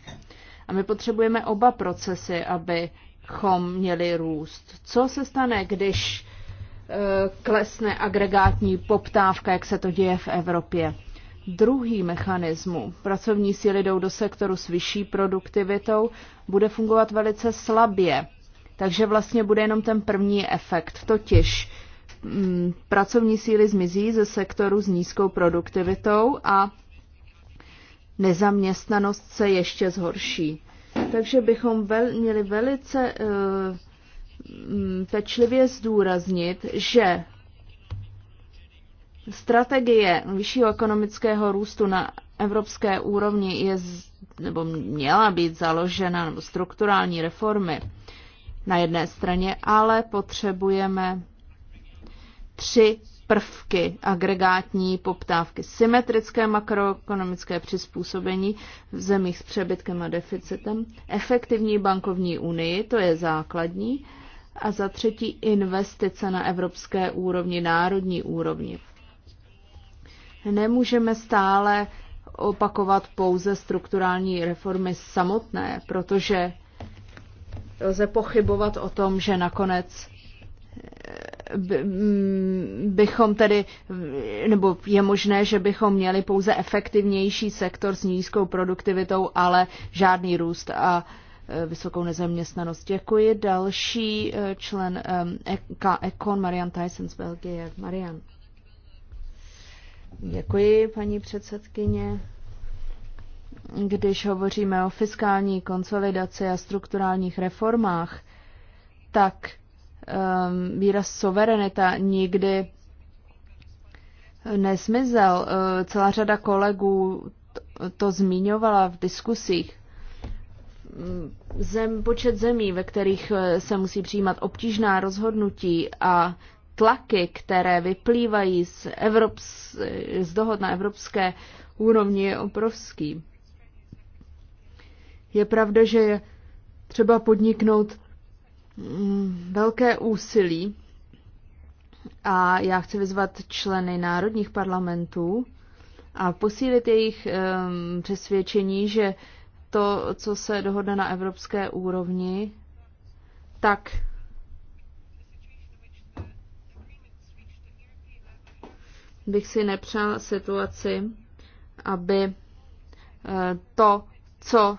a my potřebujeme oba procesy, abychom měli růst. Co se stane, když eh, klesne agregátní poptávka, jak se to děje v Evropě? Druhý mechanismus, pracovní síly jdou do sektoru s vyšší produktivitou, bude fungovat velice slabě. Takže vlastně bude jenom ten první efekt, totiž mm, pracovní síly zmizí ze sektoru s nízkou produktivitou a nezaměstnanost se ještě zhorší. Takže bychom vel, měli velice uh, pečlivě zdůraznit, že strategie vyššího ekonomického růstu na evropské úrovni je, nebo měla být založena, nebo strukturální reformy na jedné straně, ale potřebujeme tři prvky agregátní poptávky, symetrické makroekonomické přizpůsobení v zemích s přebytkem a deficitem, efektivní bankovní unii, to je základní, a za třetí investice na evropské úrovni, národní úrovni. Nemůžeme stále opakovat pouze strukturální reformy samotné, protože lze pochybovat o tom, že nakonec Mm, bychom tedy, nebo je možné, že bychom měli pouze efektivnější sektor s nízkou produktivitou, ale žádný růst a e, vysokou nezaměstnanost. Děkuji. Další e, člen Ekon, Marian Tyson z Belgie. Marian. Děkuji, paní předsedkyně. Když hovoříme o fiskální konsolidaci a strukturálních reformách, tak um, výraz suverenita nikdy nesmizel. Uh, celá řada kolegů to zmiňovala v diskusích. Zem, počet zemí, ve kterých uh, se musí přijímat obtížná rozhodnutí a tlaky, které vyplývají z, Evrops, z dohod na evropské úrovni, je obrovský. Je pravda, že je třeba podniknout Mm, velké úsilí a já chci vyzvat členy národních parlamentů a posílit jejich um, přesvědčení, že to, co se dohodne na evropské úrovni, tak bych si nepřál situaci, aby eh, to co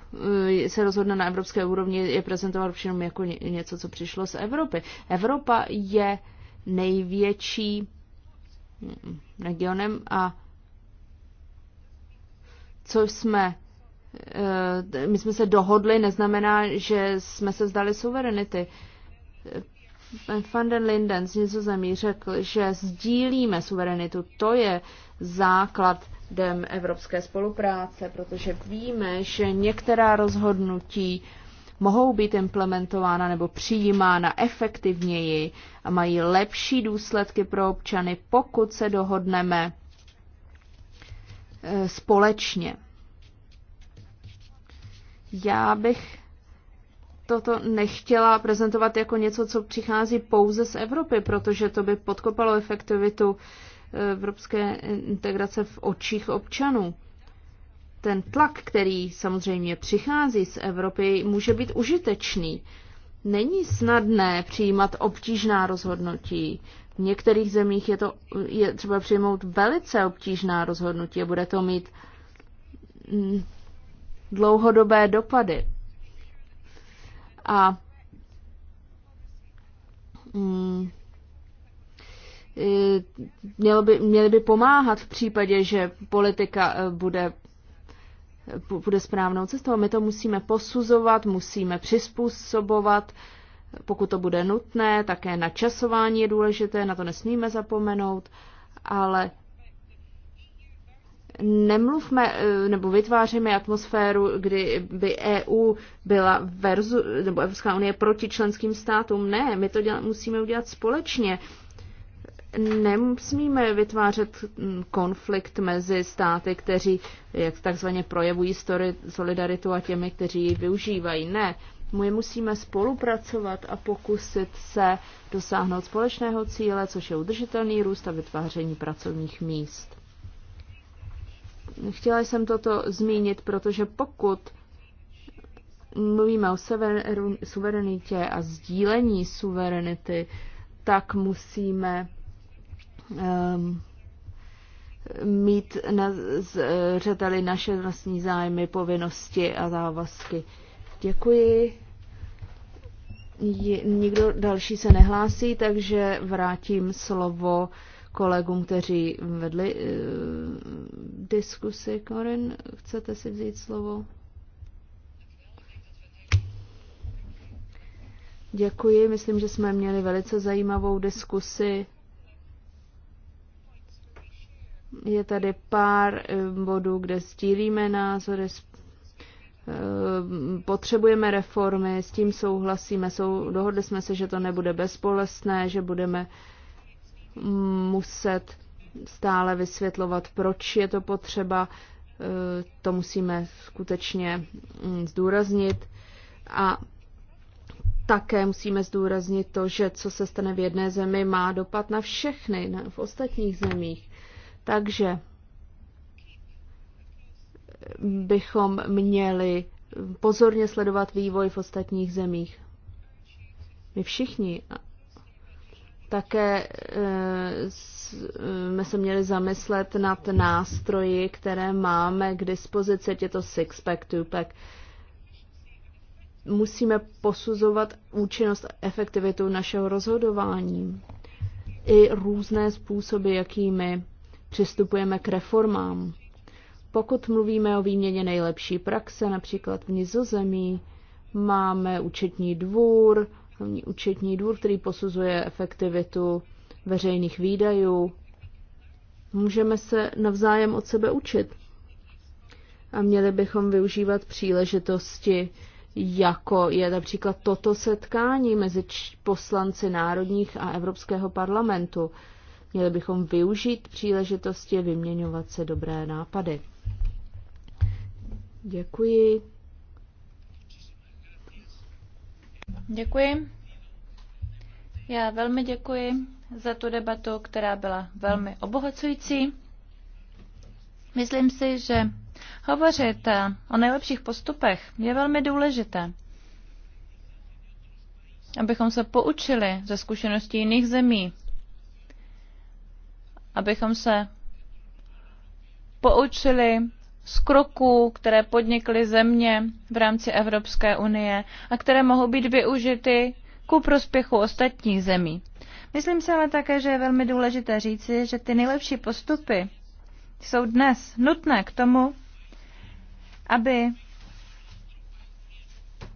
eh, se rozhodne na evropské úrovni, je prezentovat všem jako něco, co přišlo z Evropy. Evropa je největší hm, regionem a co jsme eh, my jsme se dohodli, neznamená, že jsme se vzdali suverenity. Van den Linden z Nizozemí řekl, že sdílíme suverenitu. To je základ dem evropské spolupráce, protože víme, že některá rozhodnutí mohou být implementována nebo přijímána efektivněji a mají lepší důsledky pro občany, pokud se dohodneme eh, společně. Já bych toto nechtěla prezentovat jako něco, co přichází pouze z Evropy, protože to by podkopalo efektivitu evropské integrace v očích občanů. Ten tlak, který samozřejmě přichází z Evropy, může být užitečný. Není snadné přijímat obtížná rozhodnutí. V některých zemích je, to, je třeba přijmout velice obtížná rozhodnutí a bude to mít mm, dlouhodobé dopady. A mm, E, měl by, měli by pomáhat v případě, že politika e, bude, bude správnou cestou. my to musíme posuzovat, musíme přizpůsobovat, pokud to bude nutné, také načasování je důležité, na to nesmíme zapomenout, ale nemluvme e, nebo vytváříme atmosféru, kdy by EU byla verzu, nebo Evropská unie proti členským státům. Ne, my to děla, musíme udělat společně. Nemusíme vytvářet konflikt mezi státy, kteří jak takzvaně projevují solidaritu a těmi, kteří ji využívají. Ne, my musíme spolupracovat a pokusit se dosáhnout společného cíle, což je udržitelný růst a vytváření pracovních míst. Chtěla jsem toto zmínit, protože pokud mluvíme o suverenitě a sdílení suverenity, tak musíme Ehm, mít na zřeteli naše vlastní zájmy, povinnosti a závazky. Děkuji. Nikdo další se nehlásí, takže vrátím slovo kolegům, kteří vedli uh, eh, diskusy. Korin, chcete si vzít slovo? Děkuji, myslím, že jsme měli velice zajímavou diskusi je tady pár eh, bodů, kde stílíme názory, eh, potřebujeme reformy, s tím souhlasíme, sou, dohodli jsme se, že to nebude bezpolesné, že budeme muset stále vysvětlovat, proč je to potřeba, eh, to musíme skutečně mm, zdůraznit a také musíme zdůraznit to, že co se stane v jedné zemi, má dopad na všechny na, v ostatních zemích. Takže bychom měli pozorně sledovat vývoj v ostatních zemích. My všichni také e, e, jsme se měli zamyslet nad nástroji, které máme k dispozici, je to six-pack, two-pack. Musíme posuzovat účinnost a efektivitu našeho rozhodování i různé způsoby, jakými přistupujeme k reformám. Pokud mluvíme o výměně nejlepší praxe, například v Nizozemí, máme účetní dvůr, účetní dvůr, který posuzuje efektivitu veřejných výdajů. Můžeme se navzájem od sebe učit a měli bychom využívat příležitosti, jako je například toto setkání mezi poslanci národních a Evropského parlamentu. Měli bychom využít příležitosti vyměňovat se dobré nápady. Děkuji. Děkuji. Já velmi děkuji za tu debatu, která byla velmi obohacující. Myslím si, že hovořit o nejlepších postupech je velmi důležité, abychom se poučili ze zkušeností jiných zemí, abychom se poučili z kroků, které podnikly země v rámci Evropské unie a které mohou být využity ku prospěchu ostatních zemí. Myslím si ale také, že je velmi důležité říci, že ty nejlepší postupy jsou dnes nutné k tomu, aby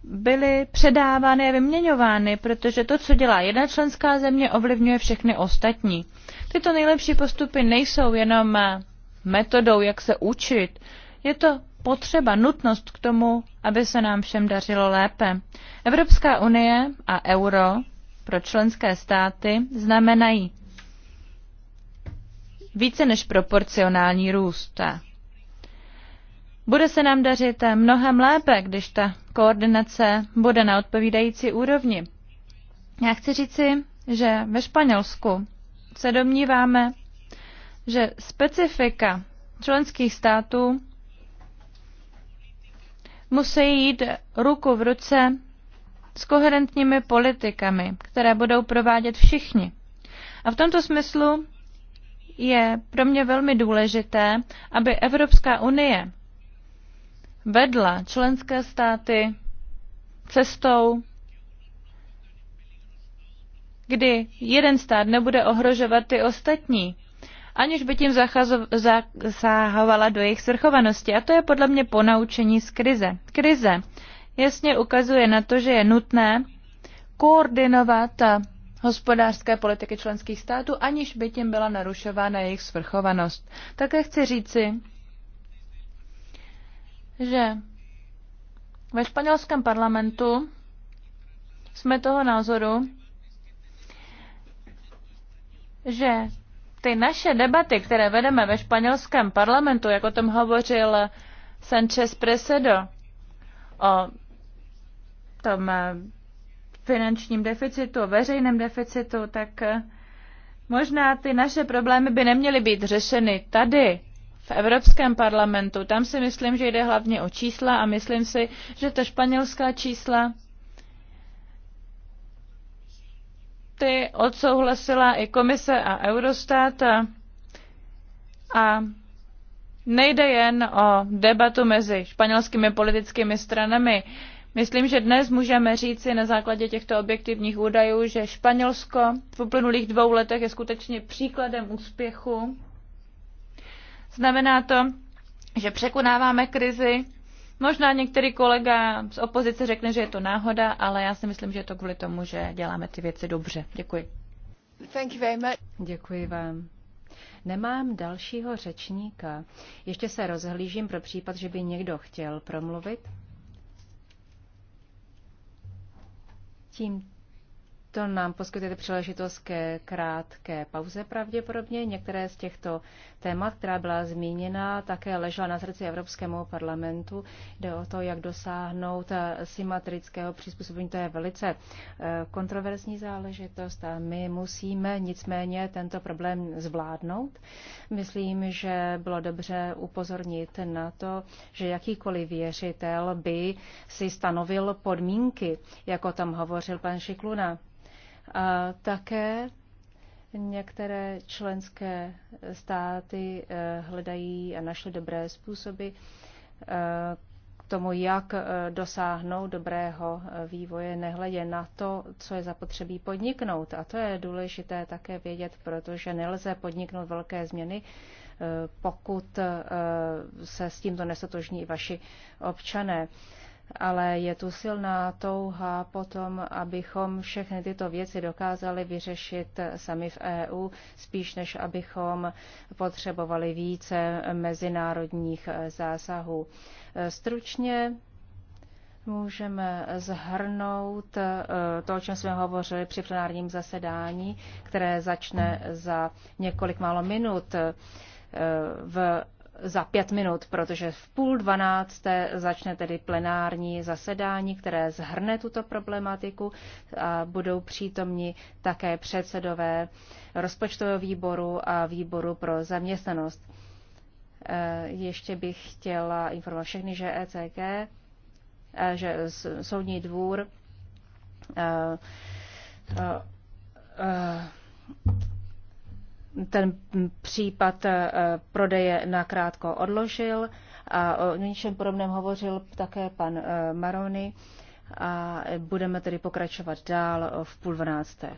byly předávány a vyměňovány, protože to, co dělá jedna členská země, ovlivňuje všechny ostatní. Tyto nejlepší postupy nejsou jenom eh, metodou, jak se učit. Je to potřeba, nutnost k tomu, aby se nám všem dařilo lépe. Evropská unie a euro pro členské státy znamenají více než proporcionální růst. Bude se nám dařit eh, mnohem lépe, když ta koordinace bude na odpovídající úrovni. Já chci říci, že ve Španělsku se domníváme, že specifika členských států musí jít ruku v ruce s koherentními politikami, které budou provádět všichni. A v tomto smyslu je pro mě velmi důležité, aby Evropská unie vedla členské státy cestou kdy jeden stát nebude ohrožovat ty ostatní, aniž by tím zasahovala do jejich svrchovanosti. A to je podle mě ponaučení z krize. Krize jasně ukazuje na to, že je nutné koordinovat hospodářské politiky členských států, aniž by tím byla narušována jejich svrchovanost. Také chci říci, že ve španělském parlamentu jsme toho názoru, že ty naše debaty, které vedeme ve španělském parlamentu, jak o tom hovořil Sanchez Presedo, o tom eh, finančním deficitu, o veřejném deficitu, tak eh, možná ty naše problémy by neměly být řešeny tady, v Evropském parlamentu. Tam si myslím, že jde hlavně o čísla a myslím si, že ta španělská čísla ty odsouhlasila i komise a Eurostat a nejde jen o debatu mezi španělskými politickými stranami. Myslím, že dnes můžeme říci na základě těchto objektivních údajů, že Španělsko v uplynulých dvou letech je skutečně příkladem úspěchu. Znamená to, že překonáváme krizi, Možná některý kolega z opozice řekne, že je to náhoda, ale já si myslím, že je to kvůli tomu, že děláme ty věci dobře. Děkuji. Thank you very much. Děkuji vám. Nemám dalšího řečníka. Ještě se rozhlížím pro případ, že by někdo chtěl promluvit. Tím to nám poskytuje příležitost ke krátké pauze pravděpodobně. Některé z těchto téma, která byla zmíněna, také ležela na srdci Evropskému parlamentu. Jde o to, jak dosáhnout eh, symetrického přizpůsobení. To je velice eh, kontroverzní záležitost a my musíme nicméně tento problém zvládnout. Myslím, že bylo dobře upozornit na to, že jakýkoliv věřitel by si stanovil podmínky, jako tam hovořil pan Šikluna. A také Některé členské státy eh, hledají a našly dobré způsoby eh, k tomu, jak eh, dosáhnout dobrého vývoje, nehledě na to, co je zapotřebí podniknout. A to je důležité také vědět, protože nelze podniknout velké změny, pokud se s tímto nesotožní i vaši občané ale je tu silná touha potom, abychom všechny tyto věci dokázali vyřešit sami v EU, spíš než abychom potřebovali více mezinárodních zásahů. Stručně můžeme zhrnout eh, to, o čem jsme hovořili při plenárním zasedání, které začne za několik málo minut eh, v za pět minut, protože v půl dvanácté začne tedy plenární zasedání, které zhrne tuto problematiku a budou přítomni také předsedové rozpočtového výboru a výboru pro zaměstnanost. E, ještě bych chtěla informovat všechny, že ECK, e, že Soudní dvůr e, ten případ eh, prodeje nakrátko odložil a o něčem podobném hovořil také pan eh, Maroni a budeme tedy pokračovat dál v půl dvanácté.